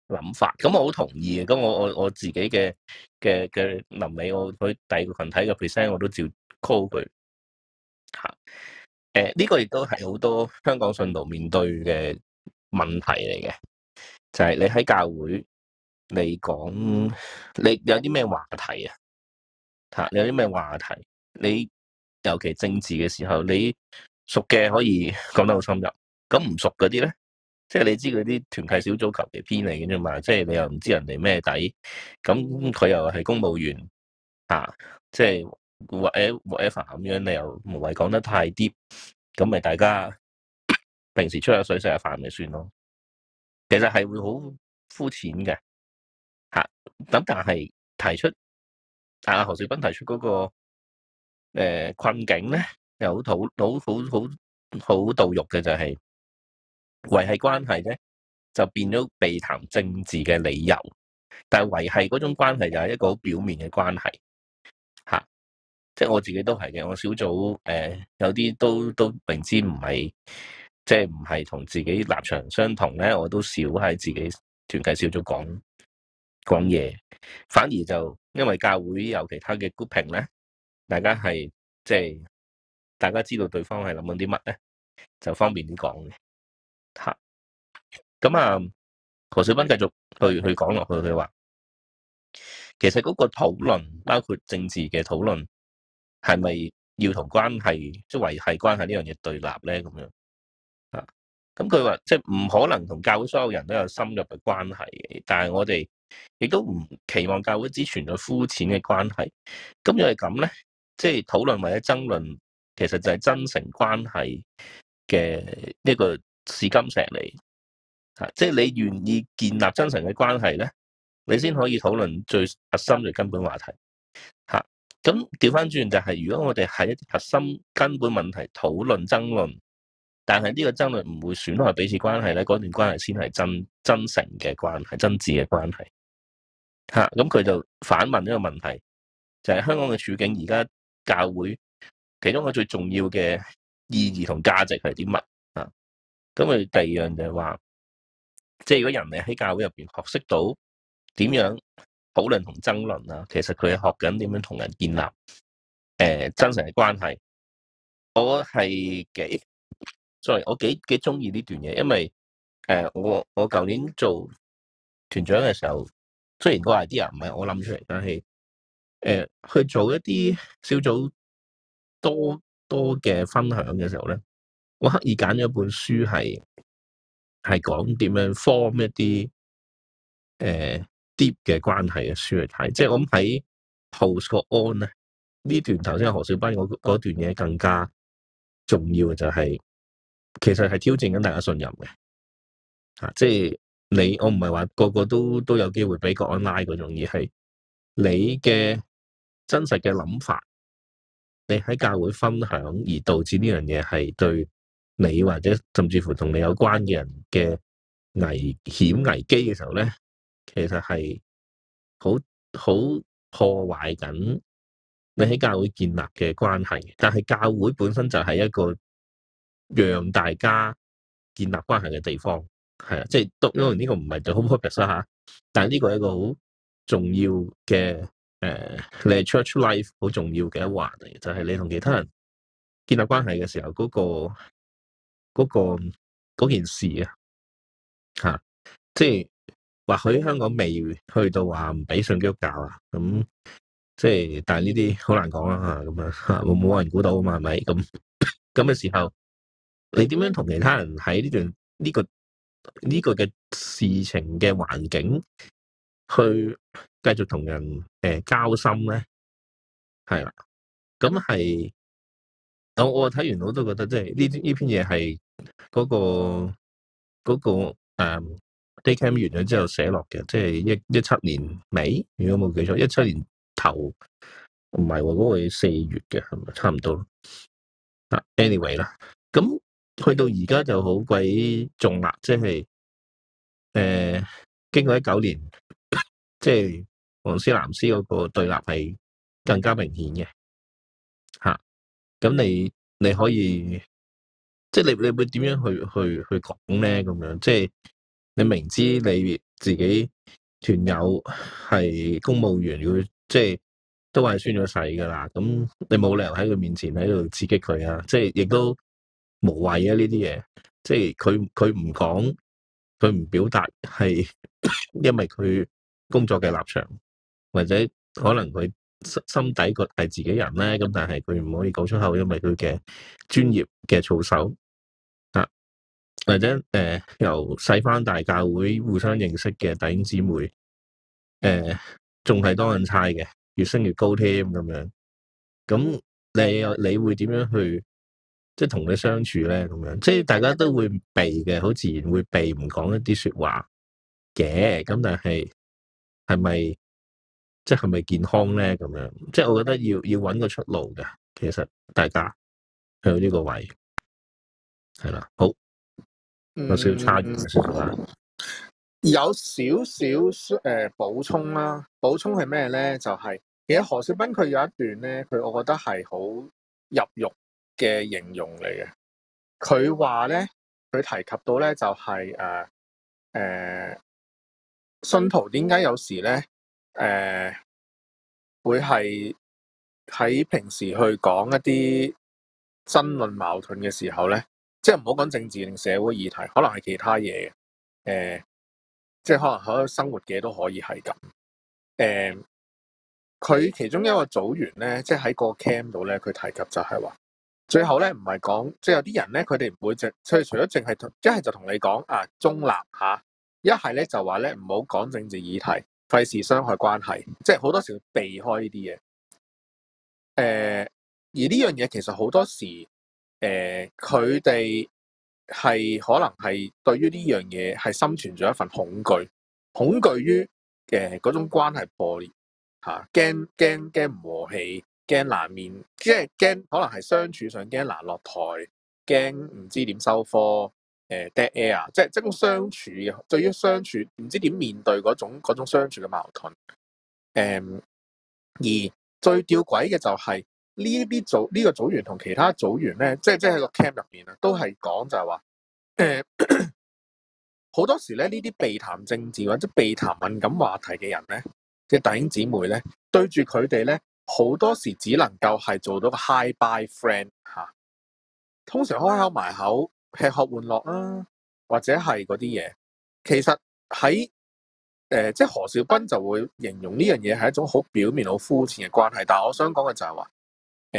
諗法，咁我好同意嘅。咁我我我自己嘅嘅嘅臨尾，我佢第二個群體嘅 present 我都照 call 佢吓。誒、啊、呢、呃，這個亦都係好多香港信徒面對嘅問題嚟嘅，就係、是、你喺教會你講你有啲咩話題啊？吓，你有啲咩話題？你尤其政治嘅時候你。熟嘅可以講得好深入，咁唔熟嗰啲咧，即係你知佢啲團契小組求其編嚟嘅啫嘛，即係你又唔知人哋咩底，咁佢又係公務員，啊、即係 whatever whatever 咁樣，你又無謂講得太 deep，咁咪大家平時吹下水食下飯咪算咯。其實係會好膚淺嘅，嚇、啊，咁但係提出但阿、啊、何小斌提出嗰、那個、呃、困境咧。有好好好好好到肉嘅就係維繫關係咧，就變咗避談政治嘅理由。但係維繫嗰種關係就係一個好表面嘅關係，吓、啊。即係我自己都係嘅，我小組誒、呃、有啲都都明知唔係，即係唔係同自己立場相同咧，我都少喺自己團契小組講講嘢，反而就因為教會有其他嘅 grouping 咧，大家係即係。就是大家知道對方係諗緊啲乜咧，就方便啲講嘅。嚇、啊，咁啊何小斌繼續去去講落去，佢話其實嗰個討論，包括政治嘅討論，係咪要同關係即係維繫關係呢樣嘢對立咧？咁樣嚇，咁佢話即係唔可能同教會所有人都有深入嘅關係嘅，但係我哋亦都唔期望教會只存在膚淺嘅關係。咁又係咁咧，即係討論或者爭論。其實就係真誠關係嘅一個試金石嚟，吓，即係你願意建立真誠嘅關係咧，你先可以討論最核心最根本話題，吓。咁調翻轉就係、是，如果我哋喺一啲核心根本問題討論爭論，但係呢個爭論唔會損害彼此關係咧，嗰段關係先係真真誠嘅關係，真摯嘅關係，吓。咁佢就反問一個問題，就係、是、香港嘅處境而家教會。其中嘅最重要嘅意義同價值係啲乜啊？咁啊，第二樣就係話，即係如果人哋喺教會入面學識到點樣討論同爭論啊，其實佢係學緊點樣同人建立、呃、真誠嘅關係。我係幾，sorry，我幾幾鍾意呢段嘢，因為、呃、我我舊年做團長嘅時候，雖然個 idea 唔係我諗出嚟，但係誒、呃、去做一啲小組。多多嘅分享嘅時候咧，我刻意揀咗一本書係係講點樣 form 一啲，誒、呃、deep 嘅關係嘅書嚟睇，即係我喺 post 個 on 咧呢段頭先何小斌嗰段嘢更加重要嘅就係、是、其實係挑戰緊大家信任嘅吓，即係你我唔係話個個都都有機會俾個 online 嗰種，而係你嘅真實嘅諗法。你喺教會分享，而導致呢樣嘢係對你或者甚至乎同你有關嘅人嘅危險危機嘅時候咧，其實係好好破壞緊你喺教會建立嘅關係。但係教會本身就係一個讓大家建立關係嘅地方，係啊，即係都因為呢個唔係做 project 啊嚇，但係呢個係一個好重要嘅。誒，uh, 你係 Church life 好重要嘅一環嚟，就係、是、你同其他人建立關係嘅時候，嗰、嗰個、嗰個件事啊，吓、啊，即係或許香港未去到話唔俾信基督教啊，咁即係，但係呢啲好難講啊，吓咁啊，冇冇人估到啊嘛，係咪咁咁嘅時候，你點樣同其他人喺呢段呢、呢個呢、呢個嘅事情嘅環境？去繼續同人、呃、交心咧，係啦、啊，咁係我我睇完我都覺得即係呢啲呢篇嘢係嗰個嗰、嗰個、嗯、Day Camp 完咗之後寫落嘅，即、就、係、係、一一七年尾，如果冇記錯，一七年頭唔係喎，嗰、啊嗰個四月嘅，係咪差唔多啦？anyway 啦，咁、anyway，去到而家就好鬼重辣，即係誒經過一九年。即係黃絲藍絲嗰個對立係更加明顯嘅吓，咁、啊、你你可以即係你你會點樣去去去講咧？咁樣即係你明知你自己團友係公務員，佢即係都係宣咗誓噶啦，咁你冇理由喺佢面前喺度刺激佢啊！即係亦都無謂啊！呢啲嘢，即係佢佢唔講，佢唔表達係因為佢。工作嘅立場，或者可能佢心底個係自己人咧，咁但係佢唔可以講出口，因為佢嘅專業嘅操守啊，或者誒、呃、由細翻大教會互相認識嘅弟兄姊妹，誒仲係多人猜嘅，越升越高添咁樣。咁你又你會點樣去即係同佢相處咧？咁樣即係大家都會避嘅，好自然會避，唔講一啲說話嘅。咁但係。係咪即係咪健康咧？咁樣即係、就是、我覺得要要揾個出路噶。其實大家去到呢個位係啦，好有少，差、嗯、有少少差異有少少誒補充啦，補充係咩咧？就係、是、其實何少斌佢有一段咧，佢我覺得係好入肉嘅形容嚟嘅。佢話咧，佢提及到咧就係誒誒。呃呃信徒點解有時咧，誒、呃，會係喺平時去講一啲爭論矛盾嘅時候咧，即係唔好講政治定社會議題，可能係其他嘢嘅，誒、呃，即、就、係、是、可能喺生活嘅都可以係咁。誒、呃，佢其中一個組員咧，即係喺個 camp 度咧，佢提及就係話，最後咧唔係講，即係有啲人咧，佢哋唔會淨，佢除咗淨係一係就同你講啊中立吓。啊一係咧就話咧唔好講政治議題，費事傷害關係，即係好多時候要避開呢啲嘢。誒、呃，而呢樣嘢其實好多時候，誒、呃，佢哋係可能係對於呢樣嘢係心存咗一份恐懼，恐懼於誒嗰種關係破裂，吓驚驚驚唔和氣，驚難面，即係驚可能係相處上驚難落台，驚唔知點收科。誒、uh,，dead air，即係即係相處，對於相處唔知點面對嗰種那種相處嘅矛盾。誒、um,，而最吊詭嘅就係呢啲組呢、這個組員同其他組員咧，即係即係喺個 camp 入面啊，都係講就係話，誒、uh,，好 多時咧呢啲避談政治或者避談敏感話題嘅人咧，即係弟兄姊妹咧，對住佢哋咧，好多時候只能夠係做到個 hi bye friend 吓、啊，通常開口埋口。吃喝玩樂啊，或者係嗰啲嘢，其實喺誒、呃，即係何少斌就會形容呢樣嘢係一種好表面、好膚淺嘅關係。但係我想講嘅就係話，誒、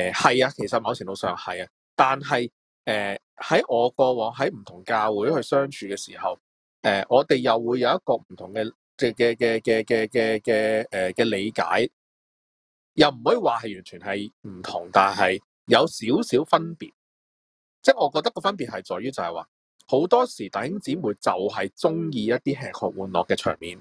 呃、係啊，其實某程度上係啊，但係誒喺我過往喺唔同教會去相處嘅時候，誒、呃、我哋又會有一個唔同嘅嘅嘅嘅嘅嘅嘅誒嘅理解，又唔可以話係完全係唔同，但係有少少分別。即係我覺得個分別係在於就係話，好多時弟兄姊妹就係中意一啲吃喝玩樂嘅場面，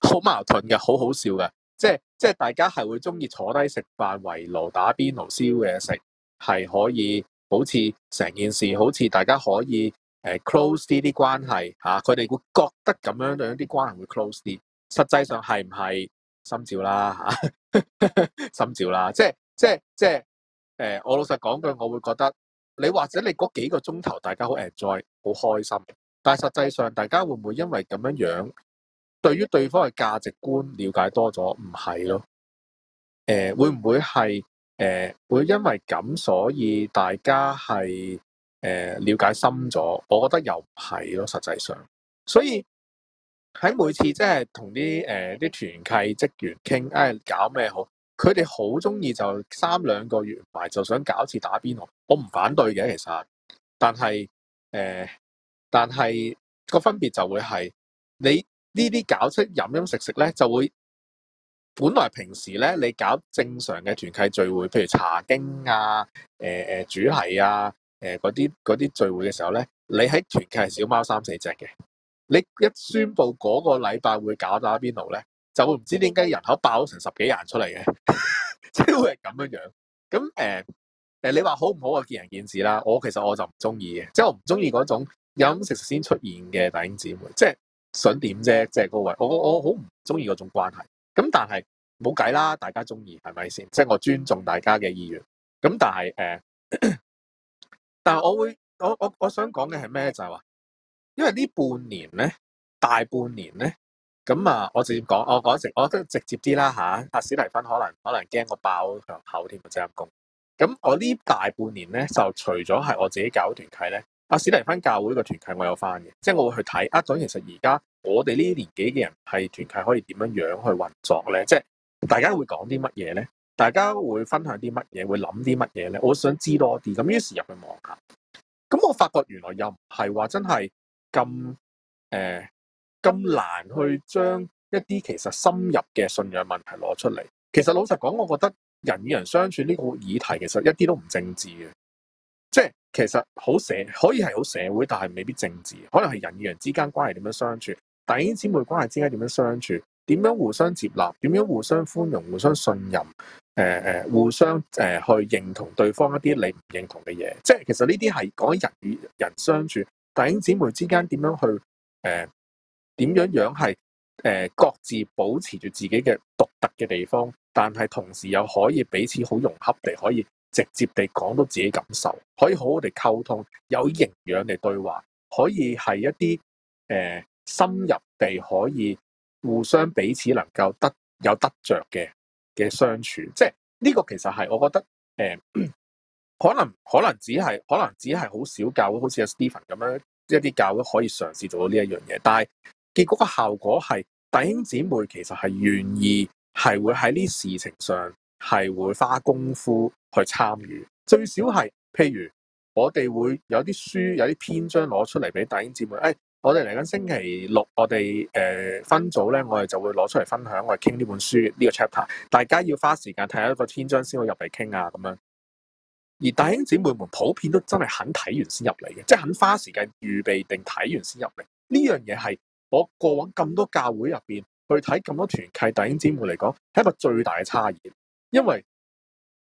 好矛盾嘅，好好笑嘅。即係即係大家係會中意坐低食飯圍爐打邊爐燒嘢食，係可以好似成件事，好似大家可以誒、呃、close 啲啲關係吓，佢、啊、哋會覺得咁樣對一啲關係會 close 啲。實際上係唔係心照啦吓，心照啦。啊、 心照啦。即係即係即係誒、呃，我老實講句，我會覺得。你或者你嗰幾個鐘頭，大家好 enjoy，好開心，但係實際上大家會唔會因為咁樣樣，對於對方嘅價值觀了解多咗，唔係咯？誒、呃，會唔會係誒、呃，會因為咁，所以大家係誒、呃、了解深咗？我覺得又唔係咯，實際上，所以喺每次即係同啲誒啲團契職員傾，誒、哎、搞咩好？佢哋好中意就三兩個月埋就想搞一次打邊爐，我唔反對嘅其實，但係誒、呃，但係個分別就會係你呢啲搞出飲飲食食咧，就會本來平時咧你搞正常嘅團契聚會，譬如查經啊、誒、呃、誒主題啊、誒嗰啲嗰啲聚會嘅時候咧，你喺團契係小貓三四隻嘅，你一宣佈嗰個禮拜會搞打邊爐咧，就會唔知點解人口爆咗成十幾人出嚟嘅，即 係會係咁樣樣。咁誒誒，你話好唔好啊？我見仁見智啦。我其實我就唔中意嘅，即係我唔中意嗰種飲食先出現嘅大英姊妹，即係想點啫，即係高位。我我好唔中意嗰種關係。咁但係冇計啦，大家中意係咪先？即係我尊重大家嘅意願。咁但係誒、呃，但係我會我我我想講嘅係咩就係話，因為呢半年咧，大半年咧。咁啊，我直接講，我講直，我覺得直接啲啦吓，阿史提芬可能可能驚我爆口添啊，即係陰公。咁我呢大半年咧，就除咗係我自己搞團契咧，阿史提芬教會個團契我有翻嘅，即係我會去睇啊。所以其實而家我哋呢啲年紀嘅人係團契可以點樣樣去運作咧？即係大家會講啲乜嘢咧？大家會分享啲乜嘢？會諗啲乜嘢咧？我想知多啲。咁於是入去望下，咁我發覺原來又唔係話真係咁誒。呃咁難去將一啲其實深入嘅信仰問題攞出嚟。其實老實講，我覺得人與人相處呢個議題，其實一啲都唔政治嘅，即係其實好社可以係好社會，但係未必政治，可能係人與人之間關係點樣相處，弟兄姊妹關係之間點樣相處，點樣互相接納，點樣互相寬容、互相信任，誒、呃、誒，互相誒、呃、去認同對方一啲你唔認同嘅嘢。即、就、係、是、其實呢啲係講人與人相處，弟兄姊妹之間點樣去誒。呃點樣樣係、呃、各自保持住自己嘅獨特嘅地方，但係同時又可以彼此好融洽地可以直接地講到自己感受，可以好好地溝通，有營養地對話，可以係一啲、呃、深入地可以互相彼此能夠得有得着嘅嘅相處，即係呢個其實係我覺得、呃、可能可能只係可能只係好少教會，好似阿 Stephen 咁樣一啲教都可以嘗試做到呢一樣嘢，但係。結果個效果係弟兄姊妹其實係願意係會喺呢事情上係會花功夫去參與，最少係譬如我哋會有啲書有啲篇章攞出嚟俾弟兄姊妹，誒、哎，我哋嚟緊星期六，我哋誒、呃、分組咧，我哋就會攞出嚟分享，我哋傾呢本書呢、呢個 chapter，大家要花時間睇下一個篇章先會入嚟傾啊，咁樣。而弟兄姊妹們普遍都真係肯睇完先入嚟嘅，即係肯花時間預備定睇完先入嚟，呢樣嘢係。我過往咁多教會入邊去睇咁多團契、弟兄姊妹嚟講，係一個最大嘅差異。因為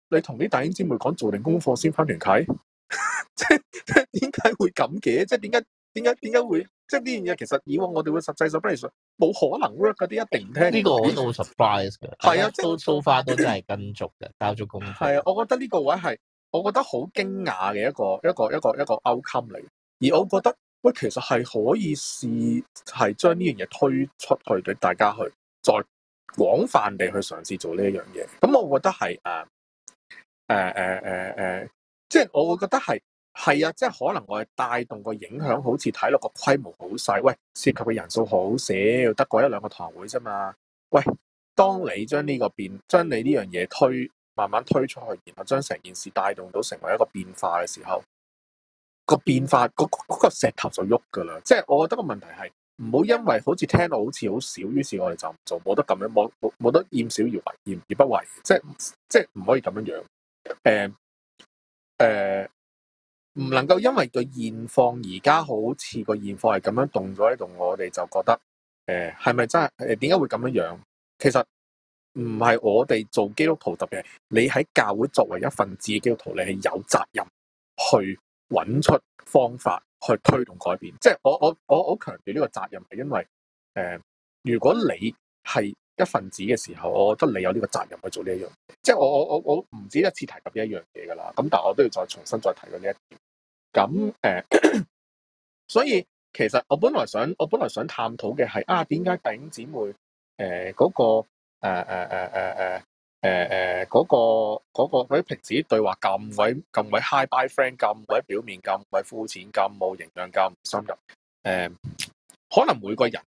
你同啲弟兄姊妹講做定功課先翻團契，即係點解會咁嘅？即係點解點解點解會？即係呢樣嘢其實以往我哋會實際上，不冇可能 work 嗰啲一定聽。呢個我都好 surprise 㗎。係啊，就是、 都，都 show、就是、都真係跟足嘅，交足功課。係啊，我覺得呢個位係我覺得好驚訝嘅一個一個一個一個 outcome 嚟。而我覺得。喂，其實係可以試係將呢樣嘢推出去俾大家去，再廣泛地去嘗試做呢一樣嘢。咁、嗯、我覺得係誒誒誒誒誒，即係我會覺得係係啊，即係可能我係帶動個影響，好似睇落個規模好細，喂，涉及嘅人數好少，得過一兩個堂會啫嘛。喂，當你將呢、這個變，將你呢樣嘢推慢慢推出去，然後將成件事帶動到成為一個變化嘅時候。個變化，嗰、那、嗰個石頭就喐噶啦，即、就、係、是、我覺得個問題係唔好因為好似聽到好似好少，於是我哋就唔做，冇得咁樣冇冇冇得厭小而為，厭而不為，即係即係唔可以咁樣樣。誒、欸、誒，唔、欸、能夠因為個現況而家好似個現況係咁樣動咗，喺度。我哋就覺得誒係咪真係誒？點解會咁樣樣？其實唔係我哋做基督徒，特別係你喺教會作為一份子嘅基督徒，你係有責任去。揾出方法去推動改變，即係我我我我強調呢個責任係因為誒、呃，如果你係一份子嘅時候，我覺得你有呢個責任去做呢一樣。即係我我我我唔止一次提及呢一樣嘢㗎喇，咁但我都要再重新再提過呢一點。咁誒、呃， 所以其實我本來想我本來想探討嘅係啊，點解弟兄姊妹誒嗰、呃那個誒誒誒誒誒誒，嗰、呃那個嗰、那個佢、那個、平時啲對話咁鬼咁鬼 high，by friend 咁鬼表面咁鬼膚淺，咁冇營養那，咁深入。誒，可能每個人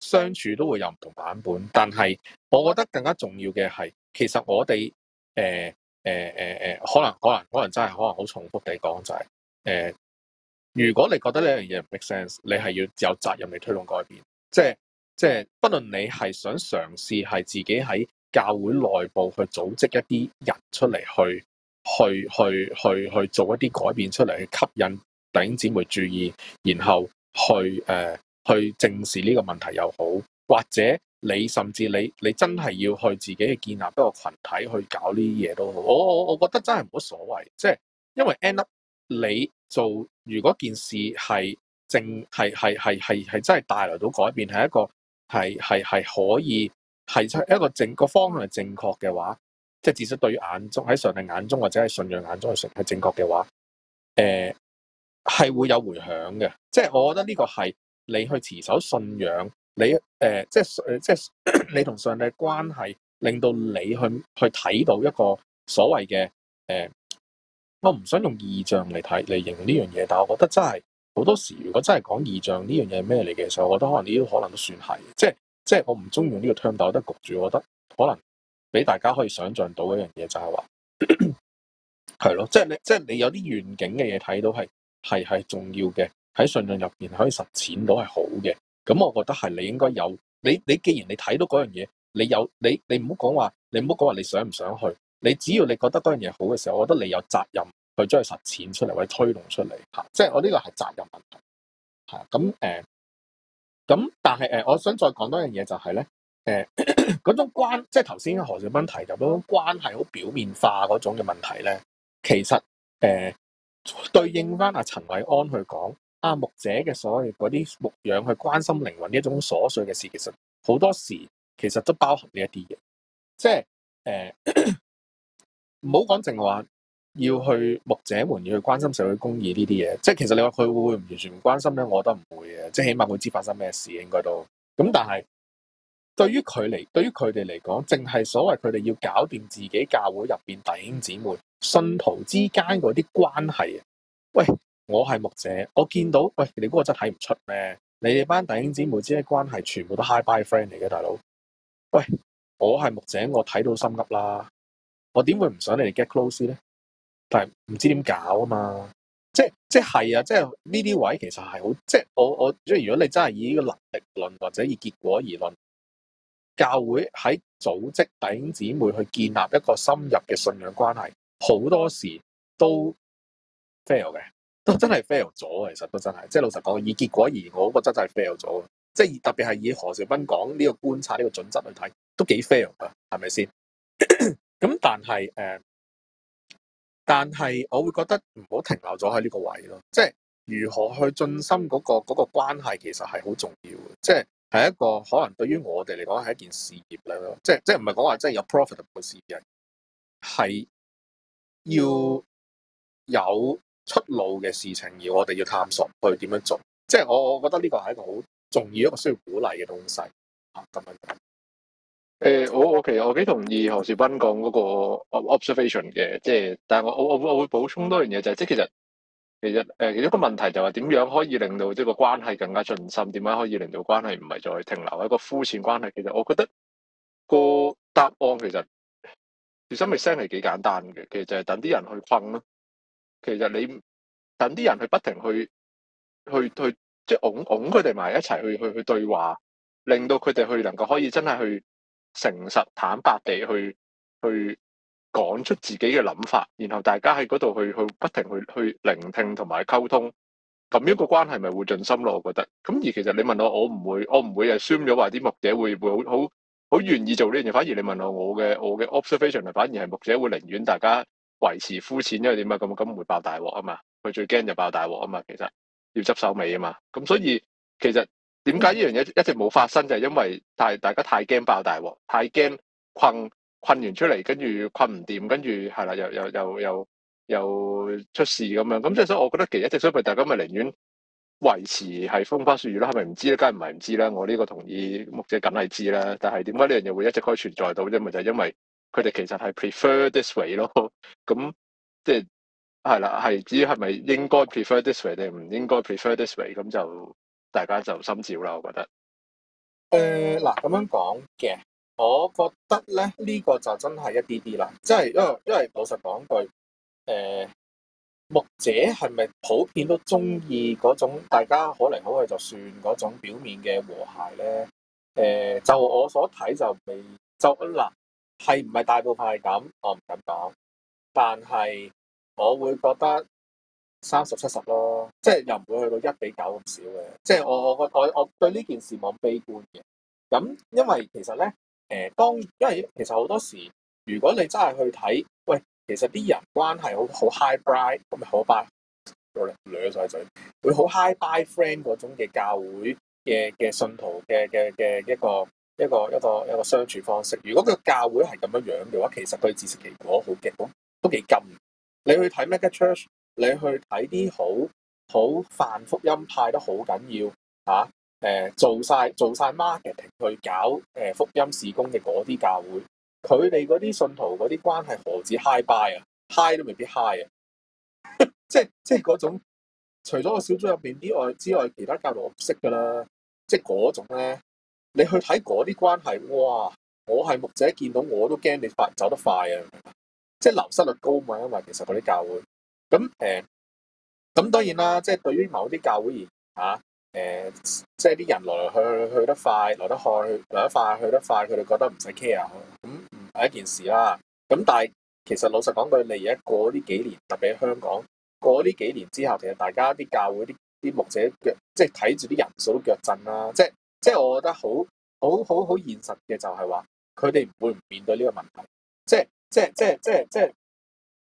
相處都會有唔同版本，但係我覺得更加重要嘅係，其實我哋誒誒誒誒可能可能可能真係可能好重複地講就係、是、誒、呃，如果你覺得呢樣嘢唔 make sense，你係要有責任去推動改變。即係即係，就是、不論你係想嘗試係自己喺。教會內部去組織一啲人出嚟，去去去去去做一啲改變出嚟，去吸引弟兄姊妹注意，然後去誒、呃、去正視呢個問題又好，或者你甚至你你真係要去自己去建立一個群體去搞呢啲嘢都好，我我我覺得真係冇乜所謂，即係因為 end up 你做如果件事係正係係係係係真係帶來到改變，係一個係係係可以。係出一個正個方向係正確嘅話，即係至少對於眼中喺上帝眼中或者係信仰眼中係成係正確嘅話，誒、呃、係會有回響嘅。即係我覺得呢個係你去持守信仰，你誒、呃、即係即係 你同上帝嘅關係，令到你去去睇到一個所謂嘅誒、呃。我唔想用異象嚟，睇嚟形容呢樣嘢，但係我覺得真係好多時，如果真係講異象呢樣嘢係咩嚟嘅時候，我覺得可能呢啲可能都算係，即係。即係我唔中意用呢個 channel，我得焗住，我覺得可能俾大家可以想象到一樣嘢就係話係咯，即係你即係你有啲願景嘅嘢睇到係係係重要嘅，喺信象入邊可以實踐到係好嘅。咁我覺得係你應該有你你既然你睇到嗰樣嘢，你有你你唔好講話，你唔好講話你想唔想去，你只要你覺得嗰樣嘢好嘅時候，我覺得你有責任去將佢實踐出嚟或者推動出嚟吓，即係我呢個係責任問題係咁誒。咁但係誒、呃，我想再講多樣嘢，就係、是、咧，誒、呃、嗰 種關，即係頭先何小斌提嘅嗰種關係好表面化嗰種嘅問題咧，其實誒、呃、對應翻阿陳韋安去講阿、啊、牧者，嘅所謂嗰啲牧養去關心靈魂呢一種瑣碎嘅事，其實好多時其實都包含呢一啲嘢，即係誒唔好講淨話。要去牧者們要去關心社會公義呢啲嘢，即係其實你話佢會唔會完全唔關心咧？我覺得唔會嘅，即係起碼會知發生咩事應該都咁。但係對於佢嚟，對於佢哋嚟講，淨係所謂佢哋要搞掂自己教會入邊弟兄姊妹、信徒之間嗰啲關係。喂，我係牧者，我見到喂你嗰個真係睇唔出咩？你哋班弟兄姊妹之間關係全部都 hi bye friend 嚟嘅，大佬。喂，我係牧者，我睇到心急啦，我點會唔想你哋 get close 咧？但係唔知點搞啊嘛，即係即係係啊，即係呢啲位其實係好，即係我我即係如果你真係以呢個能力論或者以結果而論，教會喺組織弟兄姊妹去建立一個深入嘅信仰關係，好多時都 fail 嘅，都真係 fail 咗。其實都真係，即係老實講，以結果而我覺得真係 fail 咗。即係特別係以何兆斌講呢個觀察呢、呢個準則去睇，都幾 fail 啊，係咪先？咁 但係誒。但係我會覺得唔好停留咗喺呢個位咯，即係如何去進深嗰個嗰個關係，其實係好重要嘅，即係係一個可能對於我哋嚟講係一件事業啦，即係即係唔係講話即係有 profitable 嘅事業，係要有出路嘅事情，而我哋要探索去點樣做，即係我我覺得呢個係一個好重要一個需要鼓勵嘅東西，咁樣。誒、欸，我 okay, 我其實我幾同意何士斌講嗰個 observation 嘅，就是就是，即係，但係我我我會補充多樣嘢就係，即係其實其實誒，其實、呃、其一個問題就係點樣可以令到即係個關係更加盡心，點樣可以令到關係唔係再停留一個膚淺關係？其實我覺得個答案其實小心咪聲係幾簡單嘅，其實就係等啲人去困咯。其實你等啲人去不停去去去，即係拱拱佢哋埋一齊去去去對話，令到佢哋去能夠可以真係去。誠實坦白地去去講出自己嘅諗法，然後大家喺嗰度去去不停去去聆聽同埋溝通，咁樣個關係咪會盡心咯？我覺得。咁而其實你問我，我唔會我唔會係 assume 咗話啲牧者會會好好好願意做呢樣嘢，反而你問我我嘅我嘅 observation 反而係牧者會寧願大家維持膚淺，因為點啊，咁咁會爆大鑊啊嘛，佢最驚就爆大鑊啊嘛，其實要執手尾啊嘛，咁所以其實。點解呢樣嘢一直冇發生，就係因為但係大家太驚爆大鑊，太驚困困完出嚟，跟住困唔掂，跟住係啦，又又又又又出事咁樣。咁即係所以，我覺得其實一直所以大家咪寧願維持係風花雪月啦，係咪唔知咧？梗係唔係唔知啦。我呢個同意，牧者梗係知啦。但係點解呢樣嘢會一直可以存在到？即係咪就係因為佢哋其實係 prefer this way 咯？咁即係係啦，係至於係咪應該 prefer this way 定唔應該 prefer this way 咁就？大家就心照啦，我覺得。誒，嗱咁樣講嘅，我覺得咧呢、呢個就真係一啲啲啦，即係因為因為老實講句，誒、呃、牧者係咪普遍都中意嗰種大家可好嚟好去就算嗰種表面嘅和諧咧？誒、呃、就我所睇就未就嗱係唔係大部份係咁？我唔敢講，但係我會覺得。三十七十咯，即係又唔會去到一比九咁少嘅，即係我我個對我對呢件事冇悲觀嘅。咁因為其實咧，誒，當因為其實好多時，如果你真係去睇，喂，其實啲人關係好好 high bright 咁咪好拜，y 女女仔嘴，會好 high by friend 嗰種嘅教會嘅嘅信徒嘅嘅嘅一個一個一個一個一個相處方式。如果個教會係咁樣樣嘅話，其實佢自食其果好勁，都都幾勁。你去睇 megachurch。你去睇啲好好泛福音派都好緊要吓，誒、啊、做晒做晒 marketing 去搞誒、呃、福音事工嘅嗰啲教會，佢哋嗰啲信徒嗰啲關係何止 high b 拜啊，high 都未必 high 啊， 即係即係嗰種，除咗我小組入邊啲外之外，其他教路我唔識噶啦，即係嗰種咧，你去睇嗰啲關係，哇！我係牧者見到我都驚你快走得快啊，即係流失率高嘛，因為其實嗰啲教會。咁誒，咁、呃、當然啦，即、就、係、是、對於某啲教會而言誒，即係啲人來來去去去得快，來得去來得快，去得快，佢哋覺得唔使 care，咁唔係一件事啦。咁但係其實老實講句，你而家過呢幾年，特別喺香港過呢幾年之後，其實大家啲教會啲啲牧者腳，即係睇住啲人數都腳震啦。即係即係我覺得好好好好現實嘅，就係話佢哋唔會唔面對呢個問題。即係即係即係即係即係。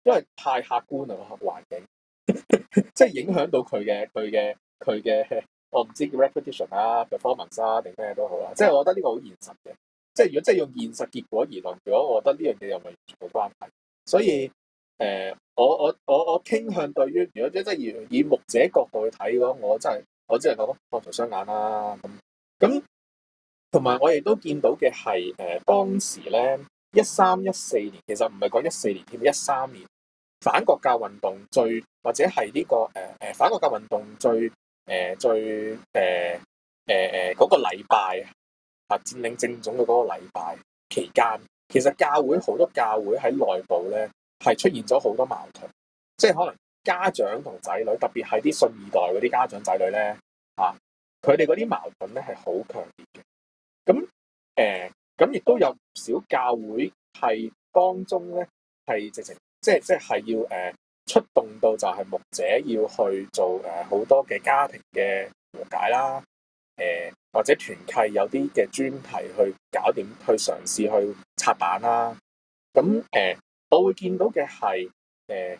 因為太客觀啦，環境 即係影響到佢嘅佢嘅佢嘅，我唔知叫 repetition 啊 performance 啊，定咩都好啦。即係我覺得呢個好現實嘅。即係如果真係用現實結果而論，如果我覺得呢樣嘢又咪完全冇關係。所以誒、呃，我我我我傾向對於如果真係以以牧者角度去睇嘅話，我真係我真係覺得開除雙眼啦、啊。咁咁同埋我亦都見到嘅係誒當時咧一三一四年，其實唔係講一四年添，一三年。反國教運動最或者係呢、這個誒誒、呃、反國教運動最誒、呃、最誒誒誒嗰個禮拜啊，佔領政總嘅嗰個禮拜期間，其實教會好多教會喺內部咧係出現咗好多矛盾，即係可能家長同仔女，特別係啲信二代嗰啲家長仔女咧啊，佢哋嗰啲矛盾咧係好強烈嘅。咁誒咁亦都有唔少教會係當中咧係直情。即係即係，要、呃、誒出動到就係牧者要去做誒好、呃、多嘅家庭嘅和解啦，誒、呃、或者團契有啲嘅專題去搞掂去嘗試去拆板啦。咁、啊、誒、呃、我會見到嘅係誒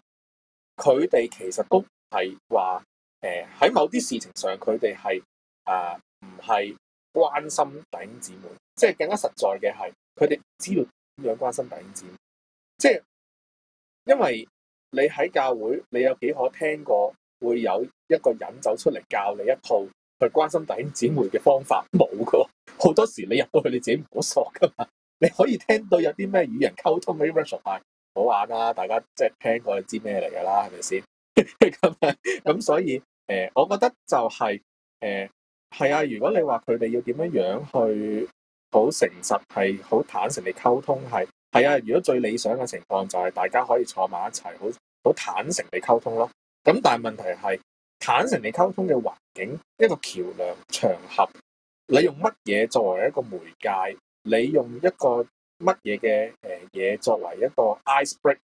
佢哋其實都係話誒喺某啲事情上，佢哋係啊唔係關心弟兄姊妹，即係更加實在嘅係佢哋知道點樣關心弟兄姊妹，即係。因為你喺教會，你有幾可聽過會有一個人走出嚟教你一套去關心弟兄姊妹嘅方法，冇噶。好多時候你入到去你自己唔好傻噶嘛，你可以聽到有啲咩與人溝通嘅 i n s r u c t i 好玩啦、啊！大家即係聽過就知咩嚟噶啦，係咪先？咁 咁所以誒，我覺得就係誒係啊。如果你話佢哋要點樣樣去好誠實，係好坦誠地溝通，係。係啊，如果最理想嘅情況就係大家可以坐埋一齊，好好坦誠地溝通咯。咁但係問題係坦誠地溝通嘅環境，一個橋樑場合，你用乜嘢作為一個媒介？你用一個乜嘢嘅誒嘢作為一個 ice break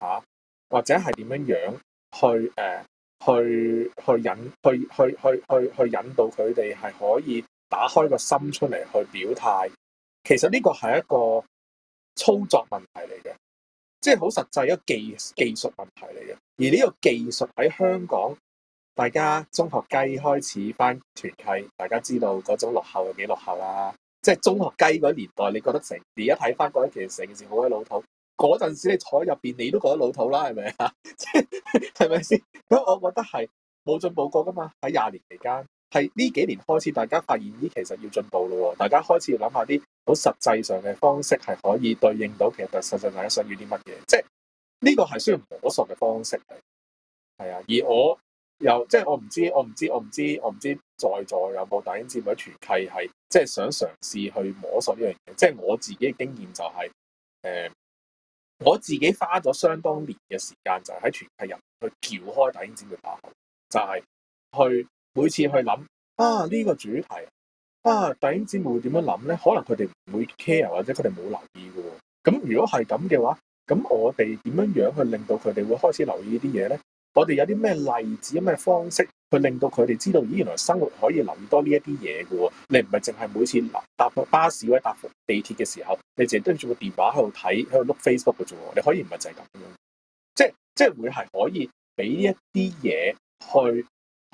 吓、啊，或者係點樣樣去誒、呃、去、呃、去引去去去去去引導佢哋係可以打開個心出嚟去表態。其實呢個係一個。操作問題嚟嘅，即係好實際一個技技術問題嚟嘅。而呢個技術喺香港，大家中學雞開始返團契，大家知道嗰種落後有幾落後啦、啊。即係中學雞嗰年代，你覺得成而家睇返，覺得其實成件事好鬼老土。嗰陣時你坐喺入邊，你都覺得老土啦，係咪啊？即係係咪先？咁我覺得係冇進步過噶嘛。喺廿年期間，係呢幾年開始，大家發現咦，其實要進步咯。大家開始要諗下啲。好實際上嘅方式係可以對應到其實實際大家想要啲乜嘢，即係呢、這個係需要摸索嘅方式，係啊。而我又即係我唔知，我唔知，我唔知，我唔知在座有冇大英姊妹團契係，即係想嘗試去摸索呢樣嘢。即係我自己嘅經驗就係、是，誒、呃，我自己花咗相當年嘅時間，就喺、是、團契入去撬開大英姊妹嘅把口，就係、是、去每次去諗啊呢、這個主題。啊！弟兄姊妹會點樣諗咧？可能佢哋唔會 care，或者佢哋冇留意嘅。咁如果係咁嘅話，咁我哋點樣樣去令到佢哋會開始留意這些呢啲嘢咧？我哋有啲咩例子、有咩方式去令到佢哋知道咦？原來生活可以留意多呢一啲嘢嘅。你唔係淨係每次搭個巴士或者搭地鐵嘅時候，你淨係拎住部電話喺度睇，喺度碌 Facebook 嘅啫。你可以唔係就係咁樣，即係即係會係可以俾一啲嘢去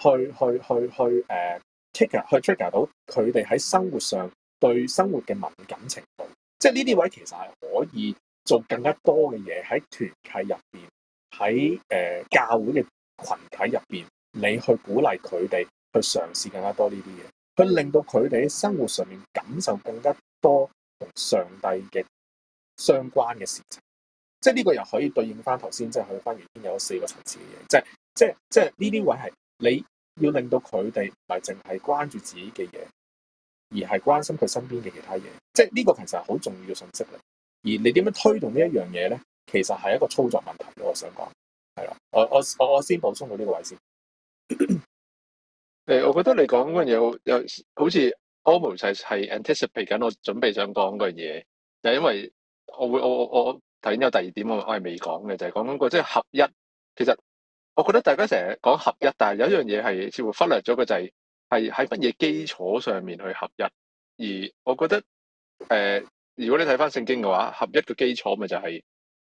去去去去誒。呃去 trigger 到佢哋喺生活上對生活嘅敏感程度，即係呢啲位其實係可以做更加多嘅嘢喺團體入邊，喺誒、呃、教會嘅群體入邊，你去鼓勵佢哋去嘗試更加多呢啲嘢，去令到佢哋喺生活上面感受更加多同上帝嘅相關嘅事情。即係呢個又可以對應翻頭先，即係去翻原先有四個層次嘅嘢，即係即係即係呢啲位係你。要令到佢哋唔係淨係關注自己嘅嘢，而係關心佢身邊嘅其他嘢，即係呢個其實係好重要嘅信息嚟。而你點樣推動這件事呢一樣嘢咧，其實係一個操作問題。我想講，係啦，我我我我先補充到呢個位先。誒， 我覺得你講嗰樣嘢，又好似 almost 係 anticipate 緊我準備想講嗰樣嘢，就係因為我會我我我頭先有第二點我我係未講嘅，就係講緊個即係合一，其實。我覺得大家成日講合一，但係有一樣嘢係似乎忽略咗嘅，就係係喺乜嘢基礎上面去合一？而我覺得，誒、呃，如果你睇翻聖經嘅話，合一嘅基礎咪就係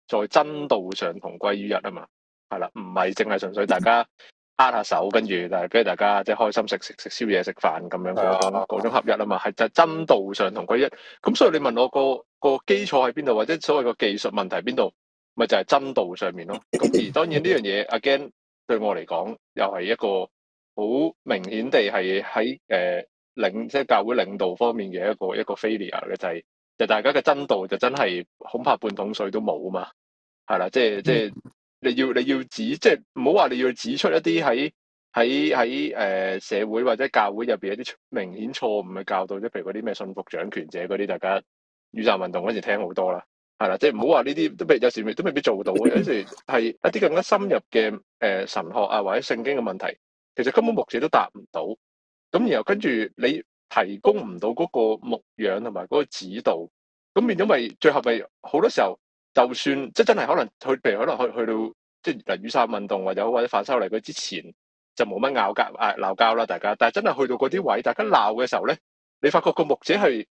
在真道上同歸於一啊嘛。係啦，唔係淨係純粹大家握下手，跟住但係俾大家即係開心食食食宵夜食飯咁樣嘅嗰種合一啊嘛。係就真道上同歸一。咁所以你問我，個個基礎喺邊度，或者所謂個技術問題邊度？咪就係真道上面咯，而當然呢樣嘢，again 對我嚟講又係一個好明顯地係喺誒領即係教會領導方面嘅一個一個 failure 嘅就係、係、就係、大家嘅真道就真係恐怕半桶水都冇啊嘛，係啦，即係即係你要你要指即係唔好話你要指出一啲喺喺喺誒社會或者教會入邊一啲明顯錯誤嘅教導，即譬如嗰啲咩信服掌權者嗰啲，大家雨傘運動嗰時聽好多啦。係啦，即係唔好話呢啲都未，有時未都未必做到。有時係一啲更加深入嘅誒神學啊，或者聖經嘅問題，其實根本牧者都答唔到。咁然後跟住你提供唔到嗰個牧養同埋嗰個指導，咁變咗咪最後咪好多時候就，就算即係真係可能去，譬如可能去去到即係雨傘運動或者或者反修例嗰之前，就冇乜拗交啊鬧交啦，大家。但係真係去到嗰啲位置，大家鬧嘅時候咧，你發覺嗰個牧者係。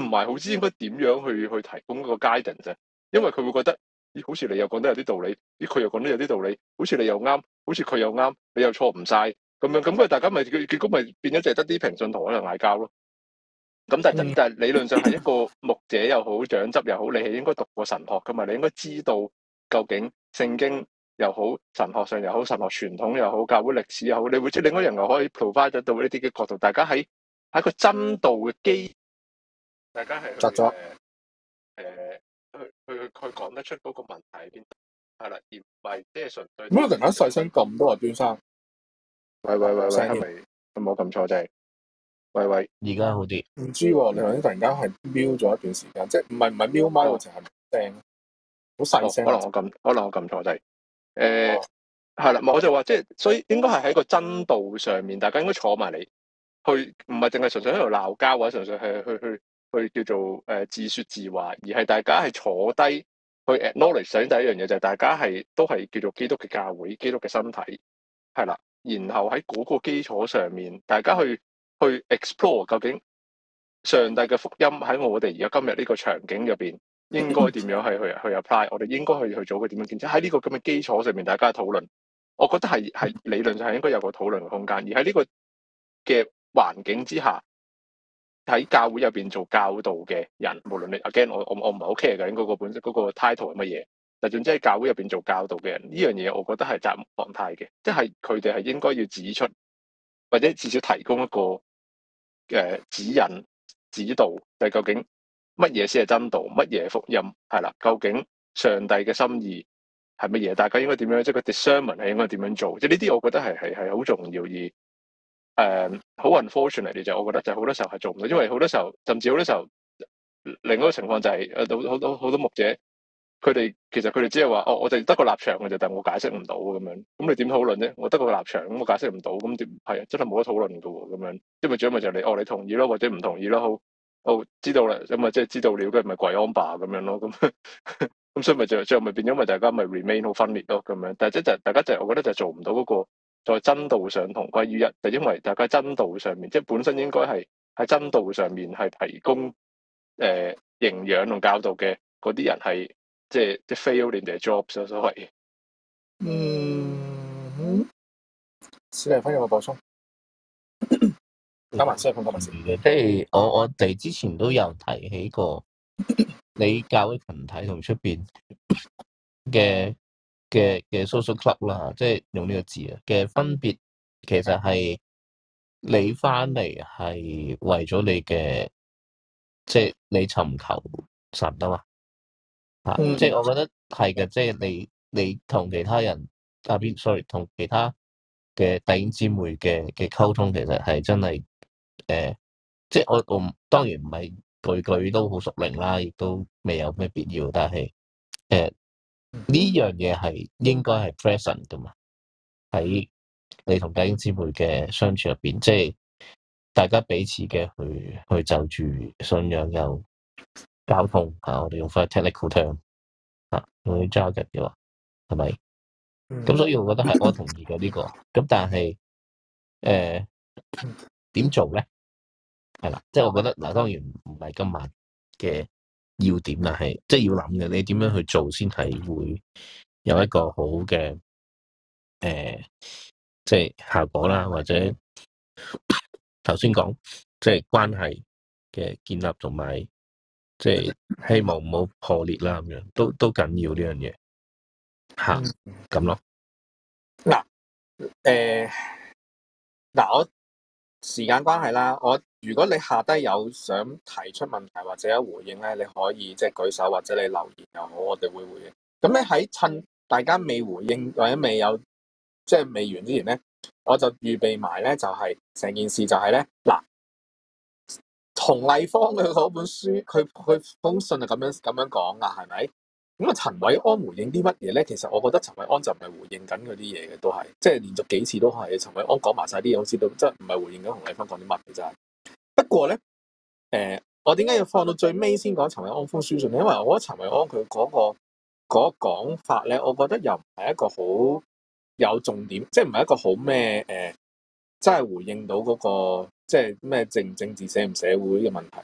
唔係好知應該點樣去去提供個 guidance 啫，因為佢會覺得咦，好似你又講得有啲道理，咦，佢又講得有啲道理，好似你又啱，好似佢又啱，你又錯唔晒。咁樣，咁佢大家咪結果咪變咗就係得啲評論同可能嗌交咯。咁但係理論上係一個牧者又好，長執又好，你係應該讀過神學噶嘛，你應該知道究竟聖經又好，神學上又好，神學傳統又好，教會歷史又好，你會知係另外有人可以 provide 到呢啲嘅角度，大家喺喺一個真道嘅基。大家係窒咗，誒了、呃，去去去講得出嗰個問題喺邊？係啦，而唔係即係純粹的。咁啊，突然間細聲咁多啊，先生。喂喂喂喂，你咪係我撳錯咗？喂喂，而家好啲。唔知喎、啊，你頭先突然間係瞄咗一段時間，的即係唔係唔係 mute，我淨係聲，好細聲。可能我撳，可能我撳錯咗。誒、就是，係啦、哦欸，我就話即係，所以應該係喺個真道上面，大家應該坐埋嚟，去唔係淨係純粹喺度鬧交，或者純粹係去去。去去去叫做誒、呃、自說自話，而係大家係坐低去 acknowledge。首先。第一樣嘢就係大家係都係叫做基督嘅教會基督嘅身體係啦。然後喺嗰個基礎上面，大家去去 explore 究竟上帝嘅福音喺我哋而家今日呢個場景入邊應該點樣去去去 apply？我哋應該去去做佢點樣建設喺呢個咁嘅基礎上面，大家討論，我覺得係係理論上應該有個討論嘅空間。而喺呢個嘅環境之下。喺教會入邊做教導嘅人，無論你 again 我我我唔係好 care 緊嗰個本身嗰個 title 係乜嘢，嗱、那個、總之喺教會入邊做教導嘅人，呢樣嘢我覺得係責任狀態嘅，即係佢哋係應該要指出，或者至少提供一個嘅、呃、指引、指導，但、就是、究竟乜嘢先係真道，乜嘢福音係啦，究竟上帝嘅心意係乜嘢，大家應該點樣，即係個 discernment 係應該點樣做，即係呢啲我覺得係係係好重要而。誒好 unfortunate 啲就，uh, 很 ortunate, 我覺得就好多時候係做唔到，因為好多時候甚至好多時候，另一個情況就係誒好多好多好多牧者，佢哋其實佢哋只係話哦，我哋得個立場嘅啫，但係我解釋唔到咁樣，咁你點討論啫？我得個立場，咁我解釋唔到，咁點係啊？真係冇得討論嘅喎咁樣，因為最咪就係、是、你哦，你同意咯，或者唔同意咯，好，好知道啦，咁咪即係知道了，跟住咪跪安吧咁樣咯，咁咁所以咪就最後咪變咗咪大家咪 remain 好分裂咯咁樣，但係即就是、大家就是、我覺得就是做唔到嗰、那個。在真道上同歸於一，就因為大家真道上面，即係本身應該係喺真道上面係提供誒營養同教導嘅嗰啲人，係即係啲 failed in their jobs 所謂、嗯。嗯，小麗輝有冇補充？咳咳加埋先。嘅，即係、hey, 我我哋之前都有提起過，咳咳你教會群體同出邊嘅。嘅嘅 social club 啦，即係用呢個字啊，嘅分別其實係你翻嚟係為咗你嘅，即係你尋求神啊嘛，吓，即係，嗯，我覺得係嘅，即係你你同其他人啊邊，sorry，同其他嘅弟兄姊妹嘅嘅溝通，其實係真係誒，即係，呃，我我當然唔係句句都好熟明啦，亦都未有咩必要，但係誒。呃呢樣嘢係應該係 present 噶嘛？喺你同弟兄姊妹嘅相處入邊，即係大家彼此嘅去去就住信仰又交通吓、啊，我哋用翻 technical term 吓、啊，用啲 jargon 嘅話，係咪？咁、嗯、所以我覺得係我同意嘅呢、 這個，咁但係誒點做咧？係啦，即、就、係、是、我覺得嗱，當然唔係今晚嘅。要點呀係，即係要諗嘅，你點樣去做先係會有一個好嘅，誒，即係效果啦，或者頭先講即係關係嘅建立同埋，即係希望唔好破裂啦，咁樣都都緊要呢樣嘢吓咁咯。嗱，誒，嗱我。時間關係啦，我如果你下低有想提出問題或者有回應咧，你可以即係、就是、舉手或者你留言又好，我哋會回應。咁咧喺趁大家未回應或者未有即係、就是、未完之前咧，我就預備埋咧就係、是、成件事就係咧嗱，同麗芳嘅嗰本書佢佢封信就咁樣咁樣講啦係咪？是咁啊，陳韋安回應啲乜嘢咧？其實我覺得陳韋安就唔係回應緊嗰啲嘢嘅，都係即係連續幾次都係陳韋安講埋晒啲嘢，好似都，即係唔係回應緊洪麗芬講啲乜嘅啫。不過咧，誒、呃，我點解要放到最尾先講陳韋安封書信咧？因為我覺得陳韋安佢講、嗰個講、嗰個、法咧，我覺得又唔係一個好有重點，即係唔係一個好咩誒，真係回應到嗰、嗰個即係咩政政治社唔社會嘅問題。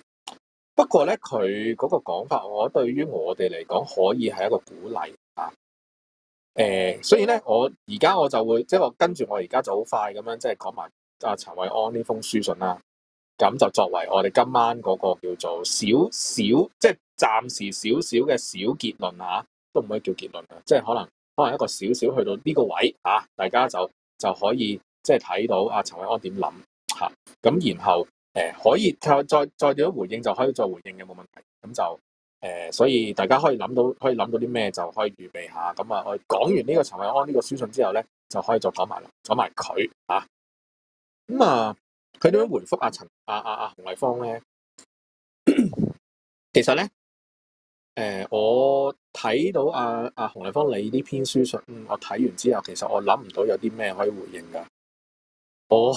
不過咧，佢嗰個講法，我對於我哋嚟講，可以係一個鼓勵啊。誒、呃，所以咧，我而家我就會即係我跟住我而家就好快咁樣，即係講埋阿、啊、陳韋安呢封書信啦。咁就作為我哋今晚嗰個叫做少少，即係暫時少少嘅小結論啊，都唔可以叫結論啊，即係可能可能一個少少去到呢個位啊，大家就就可以即係睇到阿、啊、陳韋安點諗吓，咁、啊、然後，誒、呃、可以再再再點樣回應就可以再回應嘅冇問題，咁就誒、呃，所以大家可以諗到可以諗到啲咩就可以預備下，咁、嗯、啊，我講完呢個陳韋安呢個書信之後咧，就可以再講埋啦，講埋佢啊，咁啊，佢點樣回覆阿陳阿阿阿洪麗芳咧。 其實咧，誒、呃、我睇到阿阿洪麗芳你呢篇書信，嗯、我睇完之後，其實我諗唔到有啲咩可以回應噶，我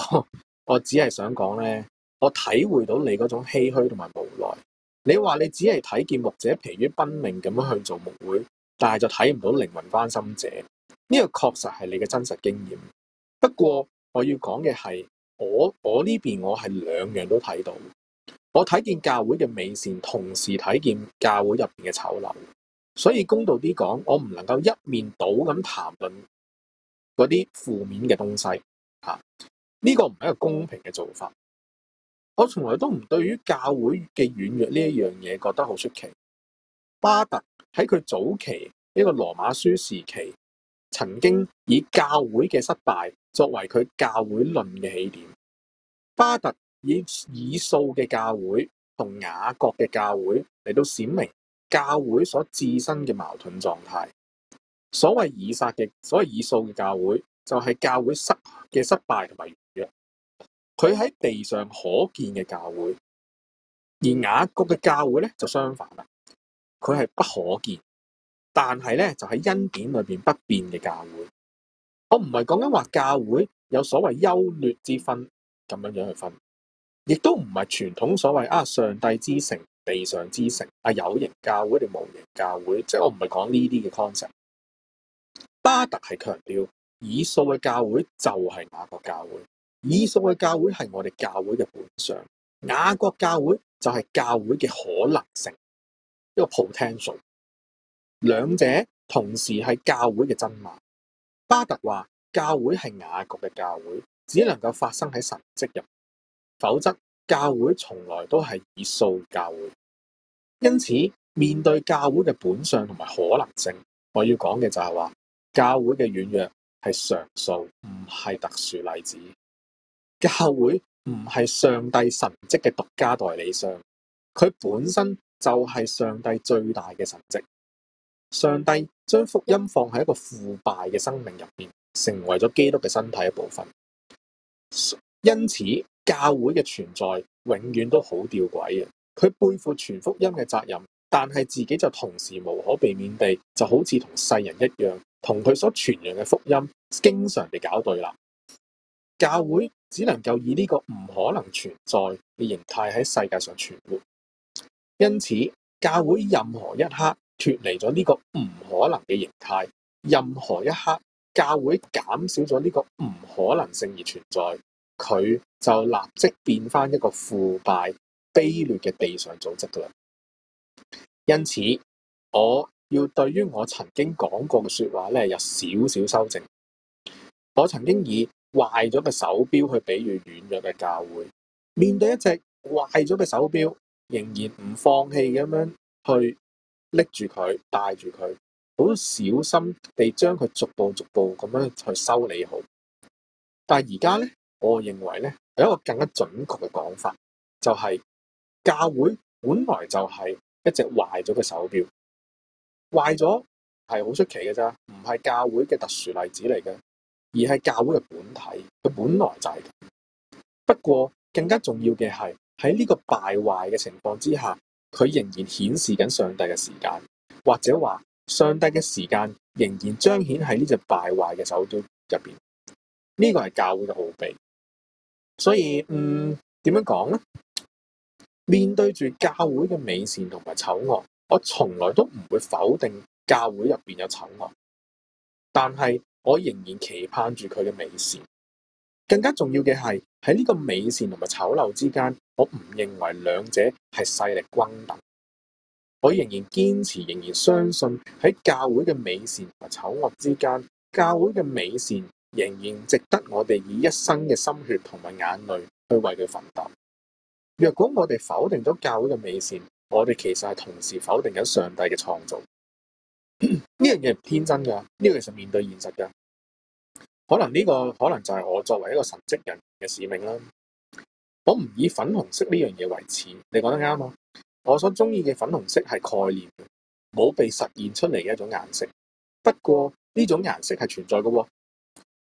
我只係想講咧。我體會到你嗰種唏噓同埋無奈。你話你只係睇見牧者疲於奔命咁樣去做牧會，但係就睇唔到靈魂翻心者。呢個確實係你嘅真實經驗。不過我要講嘅係我我呢邊我係兩樣都睇到。我睇見教會嘅美善，同時睇見教會入邊嘅醜陋。所以公道啲講，我唔能夠一面倒咁談論嗰啲負面嘅東西。嚇，呢個唔係一個公平嘅做法。我從來都唔對於教會嘅軟弱呢一樣嘢覺得好出奇。巴特喺佢早期呢個羅馬書時期，曾經以教會嘅失敗作為佢教會論嘅起點。巴特以以掃嘅教會同雅各嘅教會嚟到顯明教會所自身嘅矛盾狀態所。所謂以撒嘅，所謂以掃嘅教會，就係教會失嘅失敗同埋。佢喺地上可見嘅教會，而雅各嘅教會咧就相反啦。佢係不可見，但係咧就喺恩典裏邊不變嘅教會。我唔係講緊話教會有所謂優劣之分咁樣樣去分，亦都唔係傳統所謂啊上帝之城、地上之城啊有形教會定無形教會，即係我唔係講呢啲嘅 concept。巴特係強調以掃嘅教會就係雅各教會。以數嘅教會係我哋教會嘅本相，雅各教會就係教會嘅可能性，一個 potential。兩者同時係教會嘅真論。巴特話，教會係雅各嘅教會，只能夠發生喺神迹入，否則教會從來都係以數教會。因此，面對教會嘅本相同埋可能性，我要講嘅就係話，教會嘅軟弱係常數，唔係特殊例子。教會唔係上帝神蹟嘅獨家代理商，佢本身就係上帝最大嘅神蹟。上帝將福音放喺一個腐敗嘅生命入邊，成為咗基督嘅身體一部分。因此，教會嘅存在永遠都好吊詭嘅。佢背負全福音嘅責任，但係自己就同時無可避免地，就好似同世人一樣，同佢所傳揚嘅福音經常地搞對立。教會只能夠以呢個唔可能存在嘅形態喺世界上存活，因此教會任何一刻脫離咗呢個唔可能嘅形態，任何一刻教會減少咗呢個唔可能性而存在，佢就立即變翻一個腐敗卑劣嘅地上組織噶啦。因此，我要對於我曾經講過嘅說話咧有少少修正。我曾經以壞咗嘅手錶，去比喻軟弱嘅教會。面對一隻壞咗嘅手錶，仍然唔放棄咁樣去拎住佢，戴住佢，好小心地將佢逐步逐步咁樣去修理好。但係而家咧，我認為咧有一個更加準確嘅講法，就係教會本來就係一隻壞咗嘅手錶。壞咗係好出奇嘅咋，唔係教會嘅特殊例子嚟嘅。而係教會嘅本體，佢本來就係。不過更加重要嘅係喺呢個敗壞嘅情況之下，佢仍然顯示緊上帝嘅時間，或者話上帝嘅時間仍然彰顯喺呢隻敗壞嘅首都入邊。呢、這個係教會嘅奧秘。所以嗯，點樣講咧？面對住教會嘅美善同埋醜惡，我從來都唔會否定教會入邊有醜惡，但係，我仍然期盼住佢嘅美善，更加重要嘅係喺呢個美善同埋醜陋之間，我唔認為兩者係勢力均等。我仍然堅持，仍然相信喺教會嘅美善同埋醜惡之間，教會嘅美善仍然值得我哋以一生嘅心血同埋眼淚去為佢奮鬥。若果我哋否定咗教會嘅美善，我哋其實係同時否定咗上帝嘅創造。呢樣嘢唔天真噶，呢個其實面對現實噶。可能呢個可能就係我作為一個神職人嘅使命啦。我唔以粉紅色呢樣嘢為恥，你講得啱啊！我所中意嘅粉紅色係概念，冇被實現出嚟嘅一種顏色。不過呢種顏色係存在噶。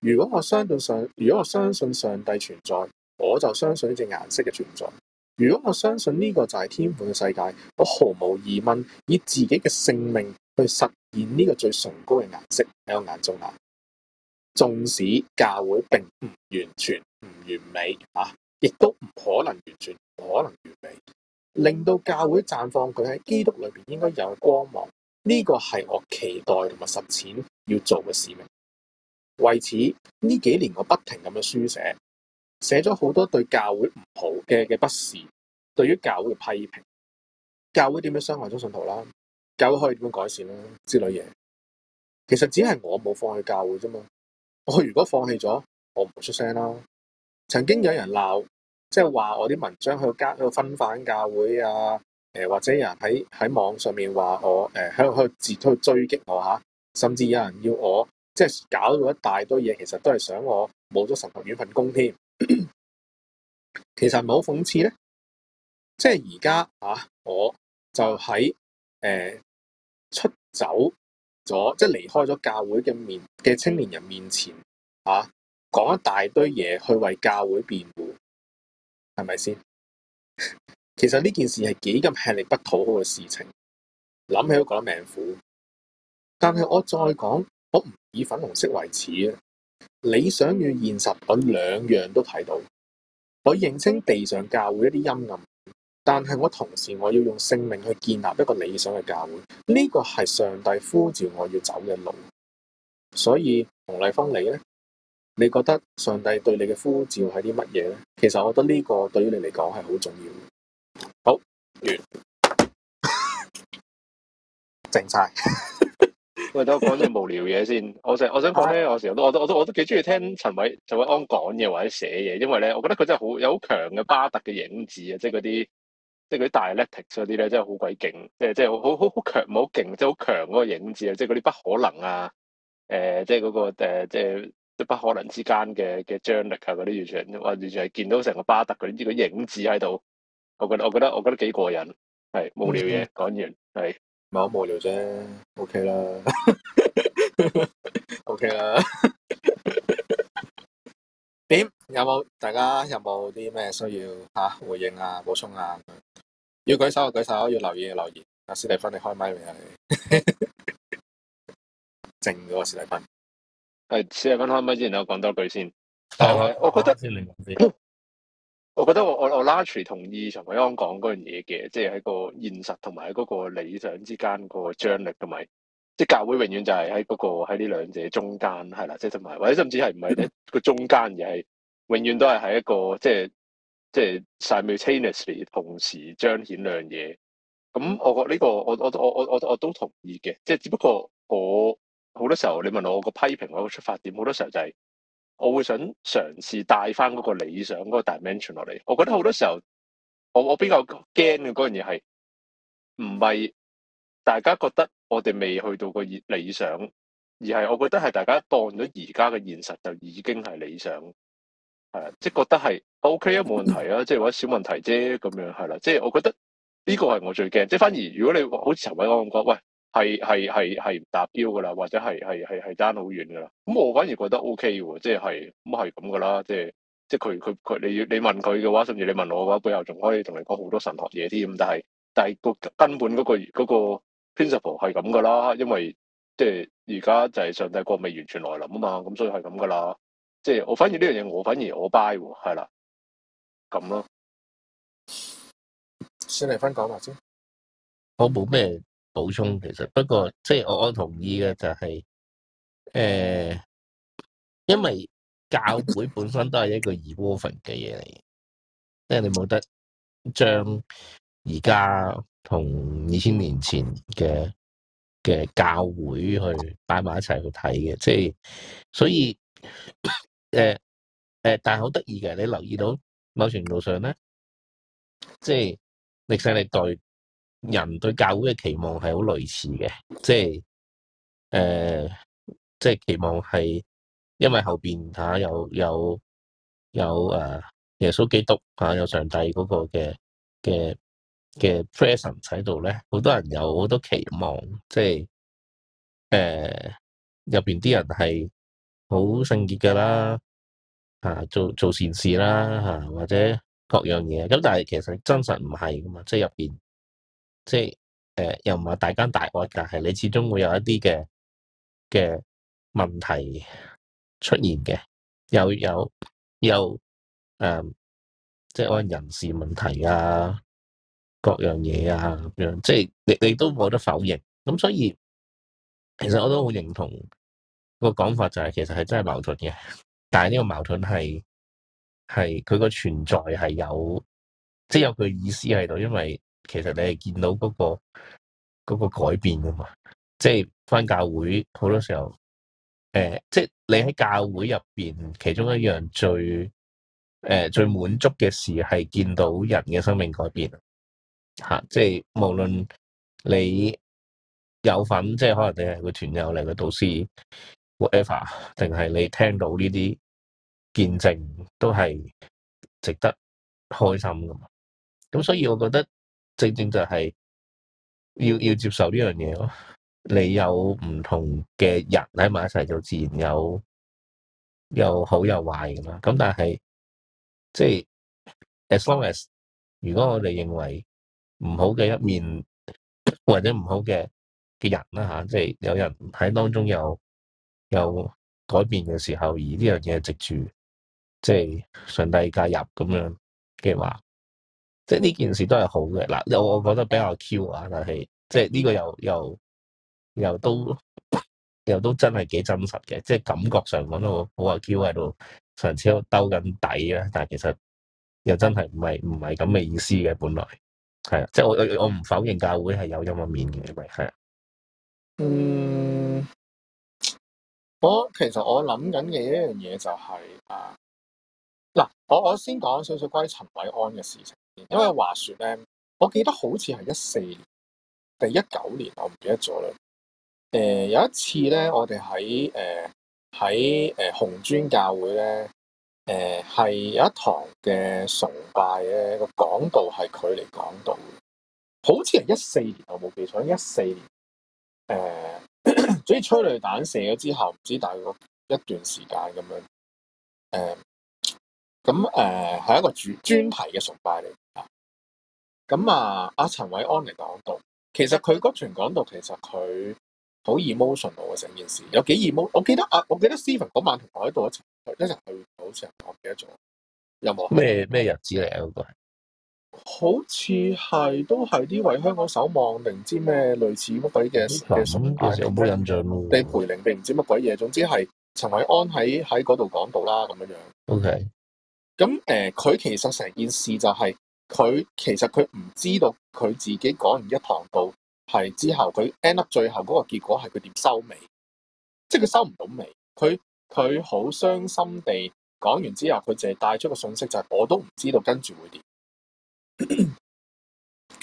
如果我相信上，如果我相信上帝存在，我就相信呢隻顏色嘅存在。如果我相信呢個就係天父嘅世界，我毫無疑問，以自己嘅性命，去實現呢個最崇高嘅顏色喺我眼中啊，縱使教會並唔完全唔完美啊，亦都唔可能完全唔可能完美，令到教會綻放佢喺基督裏邊應該有光芒。呢、這個係我期待同埋實踐要做嘅使命。為此呢幾年我不停咁樣書寫，寫咗好多對教會唔好嘅嘅不是，對於教會嘅批評，教會點樣傷害咗信徒啦？教會可以點樣改善咧之類嘢，其實只係我冇放棄教會啫嘛。我如果放棄咗，我唔出聲啦。曾經有人鬧，即係話我啲文章去加去分反教會啊，誒、呃、或者有人喺喺網上面話我誒喺度去度自去追擊我吓、啊，甚至有人要我即係搞到一大堆嘢，其實都係想我冇咗神學院份工添。其實唔係好諷刺咧？即係而家啊，我就喺誒。呃出走咗，即係離開咗教會嘅面嘅青年人面前啊，講一大堆嘢去為教會辯護，係咪先？其實呢件事係幾咁吃力不討好嘅事情，諗起都覺得命苦。但係我再講，我唔以粉紅色為恥啊！理想與現實，我兩樣都睇到，我認清地上教會的一啲陰暗。但係我同時我要用性命去建立一個理想嘅教會，呢個係上帝呼召我要走嘅路。所以洪麗芳你咧，你覺得上帝對你嘅呼召係啲乜嘢咧？其實我覺得呢個對於你嚟講係好重要。好，完，靜晒 了。我哋 等我講啲無聊嘢先。我想講、啊、我想講咩？我成日都我都我都我都幾中意聽陳韋陳韋安講嘢或者寫嘢，因為咧，我覺得佢真係好有好強嘅巴特嘅影子啊，即係嗰啲。即係嗰啲大 dialectic 啲咧，真係好鬼勁，即係即係好好好強，唔好勁，即係好強嗰個影子啊！即係嗰啲不可能啊，誒、呃，即係嗰、那個誒、呃，即係即不可能之間嘅嘅張力啊！嗰啲完全，完全係見到成個巴特嗰啲個影子喺度，我覺得，我覺得，我覺得幾過癮，係無聊嘢講、嗯、完，係咪好無聊啫？OK 啦 ，OK 啦了。 有冇大家有冇啲咩需要嚇、啊、回應啊、補充啊？要舉手就舉手，要留言就留言。阿史蒂芬，你開咪未啊？靜嗰個史蒂芬。係史蒂芬開咪，之前，我講多句先。我覺得我覺得我我拉奇同意陳韋安講嗰樣嘢嘅，即係喺個現實同埋喺個理想之間個張力同埋，即係教會永遠就係喺嗰個喺呢兩者中間，係啦，即係同埋，或者甚至係唔係一個中間而係。 永遠都係喺一個即係即係 simultaneously 同時彰顯兩嘢。咁我覺呢個我我我我我我都同意嘅。即係只不過我好多時候你問我個批評我個出發點，好多時候就係我會想嘗試帶翻嗰個理想嗰個 dimension 落嚟。我覺得好多時候我我比較驚嘅嗰樣嘢，係唔係大家覺得我哋未去到個理想，而係我覺得係大家當咗而家嘅現實就已經係理想。係即係覺得係 OK 啊，冇問題啊，即係或者小問題啫，咁樣係啦。即係我覺得呢個係我最驚，即係反而如果你好似陳韋安咁講喂，係係係係唔達標噶啦，或者係係係係爭好遠噶啦，咁我反而覺得 OK 喎，即係咁係咁噶啦，即係即係佢佢佢，你你問佢嘅話，甚至你問我嘅話，背後仲可以同你講好多神學嘢添。但係但係個根本嗰個嗰個 principle 係咁噶啦，因為即係而家就係上帝國未完全來臨啊嘛，咁所以係咁噶啦。即係我反而呢樣嘢，我反而我 buy 喎，係啦，咁咯。先嚟翻講下先，我冇咩補充其實，不過即係我我同意嘅就係、是，誒、欸，因為教會本身都係一個 evolving 嘅嘢嚟，即係你冇得將而家同二千年前嘅嘅教會去擺埋一齊去睇嘅，即係所以。誒誒，但係好得意嘅，你留意到某程度上咧，即係歷史歷代人對教會嘅期望係好類似嘅，即係誒，即、呃、係、就是、期望係因為後邊吓、啊、有有有誒、啊、耶穌基督吓、啊、有上帝嗰個嘅嘅嘅 presence 喺度咧，好多人有好多期望，即係誒入邊啲人係。好聖潔噶啦，嚇、啊、做做善事啦，嚇、啊、或者各樣嘢。咁但係其實真實唔係噶嘛，即係入邊，即係誒、呃、又唔係大奸大惡，但係你始終會有一啲嘅嘅問題出現嘅，又有又誒、呃，即係可能人事問題啊，各樣嘢啊咁樣，即係你你都冇得否認。咁所以其實我都好認同。個講法就係其實係真係矛盾嘅，但係呢個矛盾係係佢個存在係有，即係有佢意思喺度，因為其實你係見到嗰個、嗰個改變噶嘛，即係翻教會好多時候，誒，即係你喺教會入邊，其中一樣最誒最滿足嘅事係見到人嘅生命改變啊，吓，即係無論你有份，即係可能你係個團友嚟個導師。whatever，定係你聽到呢啲見證都係值得開心㗎嘛？咁所以我覺得正正就係要要接受呢樣嘢咯。你有唔同嘅人喺埋一齊，就自然有有好有壞㗎嘛。咁但係即係 as long as 如果我哋認為唔好嘅一面或者唔好嘅嘅人啦吓，即係有人喺當中有。有改變嘅時候，而呢樣嘢係藉住即係上帝介入咁樣嘅話，即係呢件事都係好嘅嗱。我我覺得比較 Q 啊，但係即係呢個又又又都又都真係幾真實嘅，即係感覺上講到好阿 Q 喺度，上次兜緊底啊！但係其實又真係唔係唔係咁嘅意思嘅，本來係啊，即係我我唔否認教會係有陰暗面嘅，因為係啊，嗯。我其實我諗緊嘅一樣嘢就係、是、誒，嗱、啊，我我先講少少關於陳韋安嘅事情先，因為話說咧，我記得好似係一四年第一九年，我唔記得咗啦。誒、呃，有一次咧，我哋喺誒喺誒紅磚教會咧，誒、呃、係有一堂嘅崇拜咧，個講道係佢嚟講道，好似係一四年，我冇記錯，一四年，誒、呃。所以催淚彈射咗之後，唔知大約一段時間咁樣。誒、嗯，咁誒係一個專專題嘅崇拜嚟、嗯、啊。咁啊，阿陳韋安嚟講到，其實佢嗰段講到，其實佢好 emotional 嘅、啊、成件事情，有幾 emotional。我記得啊，我記得 Stephen 嗰晚同我喺度一齊，一齊去，好似我唔記得咗，有冇咩咩日子嚟啊嗰好似係都係啲為香港守望，定唔知咩類似乜鬼嘅咁，其實有冇印象咯？地陪零定唔知乜鬼嘢，總之係陳韋安喺喺嗰度講到啦，咁樣樣。O K，咁誒，佢、呃、其實成件事就係、是、佢其實佢唔知道佢自己講完一堂道係之後，佢 end up 最後嗰個結果係佢點收尾，即係佢收唔到尾。佢佢好傷心地講完之後，佢淨係帶出個信息、就是，就係我都唔知道跟住會點。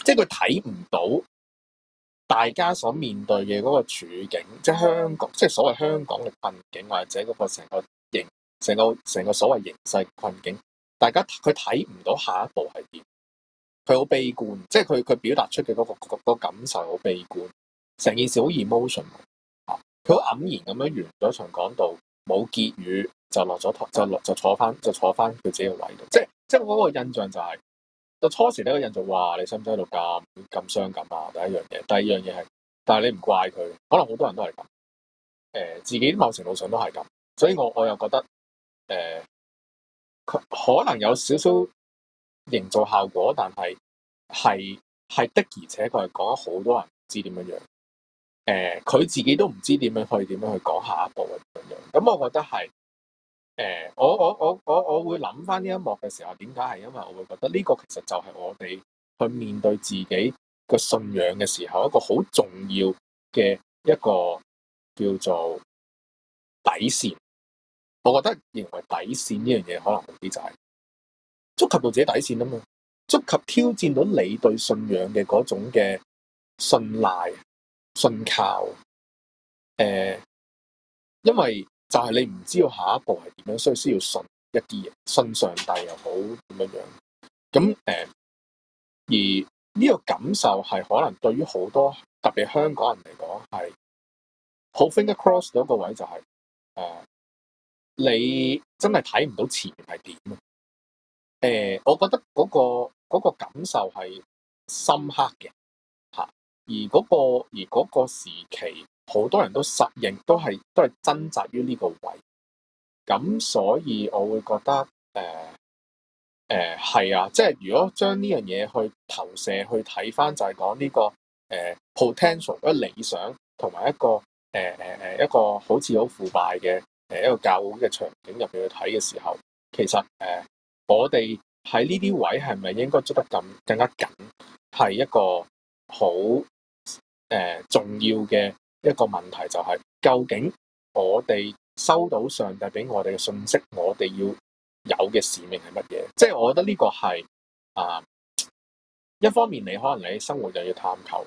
即係佢睇唔到大家所面對嘅嗰個處境，即係香港，即係所謂香港嘅困境，或者嗰個成個形、成個成個所謂形勢困境。大家佢睇唔到下一步係點，佢好悲觀，即係佢佢表達出嘅嗰個嗰個感受好悲觀，成件事好 emotion 啊，佢好黯然咁樣完咗場講到冇結語，就落咗台，就落就坐翻就坐翻佢自己嘅位度。即係即係我個印象就係。我初時呢個印象話：你使唔使喺度咁咁傷感啊？第一樣嘢，第二樣嘢係，但係你唔怪佢，可能好多人都係咁。誒、呃，自己某程度上都係咁，所以我我又覺得誒，呃、佢可能有少少營造效果，但係係係的，而且確係講好多人唔知點樣樣。誒、呃，佢自己都唔知點樣去點樣去講下一步咁樣。咁我覺得係。誒、呃，我我我我我會諗翻呢一幕嘅時候，點解係因為我會覺得呢個其實就係我哋去面對自己嘅信仰嘅時候一個好重要嘅一個叫做底線。我覺得認為底線呢樣嘢可能會幾就係觸及到自己底線啊嘛，觸及挑戰到你對信仰嘅嗰種嘅信賴、信靠。誒、呃，因為。但係你唔知道下一步係點樣，所以需要信一啲嘢，信上帝又好點樣樣。咁誒，而呢個感受係可能對於好多特別香港人嚟講係，好 finger-cross 咗個位就係、是、誒、呃，你真係睇唔到前面係點啊！誒、呃，我覺得嗰、那個那個感受係深刻嘅嚇、啊，而嗰、那個、而嗰個時期。好多人都實認，都係都係掙扎於呢個位，咁所以我會覺得誒誒係啊，即係如果將呢樣嘢去投射去睇翻、這個，就、呃、係講呢個誒 potential，一個理想同埋一個誒誒誒一個好似好腐敗嘅誒、呃、一個教會嘅場景入邊去睇嘅時候，其實誒、呃、我哋喺呢啲位係咪應該捉得緊更加緊，係一個好誒、呃、重要嘅。一個問題就係、是，究竟我哋收到上帝俾我哋嘅信息，我哋要有嘅使命係乜嘢？即、就、係、是、我覺得呢個係啊、呃，一方面你可能你喺生活又要探求，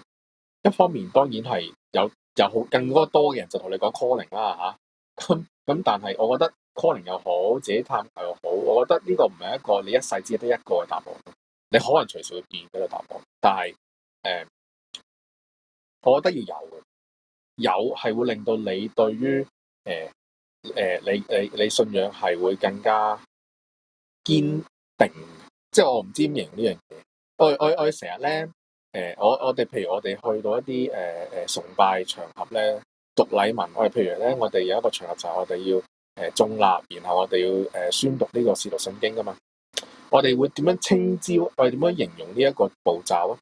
一方面當然係有有好更加多嘅人就同你講 calling 啦、啊、咁、啊嗯、但係我覺得 calling 又好，自己探求又好，我覺得呢個唔係一個你一世只得一個嘅答案。你可能隨時會變嗰個答案，但係、呃、我覺得要有嘅。有係會令到你對於誒誒、呃呃，你你你信仰係會更加堅定的。即係我唔知點形容呢樣嘢。我我我成日咧誒，我我哋、呃、譬如我哋去到一啲誒誒崇拜場合咧讀禮文，我、呃、哋譬如咧我哋有一個場合就係我哋要誒眾立，然後我哋要誒宣讀呢、這個使徒信經噶嘛。我哋會點樣稱之？我哋點樣形容呢一個步驟啊？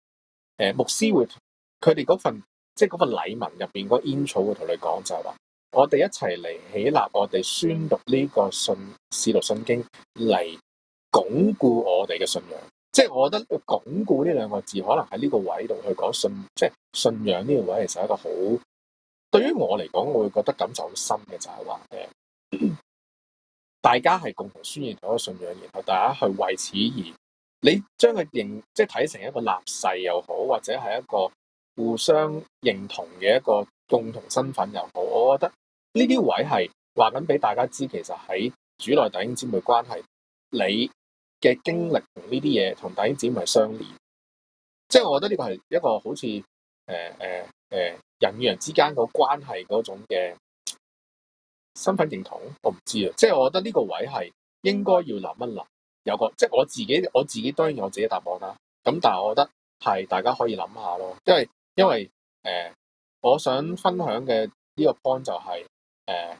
誒、呃，牧師會佢哋嗰份。即係嗰個禮文入邊嗰煙草會同你講就係話，我哋一齊嚟起立，我哋宣讀呢個信，使徒信經嚟鞏固我哋嘅信仰。即係我覺得，鞏固呢兩個字，可能喺呢個位度去講信，即係信仰呢個位，其實係一個好。對於我嚟講，我會覺得感受好深嘅就係話，誒，大家係共同宣言咗個信仰，然後大家去為此而你將佢認，即係睇成一個立誓又好，或者係一個。互相認同嘅一個共同身份又好，我覺得呢啲位係話緊俾大家知，其實喺主內弟兄姊妹關係，你嘅經歷同呢啲嘢同弟兄姊妹相連，即係我覺得呢個係一個好似誒誒誒人與人之間個關係嗰種嘅身份認同，我唔知啊，即係我覺得呢個位係應該要諗一諗，有個即係我自己，我自己當然有自己嘅答案啦。咁但係我覺得係大家可以諗下咯，因為。因為誒、呃，我想分享嘅呢個 point 就係、是、誒、呃，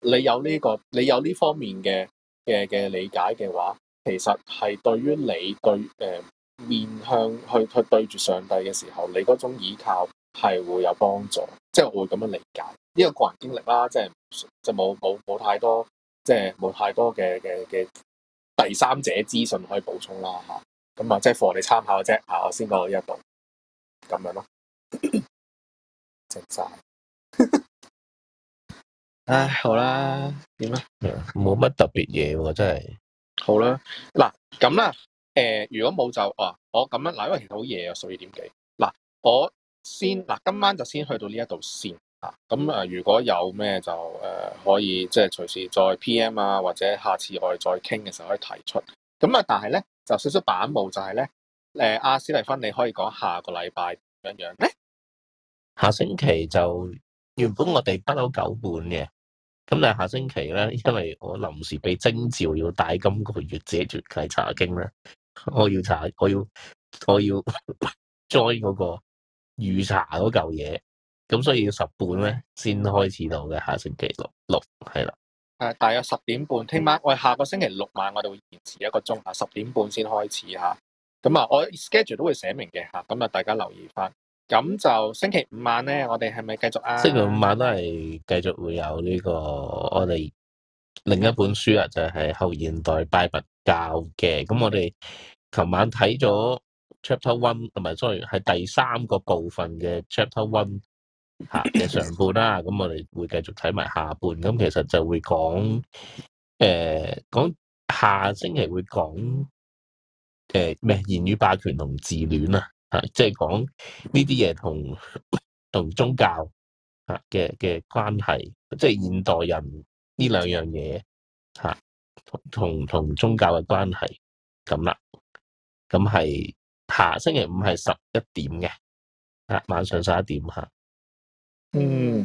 你有呢、這個你有呢方面嘅嘅嘅理解嘅話，其實係對於你對誒、呃、面向去去對住上帝嘅時候，你嗰種倚靠係會有幫助，即係我會咁樣理解呢、這個個人經歷啦，即係就冇冇冇太多即係冇太多嘅嘅嘅第三者資訊可以補充啦吓，咁啊即係 for 你參考啫吓、嗯，我先講到呢一度，咁樣咯。直着， 唉，好啦，點咧樣？冇乜特別嘢喎、啊，真係好啦。嗱咁啦，誒、呃，如果冇就啊，我咁樣嗱，因為其實好夜啊，十二點幾。嗱、啊，我先嗱、啊，今晚就先去到呢一度先。啊。咁啊、呃，如果有咩就誒、呃、可以即係隨時再 PM 啊，或者下次我哋再傾嘅時候可以提出。咁啊，但係咧就少少板毛，就係咧誒，阿、啊、斯利芬你可以講下個禮拜點樣樣咧。欸下星期就原本我哋不嬲九半嘅，咁但係下星期咧，因為我臨時被徵召要帶今個月寫住係查經咧，我要查，我要我要裝嗰、 嗰個預查嗰嚿嘢，咁所以要十半咧先開始到嘅下星期六六係啦，誒，大約十點半，聽晚我哋下個星期六晚我哋會延遲一個鐘吓，十點半先開始吓，咁啊，我 schedule 都會寫明嘅吓，咁啊大家留意翻。咁就星期五晚咧，我哋係咪繼續啊？星期五晚都係繼續會有呢、這個我哋另一本書啊，就係、是、後現代拜物教嘅。咁我哋琴晚睇咗 Chapter One，同埋 sorry 係第三個部分嘅 Chapter One 嘅上半啦、啊，咁 我哋會繼續睇埋下半。咁其實就會講誒、呃，講下星期會講誒咩、呃、言語霸權同自戀啊。即係講呢啲嘢，同同宗教嘅嘅關係，即係現代人呢兩樣嘢，吓同同宗教嘅關係咁啦，咁係下星期五係十一點嘅，晚上十一點吓。嗯，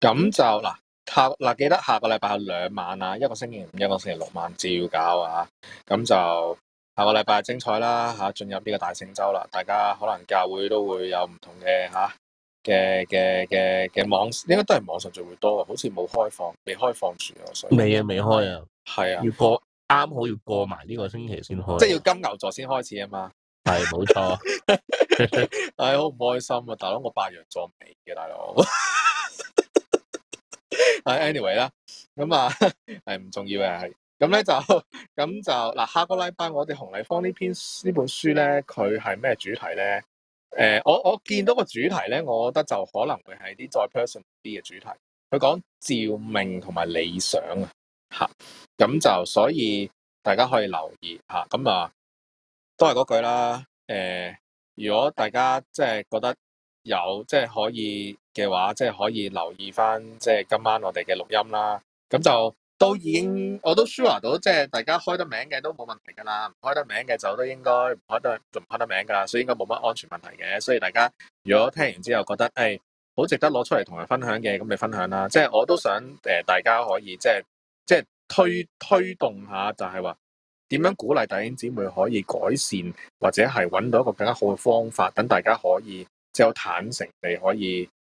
咁就嗱下嗱，記得下個禮拜係兩晚啊，一個星期五一個星期六晚照搞啊，咁就。下個禮拜精彩啦，吓進入呢個大聖周啦，大家可能教會都會有唔同嘅吓嘅嘅嘅嘅網，應該都係網上聚會多，好似冇開放，未開放住啊，所以未啊，未開啊，係啊要，要過啱好要過埋呢個星期先開，啊，即係要金牛座先開始啊嘛，係冇錯，係好唔開心啊，大佬我白羊座嚟嘅大佬，係 anyway 啦，咁啊係唔重要啊係。咁咧就咁就嗱下個禮拜，我哋洪麗芳呢篇呢本書咧，佢係咩主題咧？誒、呃，我我見到個主題咧，我覺得就可能會係啲再 personal 啲嘅主題。佢講照明同埋理想啊，吓咁就所以大家可以留意吓，咁啊，啊都係嗰句啦。誒、呃，如果大家即係覺得有即係、就是、可以嘅話，即、就、係、是、可以留意翻即係今晚我哋嘅錄音啦。咁就。都已經我都 sure 到，即係大家開得名嘅都冇問題㗎啦，唔開得名嘅就都應該唔開得仲唔開得名㗎啦，所以應該冇乜安全問題嘅。所以大家如果聽完之後覺得誒好、哎、值得攞出嚟同人分享嘅，咁你分享啦。即係我都想誒大家可以即係即係推推動一下就是，就係話點樣鼓勵弟兄姊妹可以改善或者係揾到一個更加好嘅方法，等大家可以有坦誠地可以。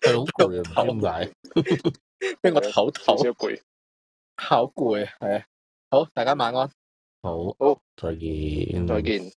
係好攰啊，唔咁解，俾我唞唞，好攰，好攰啊，係啊，好，大家晚安，好好再見，再見。